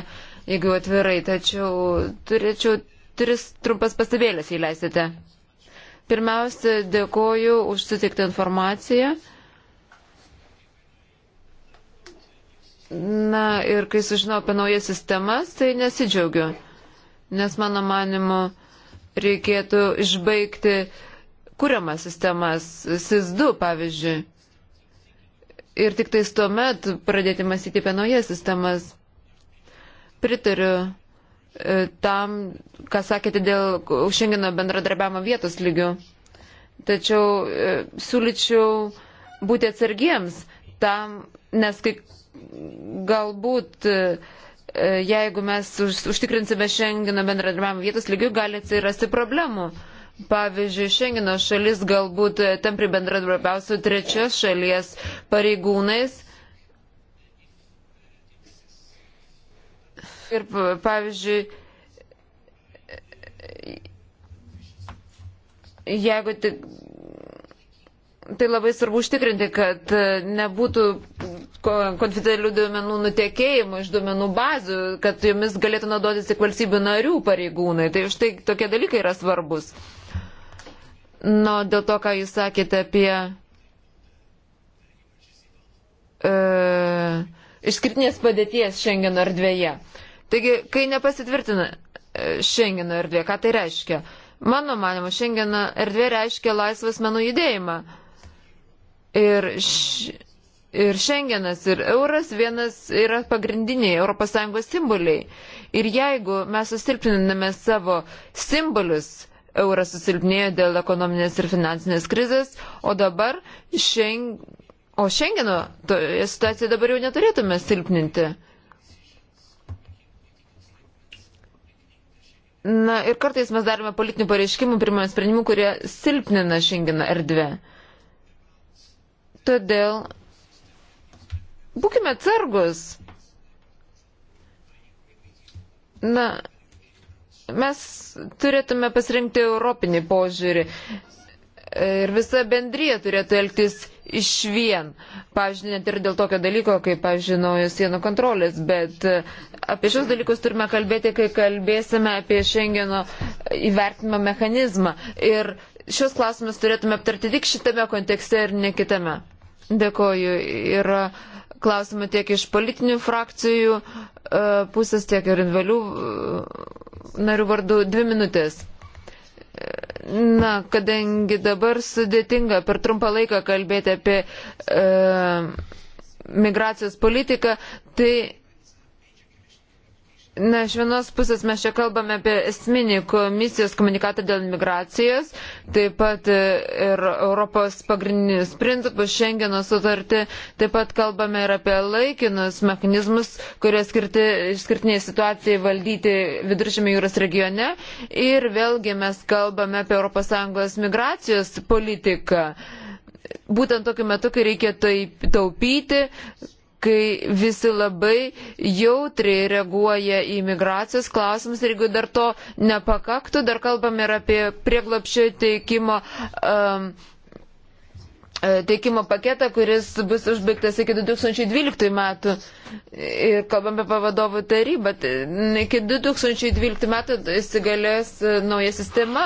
jeigu atvirai, tačiau turėčiau tris trumpas pastabėlės įleisite. Pirmiausia, dėkoju už sutiktą informaciją. Na ir kai sužinau apie naujas sistemas, tai nesidžiaugiu, nes mano manimu reikėtų išbaigti kuriamas sistemas, SIS2 pavyzdžiui ir tik tais tuomet pradėti mąstyti apie naujas sistemas. Pritariu e, tam, ką sakėte dėl Šengino bendradarbiavimo vietos lygių. Tačiau e, siūlyčiau būti atsargiems tam, nes kai galbūt e, jeigu mes už, užtikrinsime Šengino bendradarbiavimo vietos lygių, gali atsirasti problemų. E, Pavyzdžiui, Šengino šalis galbūt tampri bendradarbiaus su trečios šalies pareigūnais. Ir pavyzdžiui, jeigu tik. Tai labai svarbu užtikrinti, kad nebūtų konfidencialių duomenų nutekėjimo iš duomenų bazių, kad jomis galėtų naudotis tik valstybių narių pareigūnai. Tai štai tokie dalykai yra svarbus. Uh, Nu, dėl to, ką jūs sakėte apie e, išskirtinės padėties Schengeno erdvėje. Taigi, kai nepasitvirtina Schengeno e, erdvė, ką tai reiškia? Mano manimo, Schengeno erdvė reiškia laisvas menų judėjimą. Ir, š, ir Schengenas, ir euras vienas yra pagrindiniai ES simboliai. Ir jeigu mes susilpniname savo simbolius, euras susilpnėjo dėl ekonominės ir finansinės krizės, o dabar šeng... o Šengeno situaciją dabar jau neturėtume silpninti. Na ir kartais mes darome politinių pareiškimų, pirmąjų sprendimų, kurie silpnina Šengino erdvę. Todėl būkime atsargus. Na, Mes turėtume pasirinkti europinį požiūrį ir visa bendryje turėtų elgtis iš vien. Pavyzdžiui, net ir dėl tokio dalyko, kaip, pavyzdžiui, naujo sienų kontrolės, bet apie šios dalykus turime kalbėti, kai kalbėsime apie Šengeno įvertinimo mechanizmą. Ir šios klausimus turėtume aptarti tik šitame kontekste ir ne kitame. Dėkoju. Yra. Ir klausimų tiek iš politinių frakcijų e, pusės, tiek ir invalių e, narių vardų. Dvi minutės. E, na, kadangi dabar sudėtinga per trumpą laiką kalbėti apie e, migracijos politiką, tai Na, iš vienos pusės mes čia kalbame apie esminį komisijos komunikatą dėl migracijos, taip pat e, ir Europos pagrindinius principus, Šengeno sutartį, taip pat kalbame ir apie laikinus mechanizmus, kurie skirti išskirtiniai situacijai valdyti viduržėmio jūros regione. Ir vėlgi mes kalbame apie ES migracijos politiką. Būtent tokiu metu, kai reikia tai taupyti, kai visi labai jautriai reaguoja į migracijos klausimus ir jeigu dar to nepakaktų, dar kalbame ir apie prieglapščio teikimo um, E, teikimo paketą, kuris bus užbaigtas iki 2012 metų. Ir kalbam apie vadovų tarybą. Tai iki 2012 metų įsigalios e, nauja sistema,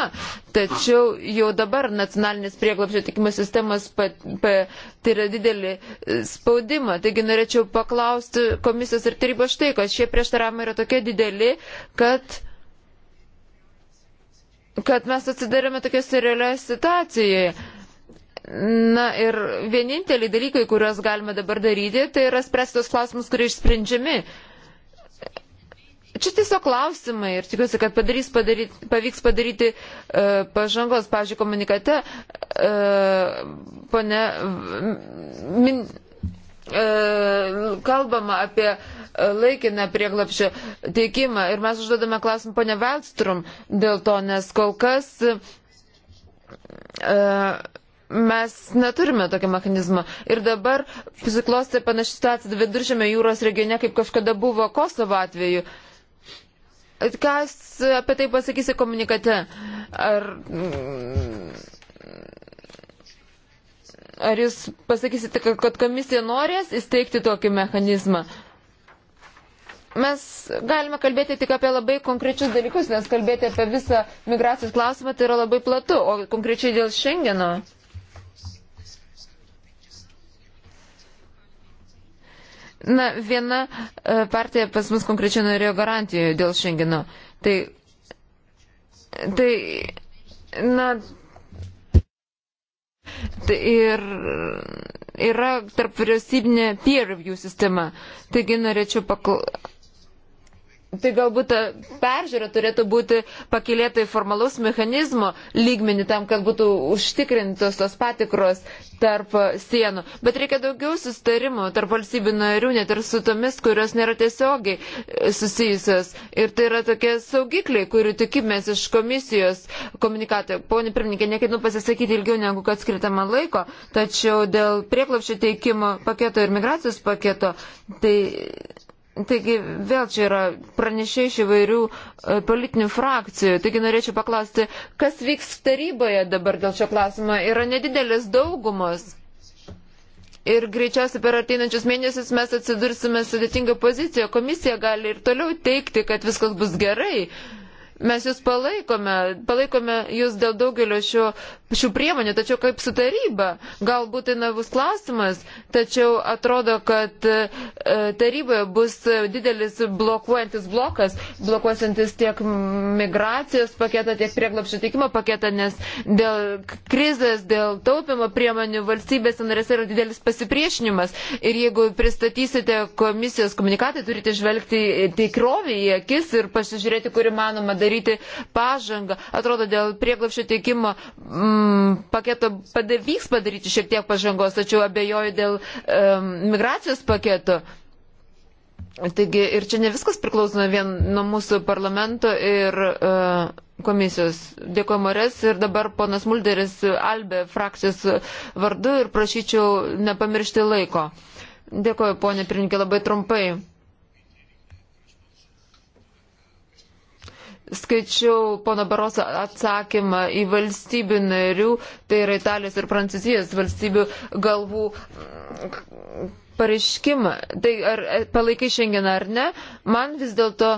tačiau jau dabar nacionalinės prieglapšio teikimo sistemas patiria tai didelį e, spaudimą. Taigi norėčiau paklausti komisijos ir tarybos štai, kad šie prieštaravimai yra tokie dideli, kad kad mes atsidarėme tokioje realioje situacijoje Na ir vieninteliai dalykai, kuriuos galime dabar daryti, tai yra spręsti tos klausimus, kurie išsprendžiami. Čia tiesiog klausimai ir tikiuosi, kad padarys, padaryt, pavyks padaryti e, pažangos, pavyzdžiui, komunikate, e, pone, min, e, kalbama apie laikiną prieglapšio teikimą ir mes užduodame klausimą pone Velstrum dėl to, nes kol kas. E, mes neturime tokio mechanizmo. Ir dabar susiklosti panaši situacija viduržėme jūros regione, kaip kažkada buvo Kosovo atveju. Kas apie tai pasakysi komunikate? Ar, ar jūs pasakysite, kad komisija norės įsteigti tokį mechanizmą? mes galime kalbėti tik apie labai konkrečius dalykus, nes kalbėti apie visą migracijos klausimą tai yra labai platu, o konkrečiai dėl Šengeno. Na, viena e, partija pas mus konkrečiai norėjo garantijų dėl Šengino. Tai, tai, na, Tai ir yra tarp vyriausybinė peer review sistema. Taigi norėčiau pakla... Tai galbūt peržiūra turėtų būti pakilėta į formalaus mechanizmo lygmenį tam, kad būtų užtikrintos tos patikros tarp sienų. Bet reikia daugiau sustarimų tarp valstybių narių, net ir su tomis, kurios nėra tiesiogiai susijusios. Ir tai yra tokie saugikliai, kurių tikimės iš komisijos komunikato. Pone pirmininkė, neketinu pasisakyti ilgiau negu kad skirtama laiko, tačiau dėl prieklapščio teikimo paketo ir migracijos paketo, tai Taigi vėl čia yra pranešė iš įvairių e, politinių frakcijų. Taigi norėčiau paklausti, kas vyks taryboje dabar dėl šio klausimo? Yra nedidelis daugumos. Ir greičiausiai per ateinančius mėnesius mes atsidursime sudėtingą poziciją. Komisija gali ir toliau teikti, kad viskas bus gerai. Uh, Mes jūs palaikome, palaikome jūs dėl daugelio šio, šių priemonių, tačiau kaip su taryba, galbūt tai navus klausimas, tačiau atrodo, kad e, taryboje bus didelis blokuojantis blokas, blokuojantis tiek migracijos paketą, tiek prieglapšio teikimo paketą, nes dėl krizės, dėl taupimo priemonių valstybės narėse yra didelis pasipriešinimas. Ir jeigu pristatysite komisijos komunikatą, turite žvelgti tikrovį į akis ir pasižiūrėti, kur įmanoma daryti padaryti pažangą. Atrodo, dėl prieglapšio teikimo mm, paketo pada, vyks padaryti šiek tiek pažangos, tačiau abejoju dėl um, migracijos paketo. Taigi ir čia ne viskas priklauso vien nuo mūsų parlamento ir uh, komisijos. Dėkuoju Morės ir dabar ponas Mulderis Albe frakcijos vardu ir prašyčiau nepamiršti laiko. Dėkuoju, ponė Pirinkė, labai trumpai. skaičiau pono Baroso atsakymą į valstybių narių, tai yra Italijos ir Prancūzijos valstybių galvų mm, pareiškimą. Tai ar e, palaikai šiandieną ar ne, man vis dėlto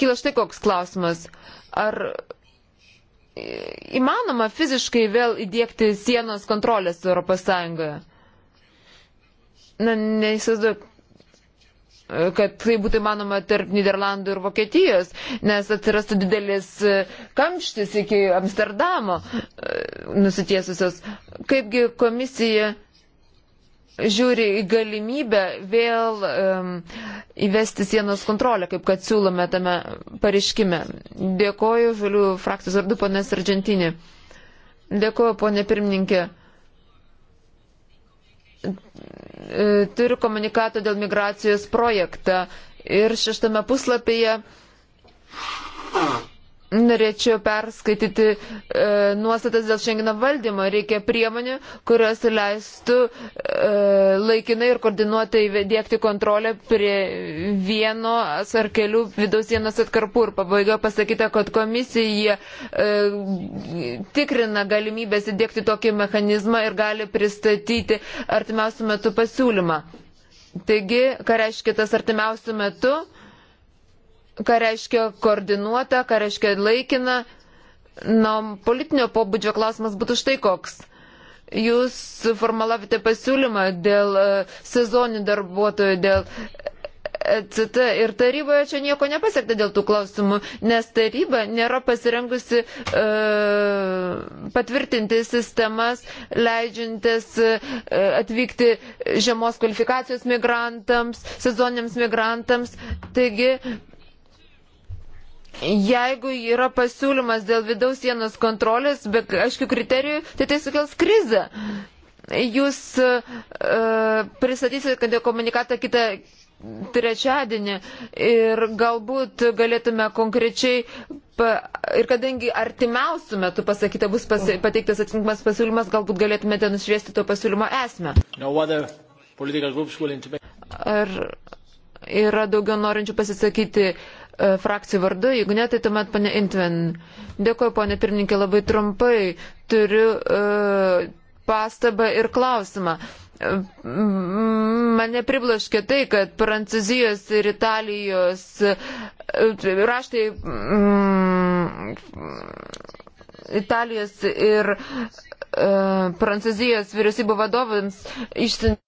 kyla štai koks klausimas. Ar įmanoma fiziškai vėl įdėkti sienos kontrolės Europos Sąjungoje? Na, neįsivaizduoju, kad tai būtų įmanoma tarp Niderlandų ir Vokietijos, nes atsirastų didelis e, kamštis iki Amsterdamo e, nusitiesusios. Kaipgi komisija žiūri į galimybę vėl um, įvesti sienos kontrolę, kaip kad siūlome tame pareiškime. Dėkoju, žalių frakcijos vardu, ponės Argentinė. Dėkoju, ponė pirmininkė. E, turiu komunikato dėl migracijos projektą ir šeštame puslapyje Norėčiau perskaityti e, nuostatas dėl šengino valdymo. Reikia priemonių, kurios leistų e, laikinai ir koordinuotai dėkti kontrolę prie vieno ar kelių vidaus sienos atkarpų. Ir pabaiga pasakyta, kad komisija e, tikrina galimybės įdėkti tokį mechanizmą ir gali pristatyti artimiausių metų pasiūlymą. Taigi, ką reiškia tas artimiausių metų? ką reiškia koordinuota, ką reiškia laikina. Na, politinio pobūdžio klausimas būtų štai koks. Jūs formalavite pasiūlymą dėl e, sezoninių darbuotojų, dėl ECT ir taryboje čia nieko nepasiekta dėl tų klausimų, nes taryba nėra pasirengusi e, patvirtinti sistemas, leidžiantis e, atvykti žemos kvalifikacijos migrantams, sezoniniams migrantams. Taigi Jeigu yra pasiūlymas dėl vidaus sienos kontrolės, be aiškių kriterijų, tai tai sukels krizę. Jūs uh, pristatysite komunikatą kitą trečiadienį ir galbūt galėtume konkrečiai pa, ir kadangi artimiausių metų pasakyta bus pasi, pateiktas atsinkimas pasiūlymas, galbūt galėtumėte nušviesti to pasiūlymo esmę. No Ar yra daugiau norinčių pasisakyti E, frakcijų vardu, jeigu ne, tai tuomet ponė Intvin. Dėkuoju, ponė pirmininkė, labai trumpai turiu uh, pastabą ir klausimą. E, mane priblaškė tai, kad Prancūzijos ir Italijos raštai. Mm, Italijos ir uh, Prancūzijos vyriausybių vadovams išsiuntė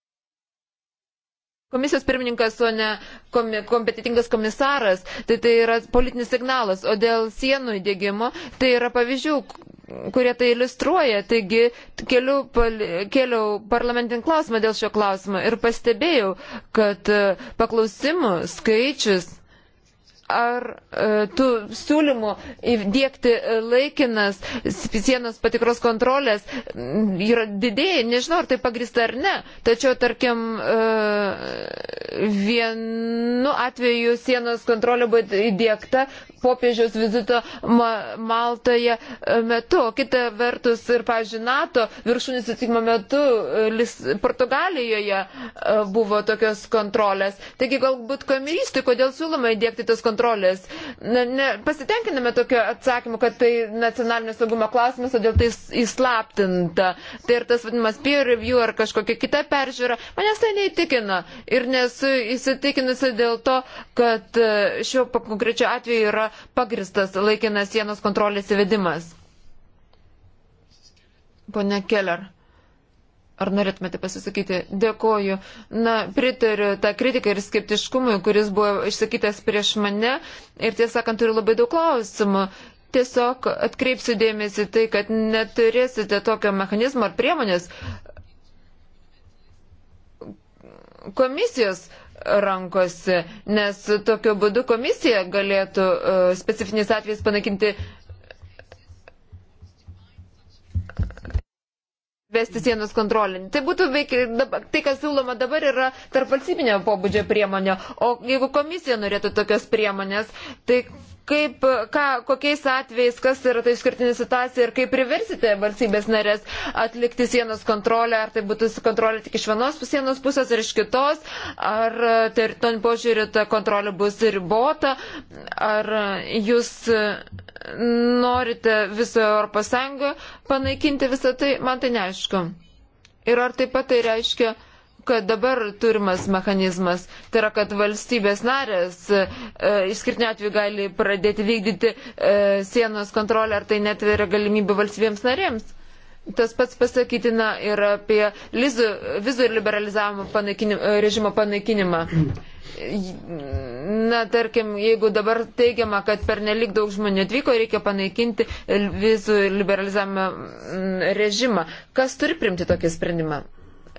komisijos pirmininkas, o ne komi kompetitingas komisaras, tai tai yra politinis signalas, o dėl sienų įdėgymo tai yra pavyzdžių, kurie tai iliustruoja. Taigi keliu, keliu parlamentinį klausimą dėl šio klausimo ir pastebėjau, kad e, paklausimų skaičius ar e, tų siūlymų įdėkti laikinas sienos patikros kontrolės mm, yra didėjai, nežinau, ar tai pagrįsta ar ne, tačiau, tarkim, e, vienu atveju sienos kontrolė buvo įdėkta popiežiaus vizito Maltoje e, metu, o kita vertus ir, pažiūrėjau, NATO viršūnės atsitikimo metu Portugalijoje buvo tokios kontrolės. Taigi, galbūt kamerystui, kodėl siūloma įdėkti tas kontrolės? kontrolės. Ne, ne, pasitenkiname tokiu atsakymu, kad tai nacionalinio saugumo klausimas, todėl tai įslaptinta. Tai ir tas vadinamas peer review ar kažkokia kita peržiūra. Manęs tai neįtikina. Ir nesu įsitikinusi dėl to, kad e, šiuo konkrečiu atveju yra pagristas laikinas sienos kontrolės įvedimas. Pone Keller. Ar norėtumėte pasisakyti? Dėkoju. Na, pritariu tą kritiką ir skeptiškumui, kuris buvo išsakytas prieš mane. Ir tiesąkant, turiu labai daug klausimų. Tiesiog atkreipsiu dėmesį tai, kad neturėsite tokio mechanizmo ar priemonės komisijos rankose, nes tokiu būdu komisija galėtų e, specifiniais atvejais panaikinti vesti sienos kontrolinį. Tai būtų veik, tai, kas siūloma dabar, yra tarp valstybinio pobūdžio priemonė. O jeigu komisija norėtų tokios priemonės, tai kaip, ką, kokiais atvejais, kas yra tai skirtinė situacija ir kaip priversite valstybės narės atlikti sienos kontrolę, ar tai būtų kontrolė tik iš vienos sienos pusės ar iš kitos, ar teritorinių požiūrį ta kontrolė bus ribota, ar jūs norite visą Europos Sąjungą panaikinti visą tai, man tai neaišku. Ir ar taip pat tai reiškia, kad dabar turimas mechanizmas, tai yra, kad valstybės narės e, išskirtinio atveju gali pradėti vykdyti e, sienos kontrolę, ar tai netveria galimybę valstybėms narėms. Tas pats pasakytina ir apie lizu, vizų ir liberalizavimo panaikinim, e, režimo panaikinimą. Na, tarkim, jeigu dabar teigiama, kad per nelik daug žmonių atvyko, reikia panaikinti vizų liberalizavimo mm, režimą. Kas turi primti tokį sprendimą?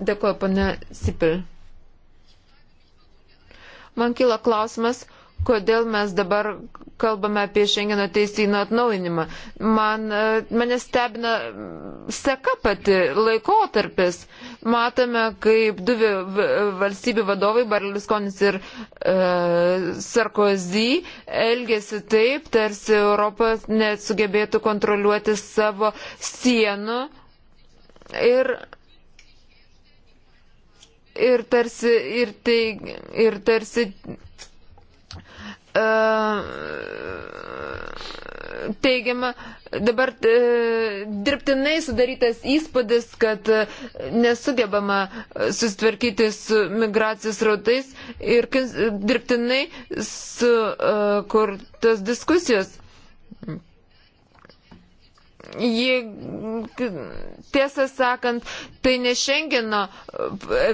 Dėkuoju, pane Sipil. Man kyla klausimas, kodėl mes dabar kalbame apie Šengeno teisyno atnaujinimą. Man, e, mane stebina seka pati laikotarpis. Matome, kaip du valstybių vadovai, Barliskonis ir e, Sarkozy, elgėsi taip, tarsi Europas nesugebėtų kontroliuoti savo sienų. Ir ir tarsi, ir tai, ir tarsi e, teigiama dabar e, dirbtinai sudarytas įspūdis, kad e, nesugebama sustvarkyti su migracijos rautais ir dirbtinai sukurtos diskusijos ji, tiesą sakant, tai ne Šengeno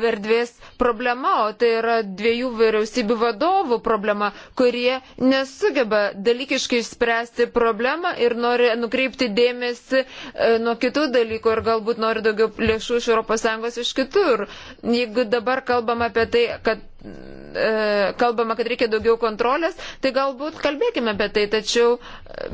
verdvės problema, o tai yra dviejų vyriausybių vadovų problema, kurie nesugeba dalykiškai išspręsti problemą ir nori nukreipti dėmesį e, nuo kitų dalykų ir galbūt nori daugiau lėšų iš ES iš kitur. Jeigu dabar kalbam apie tai, kad E, kalbama, kad reikia daugiau kontrolės, tai galbūt kalbėkime apie tai, tačiau,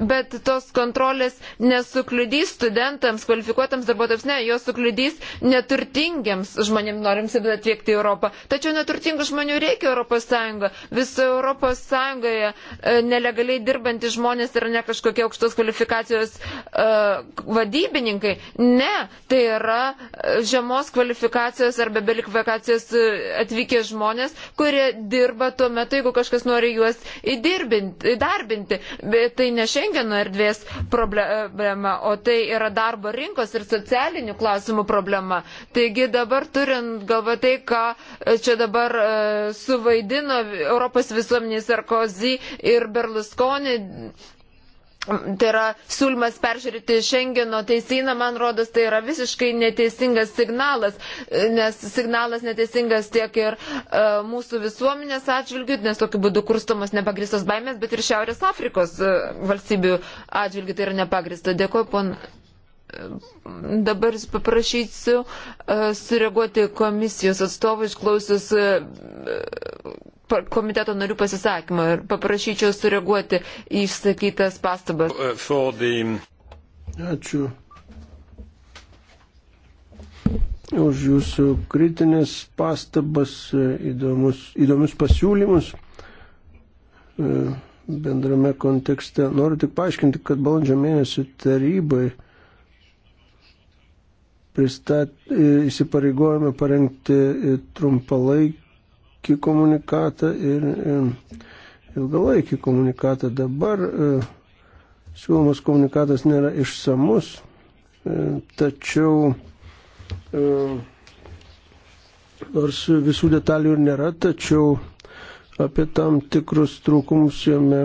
bet tos kontrolės nesukliudys studentams, kvalifikuotams darbuotojams, ne, jos sukliudys neturtingiams žmonėms norims atvykti į Europą. Tačiau neturtingų žmonių reikia Europos Sąjunga. Viso Europos Sąjungoje e, nelegaliai dirbantys žmonės yra ne kažkokie aukštos kvalifikacijos uh, vadybininkai. Ne, tai yra žemos kvalifikacijos arba belikvalifikacijos atvykę žmonės, žmonės, kurie dirba tuo metu, jeigu kažkas nori juos įdarbinti. Bet tai ne Schengeno erdvės problema, o tai yra darbo rinkos ir socialinių klausimų problema. Taigi dabar turint galvo tai, ką čia dabar e, suvaidino Europos visuomenės Sarkozy ir Berlusconi, Tai yra siūlymas peržiūrėti Šengeno teisyną, man rodos, tai yra visiškai neteisingas signalas, nes signalas neteisingas tiek ir e, mūsų visuomenės atžvilgių, nes tokiu būdu kurstomas nepagristos baimės, bet ir Šiaurės Afrikos e, valstybių atžvilgių tai yra nepagrista. Dėkuoju, pon Dabar paprašysiu e, sureaguoti komisijos atstovų išklausius e, komiteto narių pasisakymą ir paprašyčiau sureaguoti į išsakytas pastabas. Uh, the... Ačiū už jūsų kritinės pastabas, įdomus, įdomius pasiūlymus e, bendrame kontekste. Noriu tik paaiškinti, kad balandžio mėnesį tarybai pristat, e, įsipareigojame parengti e, trumpalaikį komunikatą ir e, ilgalaikį komunikatą. Dabar siūlomas komunikatas nėra išsamus, tačiau nors visų detalių ir nėra, tačiau apie tam tikrus trūkumus jame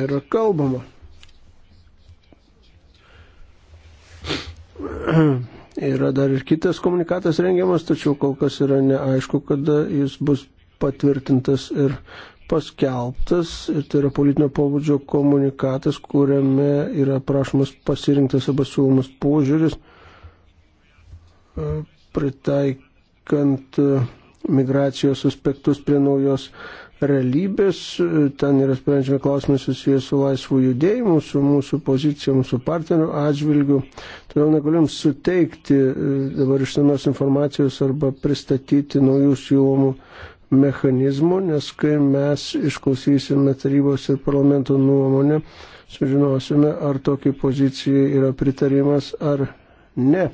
yra kalbama. Yra dar ir kitas komunikatas rengiamas, tačiau kol kas yra neaišku, kada jis bus patvirtintas ir paskelbtas. Ir tai yra politinio pobūdžio komunikatas, kuriame yra prašomas pasirinktas arba siūlomas požiūris e, pritaikant e, migracijos aspektus prie naujos realybės, ten yra sprendžiami klausimai susijęs su laisvų judėjimu, su mūsų pozicijom, su partnerių atžvilgiu. Todėl negalim suteikti e, dabar išsamios informacijos arba pristatyti naujų siūlomų mechanizmų, nes kai mes išklausysime tarybos ir parlamento nuomonę, sužinosime, ar tokiai pozicijai yra pritarimas ar ne.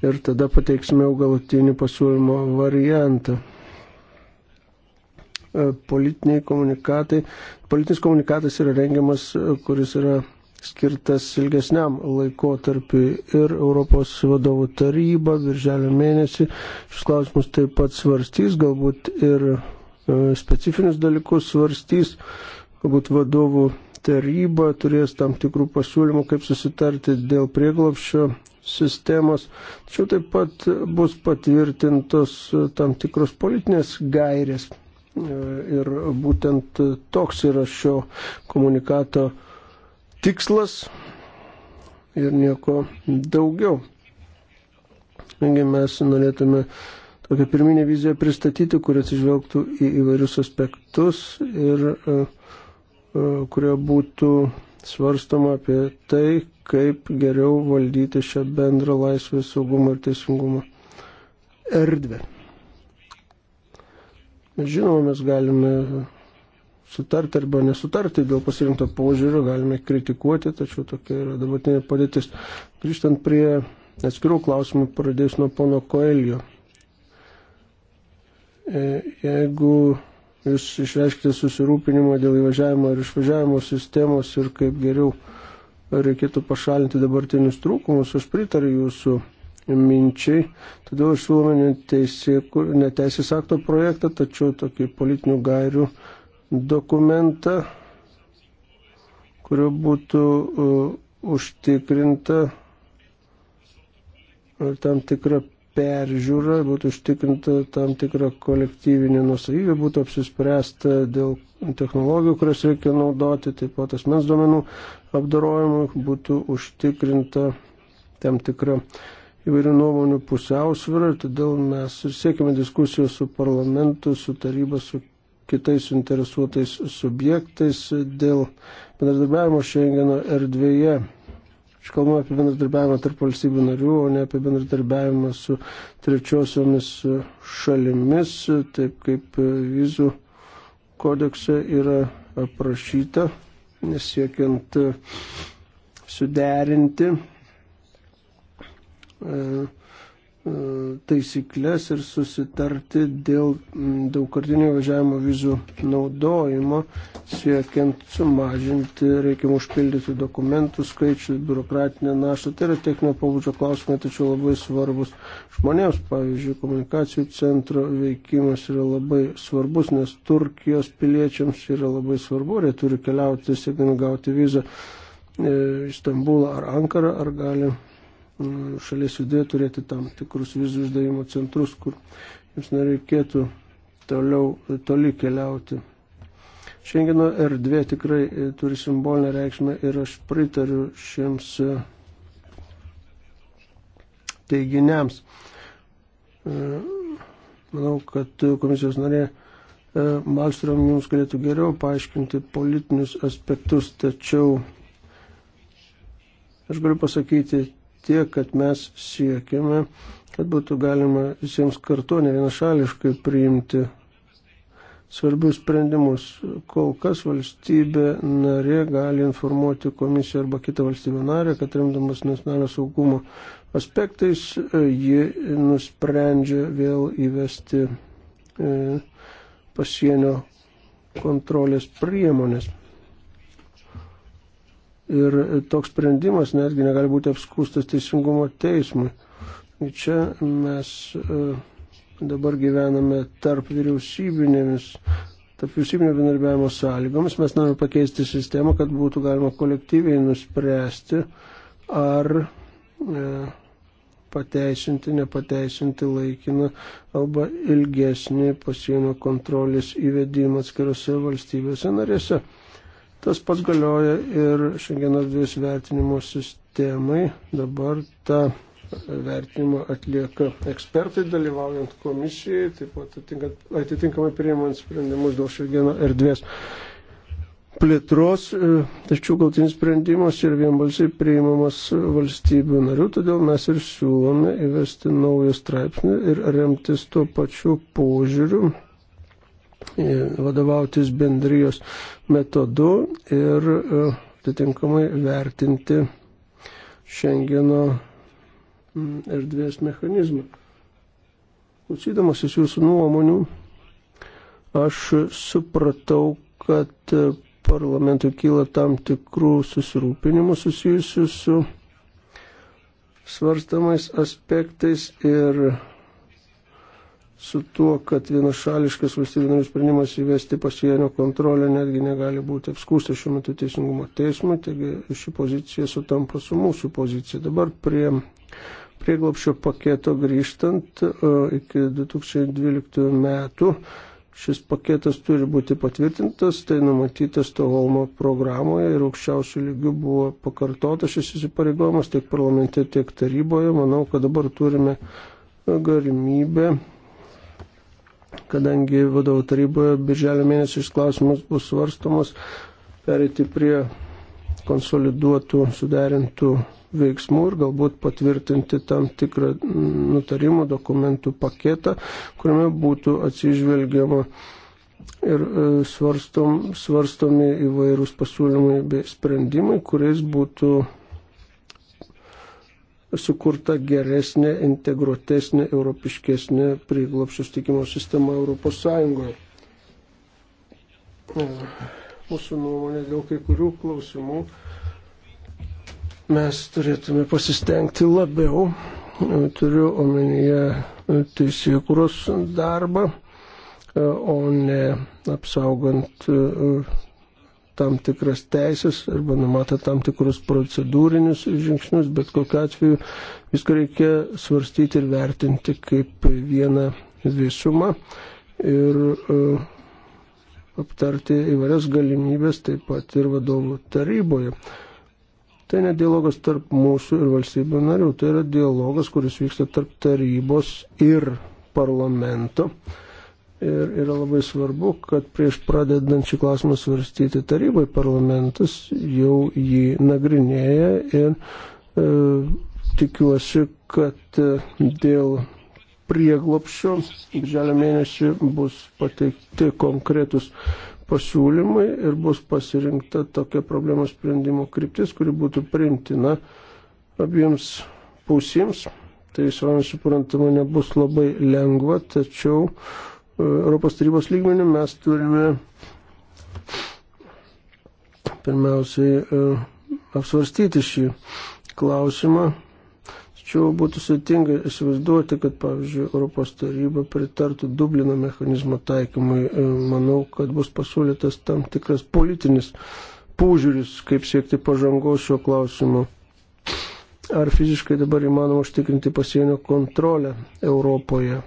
Ir tada pateiksime jau galutinį pasiūlymo variantą. E, politiniai komunikatai. Politinis komunikatas yra rengiamas, e, kuris yra skirtas ilgesniam laikotarpiu ir Europos vadovų taryba virželio mėnesį. Šis klausimus taip pat svarstys, galbūt ir e, specifinius dalykus svarstys, galbūt vadovų taryba turės tam tikrų pasiūlymų, kaip susitarti dėl prieglopščio sistemos. Tačiau taip pat bus patvirtintos tam tikros politinės gairės Ir būtent toks yra šio komunikato tikslas ir nieko daugiau. Taigi mes norėtume tokią pirminę viziją pristatyti, kuri atsižvelgtų į įvairius aspektus ir e, e, kurio būtų svarstama apie tai, kaip geriau valdyti šią bendrą laisvę, saugumą ir teisingumą erdvę. Žinoma, mes galime sutarti arba nesutarti dėl pasirinkto požiūrio, galime kritikuoti, tačiau tokia yra dabartinė padėtis. Grįžtant prie atskirų klausimų, pradėjus nuo pono Koelio. E, jeigu jūs išreiškite susirūpinimą dėl įvažiavimo ir išvažiavimo sistemos ir kaip geriau reikėtų pašalinti dabartinius trūkumus, aš pritariu jūsų minčiai. Todėl aš siūlome ne teisės akto projektą, tačiau tokį politinių gairių dokumentą, kuriuo būtų uh, užtikrinta e, tam tikra peržiūra, būtų užtikrinta tam tikra kolektyvinė nusavybė, būtų apsispręsta dėl technologijų, kurias reikia naudoti, taip pat asmens duomenų apdarojimui, būtų užtikrinta tam tikra uh, įvairių nuomonių pusiausvyrą ir todėl mes ir siekime diskusijų su parlamentu, su taryba, su kitais interesuotais subjektais dėl bendradarbiavimo Šengeno erdvėje. Aš kalbu apie bendradarbiavimą tarp valstybių narių, o ne apie bendradarbiavimą su trečiosiomis šalimis, taip kaip vizų kodekse yra aprašyta, nesiekiant suderinti E, e, taisyklės ir susitarti dėl daugkartinio važiavimo vizų naudojimo, siekiant sumažinti reikiamų užpildytų dokumentų skaičių, biurokratinę naštą. Tai yra techninio pabudžio klausimai, tačiau labai svarbus žmonėms. Pavyzdžiui, komunikacijų centro veikimas yra labai svarbus, nes Turkijos piliečiams yra labai svarbu, ar jie turi keliauti, siekdami gauti vizą į e, Stambulą ar Ankarą, ar gali šalies viduje turėti tam tikrus vizų išdavimo centrus, kur jums nereikėtų toliau, toli keliauti. Šengeno erdvė tikrai e, turi simbolinę reikšmę ir aš pritariu šiems e, teiginiams. E, manau, kad komisijos narė Malstrom jums galėtų geriau paaiškinti politinius aspektus, tačiau aš galiu pasakyti tiek, kad mes siekiame, kad būtų galima visiems kartu ne vienašališkai priimti svarbius sprendimus. Kol kas valstybė narė gali informuoti komisiją arba kitą valstybę narę, kad remdamas nacionalinio saugumo aspektais e, ji nusprendžia vėl įvesti e, pasienio kontrolės priemonės ir toks sprendimas netgi negali būti apskūstas teisingumo teismui. Čia mes e, dabar gyvename tarp vyriausybinėmis, tarp vyriausybinio bendarbiavimo sąlygomis. Mes norime pakeisti sistemą, kad būtų galima kolektyviai nuspręsti, ar e, pateisinti, nepateisinti laikiną arba ilgesnį pasienio kontrolės įvedimą atskirose valstybėse narėse. Tas pats galioja ir šiandien erdvės vertinimo sistemai. Dabar ta vertinimą atlieka ekspertai, dalyvaujant komisijai, taip pat atitinkamai priimant sprendimus dėl šiandieno erdvės plėtros, tačiau galtinis sprendimas yra vienbalsiai priimamas valstybių narių, todėl mes ir siūlome įvesti naują straipsnį ir remtis tuo pačiu požiūriu vadovautis bendrijos metodu ir e, atitinkamai vertinti Šengeno erdvės mechanizmą. Klausydamasis jūsų nuomonių, aš supratau, kad parlamentui kyla tam tikrų susirūpinimų susijusių su svarstamais aspektais ir su tuo, kad vienašališkas valstybinarių sprendimas įvesti pasienio kontrolę netgi negali būti apskūstas šiuo metu teisingumo teismui, taigi ši pozicija sutampa su mūsų pozicija. Dabar prie prieglopščio paketo grįžtant e, iki 2012 metų. Šis paketas turi būti patvirtintas, tai numatytas Stoholmo programoje ir aukščiausių lygių buvo pakartotas šis įsipareigojimas tiek parlamente, tiek taryboje. Manau, kad dabar turime galimybę kadangi vadovų taryboje birželio mėnesį šis klausimas bus svarstomas, perėti prie konsoliduotų, suderintų veiksmų ir galbūt patvirtinti tam tikrą mm, nutarimų dokumentų paketą, kuriame būtų atsižvelgiama ir e, svarstom, svarstomi įvairūs pasiūlymai bei sprendimai, kuriais būtų sukurta geresnė, integruotesnė, europiškesnė prieglopščių stikimo sistema Europos Sąjungoje. E, mūsų nuomonė dėl kai kurių klausimų mes turėtume pasistengti labiau. E, turiu omenyje e, teisėkuros darbą, o ne apsaugant tam tikras teisės arba numato tam tikrus procedūrinius žingsnius, bet kokiu atveju viską reikia svarstyti ir vertinti kaip vieną visumą ir uh, aptarti įvairias galimybės taip pat ir vadovų taryboje. Tai ne dialogas tarp mūsų ir valstybių narių, tai yra dialogas, kuris vyksta tarp tarybos ir parlamento. Uh, Ir yra labai svarbu, kad prieš pradedant šį klausimą svarstyti tarybai parlamentas jau jį nagrinėja ir e, tikiuosi, kad e, dėl prieglopščio birželio mėnesį bus pateikti konkretus pasiūlymai ir bus pasirinkta tokia problemos sprendimo kryptis, kuri būtų priimtina abiems pusėms. Tai savame suprantama nebus labai lengva, tačiau Europos tarybos lygmenį mes turime pirmiausiai e, apsvarstyti šį klausimą. Tačiau būtų sėtinga įsivaizduoti, kad, pavyzdžiui, Europos taryba pritartų Dublino mechanizmo taikymui. E, manau, kad bus pasiūlytas tam tikras politinis požiūris, kaip siekti pažangos šio klausimu. Ar fiziškai dabar įmanoma užtikrinti pasienio kontrolę Europoje?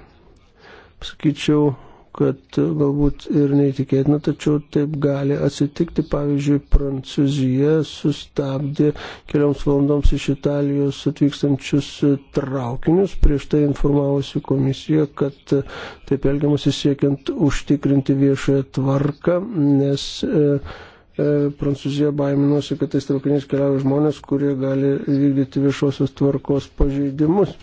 Sakyčiau, kad galbūt ir neįtikėtina, tačiau taip gali atsitikti. Pavyzdžiui, Prancūzija sustabdė kelioms valandoms iš Italijos atvykstančius traukinius, prieš tai informavusi komisija, kad taip elgiamasi siekiant užtikrinti viešąją tvarką, nes e, e, Prancūzija baiminosi, kad tais traukiniais keliauja žmonės, kurie gali vykdyti viešosios tvarkos pažeidimus.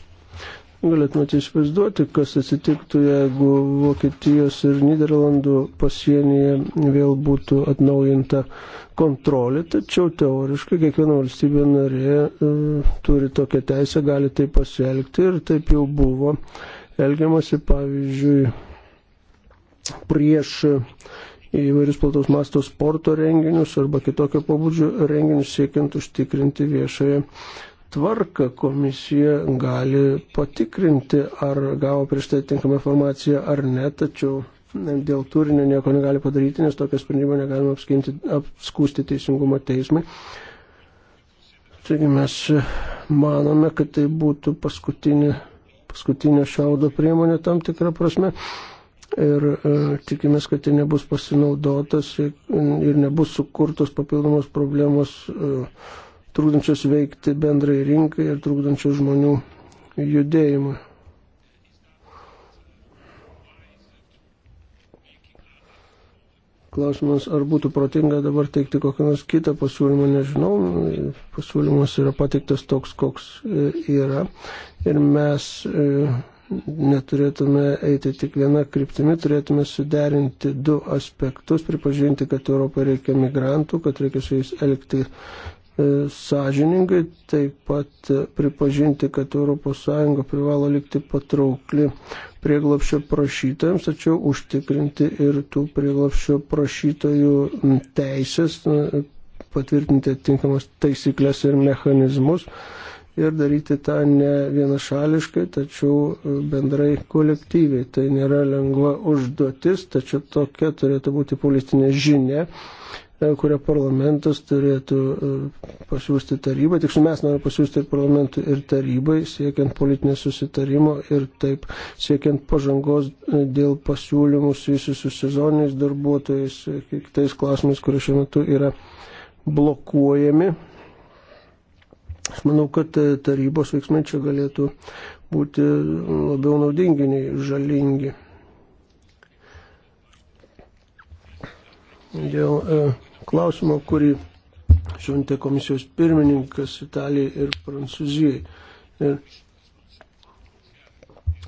Galėtumėte įsivaizduoti, kas atsitiktų, jeigu Vokietijos ir Niderlandų pasienyje vėl būtų atnaujinta kontrolė, tačiau teoriškai kiekviena valstybė narė e, turi tokią teisę, gali tai pasielgti ir taip jau buvo elgiamasi, pavyzdžiui, prieš įvairius plataus masto sporto renginius arba kitokio pabudžio renginius siekiant užtikrinti viešoje tvarką komisija gali patikrinti, ar gavo prieš tai tinkamą informaciją ar ne, tačiau dėl turinio nieko negali padaryti, nes tokio sprendimo negalima apskinti, apskūsti teisingumo teismai. Taigi mes manome, kad tai būtų paskutinė, paskutinė šaudo priemonė tam tikrą prasme ir e, tikimės, kad tai nebus pasinaudotas ir, ir nebus sukurtos papildomos problemos. E, trūkdančios veikti bendrai rinkai ir trūkdančios žmonių judėjimui. Klausimas, ar būtų protinga dabar teikti kokią nors kitą pasiūlymą, nežinau. Pasiūlymas yra pateiktas toks, koks e, yra. Ir mes e, neturėtume eiti tik vieną kryptimį, turėtume suderinti du aspektus, pripažinti, kad Europai reikia migrantų, kad reikia su jais elgti E, sąžiningai, taip pat e, pripažinti, kad ES privalo likti patraukli prieglopščio prašytojams, tačiau užtikrinti ir tų prieglopščio prašytojų teisės, patvirtinti atitinkamas taisyklės ir mechanizmus ir daryti tą ne vienašališkai, tačiau e, bendrai kolektyviai. Tai nėra lengva užduotis, tačiau tokia turėtų būti politinė žinia E, kurią parlamentas turėtų e, pasiūsti tarybai. Tiksliau mes norime pasiūsti ir parlamentui, ir tarybai, siekiant politinės susitarimo ir taip siekiant pažangos e, dėl pasiūlymų susijusių su sezoniniais darbuotojais, kitais klausimais, kurie šiuo metu yra blokuojami. Aš manau, kad tarybos veiksmai čia galėtų būti labiau naudingi nei žalingi. Dėl uh, klausimo, kurį šventė komisijos pirmininkas Italijai ir Prancūzijai. Ir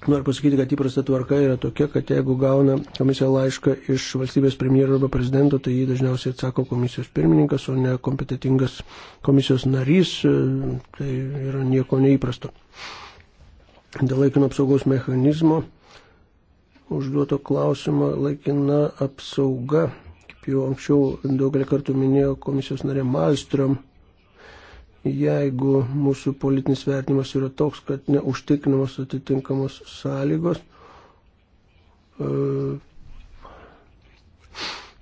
noriu pasakyti, kad įprasta tvarka yra tokia, kad jeigu gauna komisija laišką iš valstybės premjero arba prezidento, tai jį dažniausiai atsako komisijos pirmininkas, o ne kompetitingas komisijos narys. E, tai yra nieko neįprasto. Dėl laikino apsaugos mechanizmo užduoto klausimo laikina apsauga kaip jau anksčiau daugelį kartų minėjo komisijos narė Malstrom, jeigu mūsų politinis vertinimas yra toks, kad neužtikrinamos atitinkamos sąlygos, e,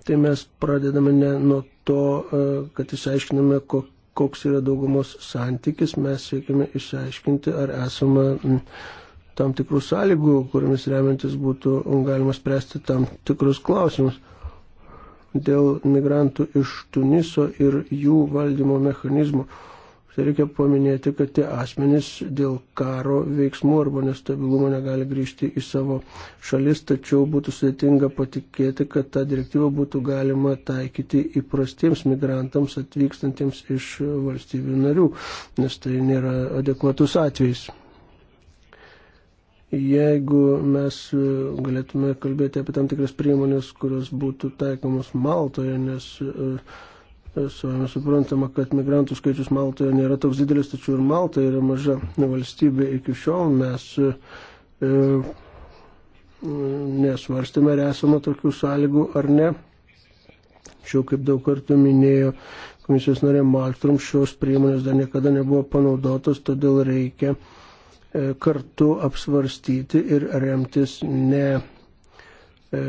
tai mes pradedame ne nuo to, e, kad išsiaiškiname, koks yra daugumos santykis, mes siekime išsiaiškinti, ar esame tam tikrų sąlygų, kuriamis remiantis būtų galima spręsti tam tikrus klausimus dėl migrantų iš Tuniso ir jų valdymo mechanizmų. Tai reikia paminėti, kad tie asmenys dėl karo veiksmų arba nestabilumo negali grįžti į savo šalis, tačiau būtų sudėtinga patikėti, kad tą direktyvą būtų galima taikyti įprastiems migrantams atvykstantiems iš valstybių narių, nes tai nėra adekvatus atvejs jeigu mes e, galėtume kalbėti apie tam tikras priemonės, kurios būtų taikomos Maltoje, nes e, e, savame suprantama, kad migrantų skaičius Maltoje nėra toks didelis, tačiau ir Malta yra maža valstybė. Iki šiol mes e, nesvarstėme, ar esame tokių sąlygų ar ne. Šiau kaip daug kartų minėjo komisijos narė Maltrum, šios priemonės dar niekada nebuvo panaudotos, todėl reikia E, kartu apsvarstyti ir remtis ne e,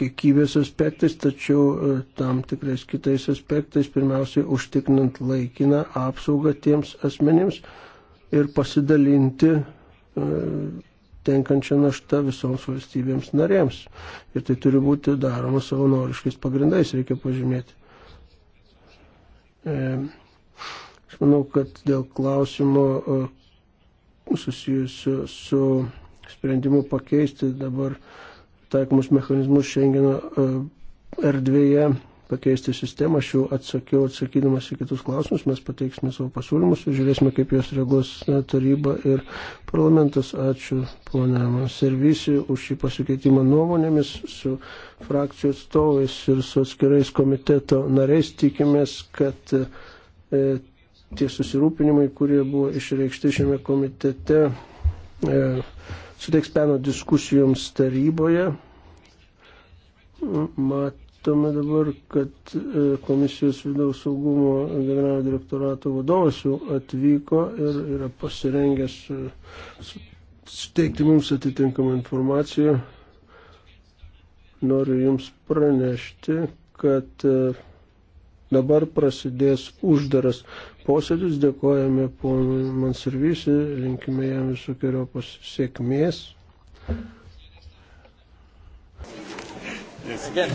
kiekybės aspektais, tačiau e, tam tikrais kitais aspektais, pirmiausiai užtikrinant laikiną apsaugą tiems asmenims ir pasidalinti tenkančią naštą visoms valstybėms narėms. Ir tai turi būti daroma savanoriškais pagrindais, reikia pažymėti. Aš manau, kad dėl klausimo, susijusių su sprendimu pakeisti dabar taikomus mechanizmus Schengeno e, erdvėje, pakeisti sistemą. Aš jau atsakiau, atsakydamas į kitus klausimus, mes pateiksime savo pasiūlymus ir žiūrėsime, kaip juos reaguos e, taryba ir parlamentas. Ačiū ponam servisi už šį pasikeitimą nuomonėmis su frakcijų atstovais ir su atskirais komiteto nariais. Tikimės, kad e, tie susirūpinimai, kurie buvo išreikšti šiame komitete, e, suteiks peno diskusijoms taryboje. Matome dabar, kad e, komisijos vidaus saugumo generalinio direktorato vadovas jau atvyko ir yra pasirengęs e, suteikti mums atitinkamą informaciją. Noriu Jums pranešti, kad e, dabar prasidės uždaras posėdžius, dėkojame ponui Manservisi, linkime jam visokiojopos sėkmės. Yes. Again.